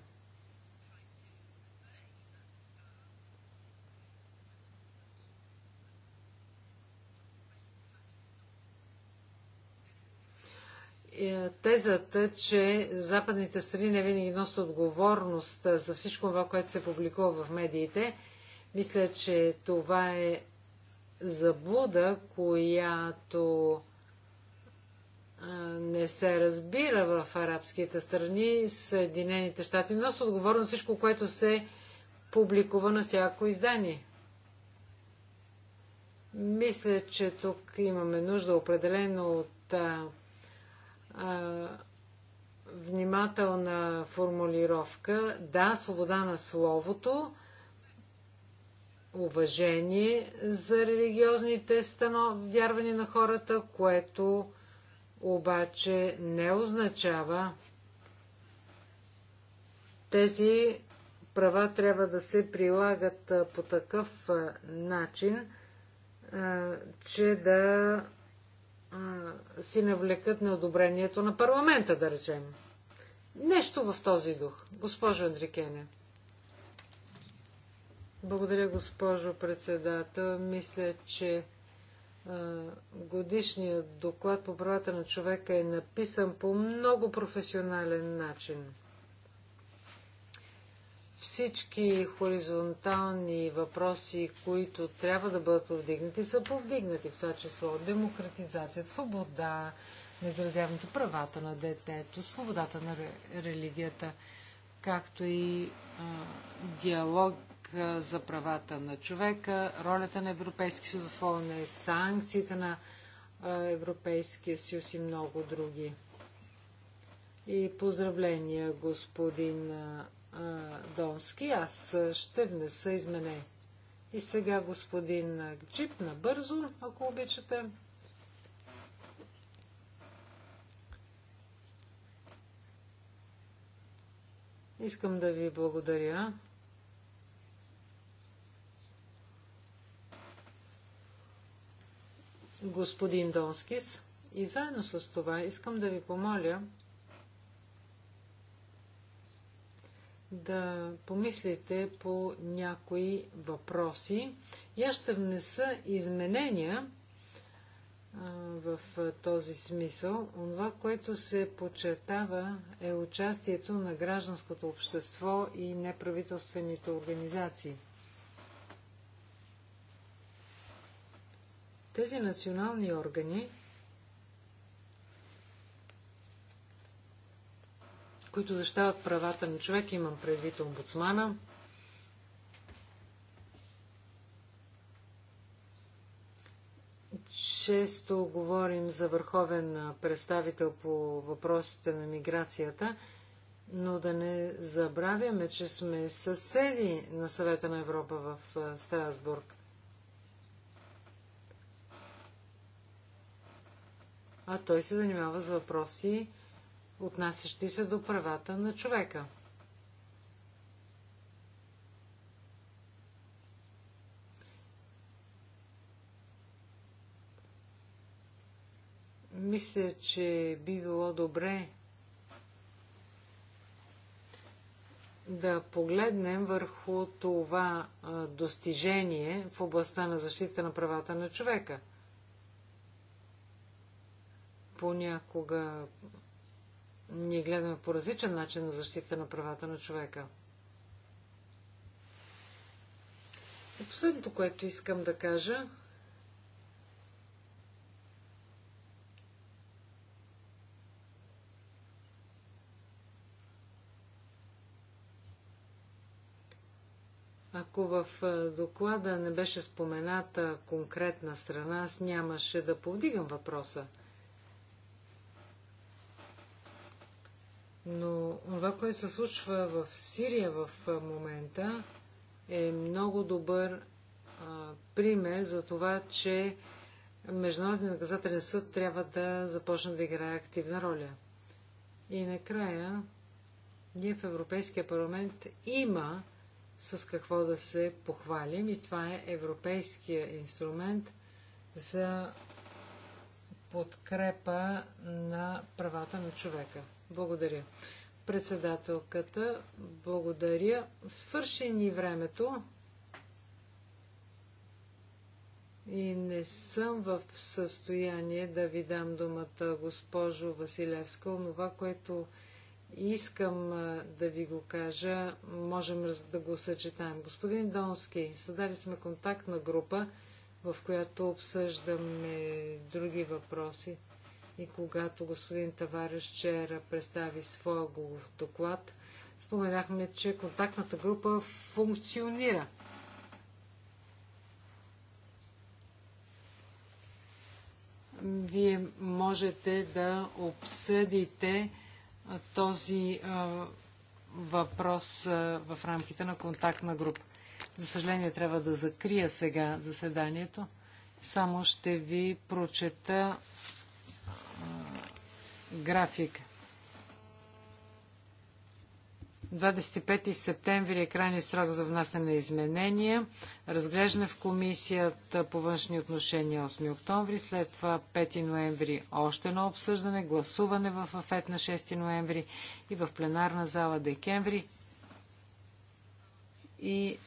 Е, тезата, че западните страни не винаги носят отговорност за всичко това, което се публикува в медиите, мисля, че това е заблуда, която не се разбира в арабските страни. Съединените щати носят отговорност всичко, което се публикува на всяко издание. Мисля, че тук имаме нужда определено от а, внимателна формулировка. Да, свобода на словото, уважение за религиозните вярвани вярвания на хората, което обаче не означава тези права трябва да се прилагат по такъв начин, че да си навлекат неодобрението на парламента, да речем. Нещо в този дух. Госпожо Андрикене. Благодаря, госпожо председател. Мисля, че годишният доклад по правата на човека е написан по много професионален начин всички хоризонтални въпроси, които трябва да бъдат повдигнати, са повдигнати, в това число демократизацията, свобода на изразяването, правата на детето, свободата на религията, както и а, диалог а, за правата на човека, ролята на Европейски съюз в санкциите на а, Европейския съюз и много други. И поздравления, господин Донски, аз ще внеса измене. И сега господин Чип набързо, ако обичате. Искам да ви благодаря. Господин Донскис, и заедно с това искам да ви помоля да помислите по някои въпроси. И аз ще внеса изменения в този смисъл. Това, което се подчертава е участието на гражданското общество и неправителствените организации. Тези национални органи които защават правата на човек, имам предвид омбудсмана. Често говорим за върховен представител по въпросите на миграцията, но да не забравяме, че сме съседи на съвета на Европа в Страсбург. А той се занимава с въпроси, отнасящи се до правата на човека. Мисля, че би било добре да погледнем върху това достижение в областта на защита на правата на човека. Понякога ние гледаме по различен начин на защита на правата на човека. И последното, което искам да кажа, Ако в доклада не беше спомената конкретна страна, аз нямаше да повдигам въпроса – Но това, което се случва в Сирия в момента, е много добър а, пример за това, че Международният наказателен съд трябва да започне да играе активна роля. И накрая, ние в Европейския парламент има с какво да се похвалим и това е Европейския инструмент за подкрепа на правата на човека. Благодаря. Председателката, благодаря. Свърши ни времето. И не съм в състояние да ви дам думата, госпожо Василевска. Онова, което искам да ви го кажа, можем да го съчетаем. Господин Донски, създали сме контактна група, в която обсъждаме други въпроси. И когато господин Тавареш вчера представи своя доклад, споменахме, че контактната група функционира. Вие можете да обсъдите този въпрос в рамките на контактна група. За съжаление, трябва да закрия сега заседанието. Само ще ви прочета график. 25 септември е крайният срок за внасяне на изменения. Разглеждане в комисията по външни отношения 8 октомври, след това 5 ноември още едно обсъждане, гласуване в АФЕТ на 6 ноември и в пленарна зала декември. И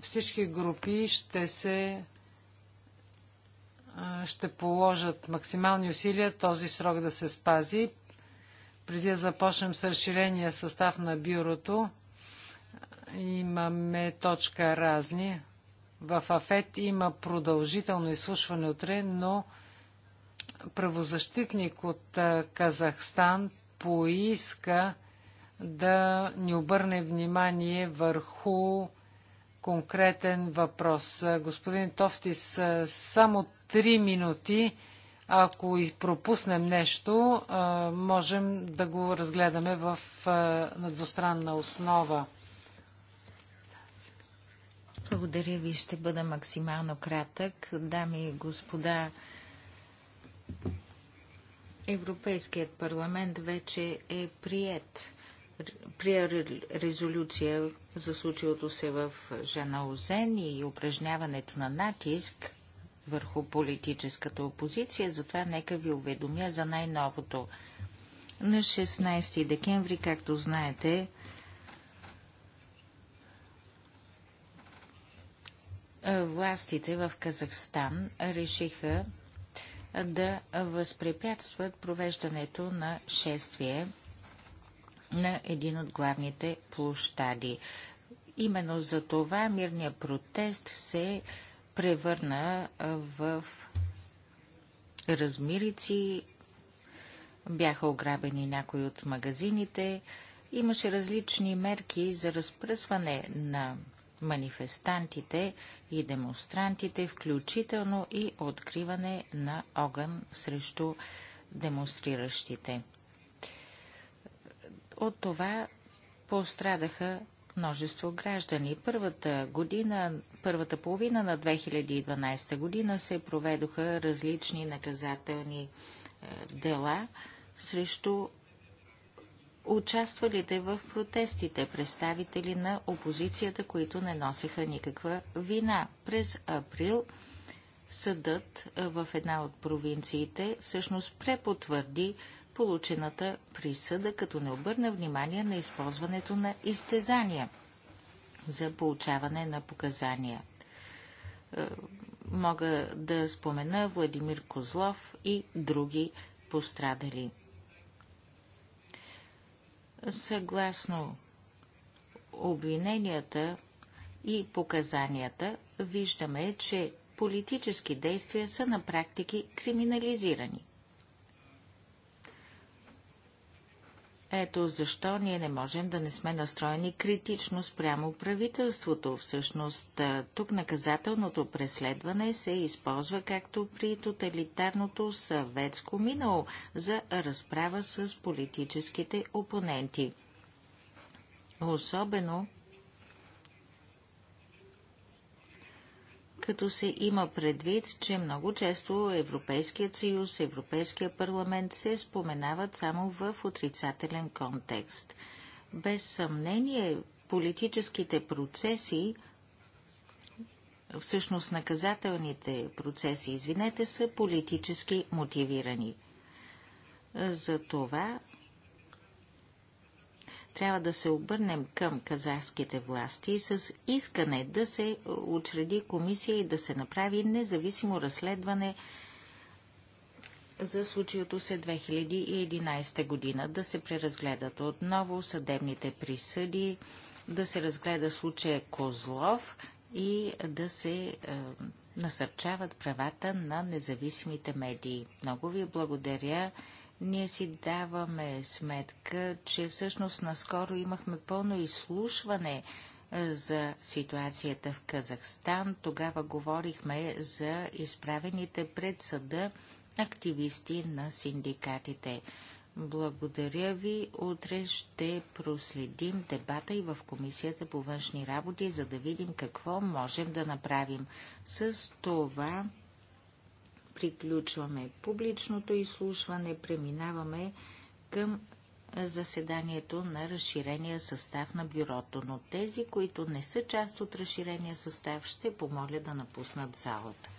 всички групи ще се ще положат максимални усилия този срок да се спази. Преди да започнем с разширения състав на бюрото, имаме точка разни. В Афет има продължително изслушване утре, но правозащитник от Казахстан поиска да ни обърне внимание върху конкретен въпрос. Господин Тофтис, само три минути. Ако и пропуснем нещо, можем да го разгледаме в, на двустранна основа. Благодаря ви. Ще бъда максимално кратък. Дами и господа, Европейският парламент вече е прият прия резолюция за случилото се в Жанаузен и упражняването на натиск върху политическата опозиция, затова нека ви уведомя за най-новото. На 16 декември, както знаете, властите в Казахстан решиха да възпрепятстват провеждането на шествие – на един от главните площади. Именно за това мирният протест се превърна в размирици, бяха ограбени някои от магазините, имаше различни мерки за разпръсване на манифестантите и демонстрантите, включително и откриване на огън срещу демонстриращите. От това пострадаха множество граждани. Първата година, първата половина на 2012 година се проведоха различни наказателни е, дела срещу участвалите в протестите представители на опозицията, които не носеха никаква вина. През април съдът е, в една от провинциите всъщност препотвърди получената присъда, като не обърна внимание на използването на изтезания за получаване на показания. Е, мога да спомена Владимир Козлов и други пострадали. Съгласно обвиненията и показанията, виждаме, че политически действия са на практики криминализирани. Ето защо ние не можем да не сме настроени критично спрямо правителството. Всъщност, тук наказателното преследване се използва както при тоталитарното съветско минало за разправа с политическите опоненти. Особено като се има предвид, че много често Европейският съюз, Европейския парламент се споменават само в отрицателен контекст. Без съмнение, политическите процеси, всъщност наказателните процеси, извинете, са политически мотивирани. За това трябва да се обърнем към казахските власти с искане да се учреди комисия и да се направи независимо разследване за случилото се 2011 година, да се преразгледат отново съдебните присъди, да се разгледа случая Козлов и да се е, насърчават правата на независимите медии. Много ви благодаря. Ние си даваме сметка, че всъщност наскоро имахме пълно изслушване е, за ситуацията в Казахстан. Тогава говорихме за изправените пред съда активисти на синдикатите. Благодаря ви. Утре ще проследим дебата и в Комисията по външни работи, за да видим какво можем да направим. С това приключваме публичното изслушване, преминаваме към заседанието на разширения състав на бюрото, но тези, които не са част от разширения състав, ще помоля да напуснат залата.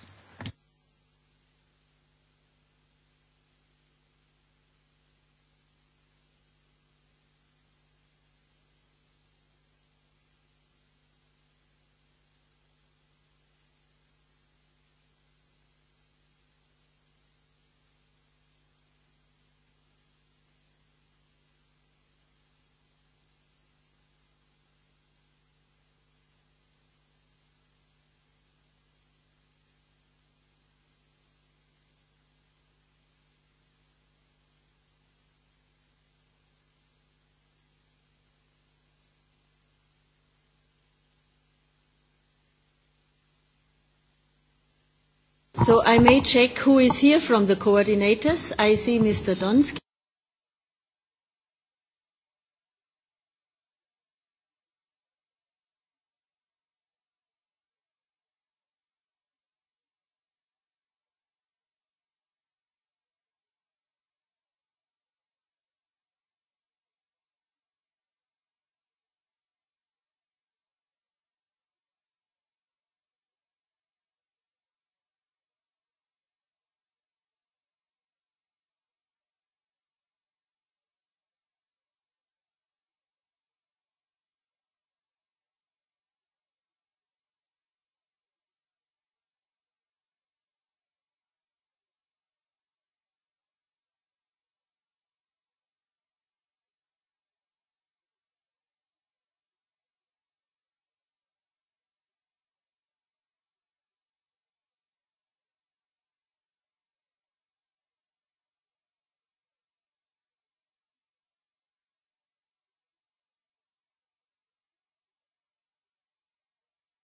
So I may check who is here from the coordinators. I see Mr. Donsky.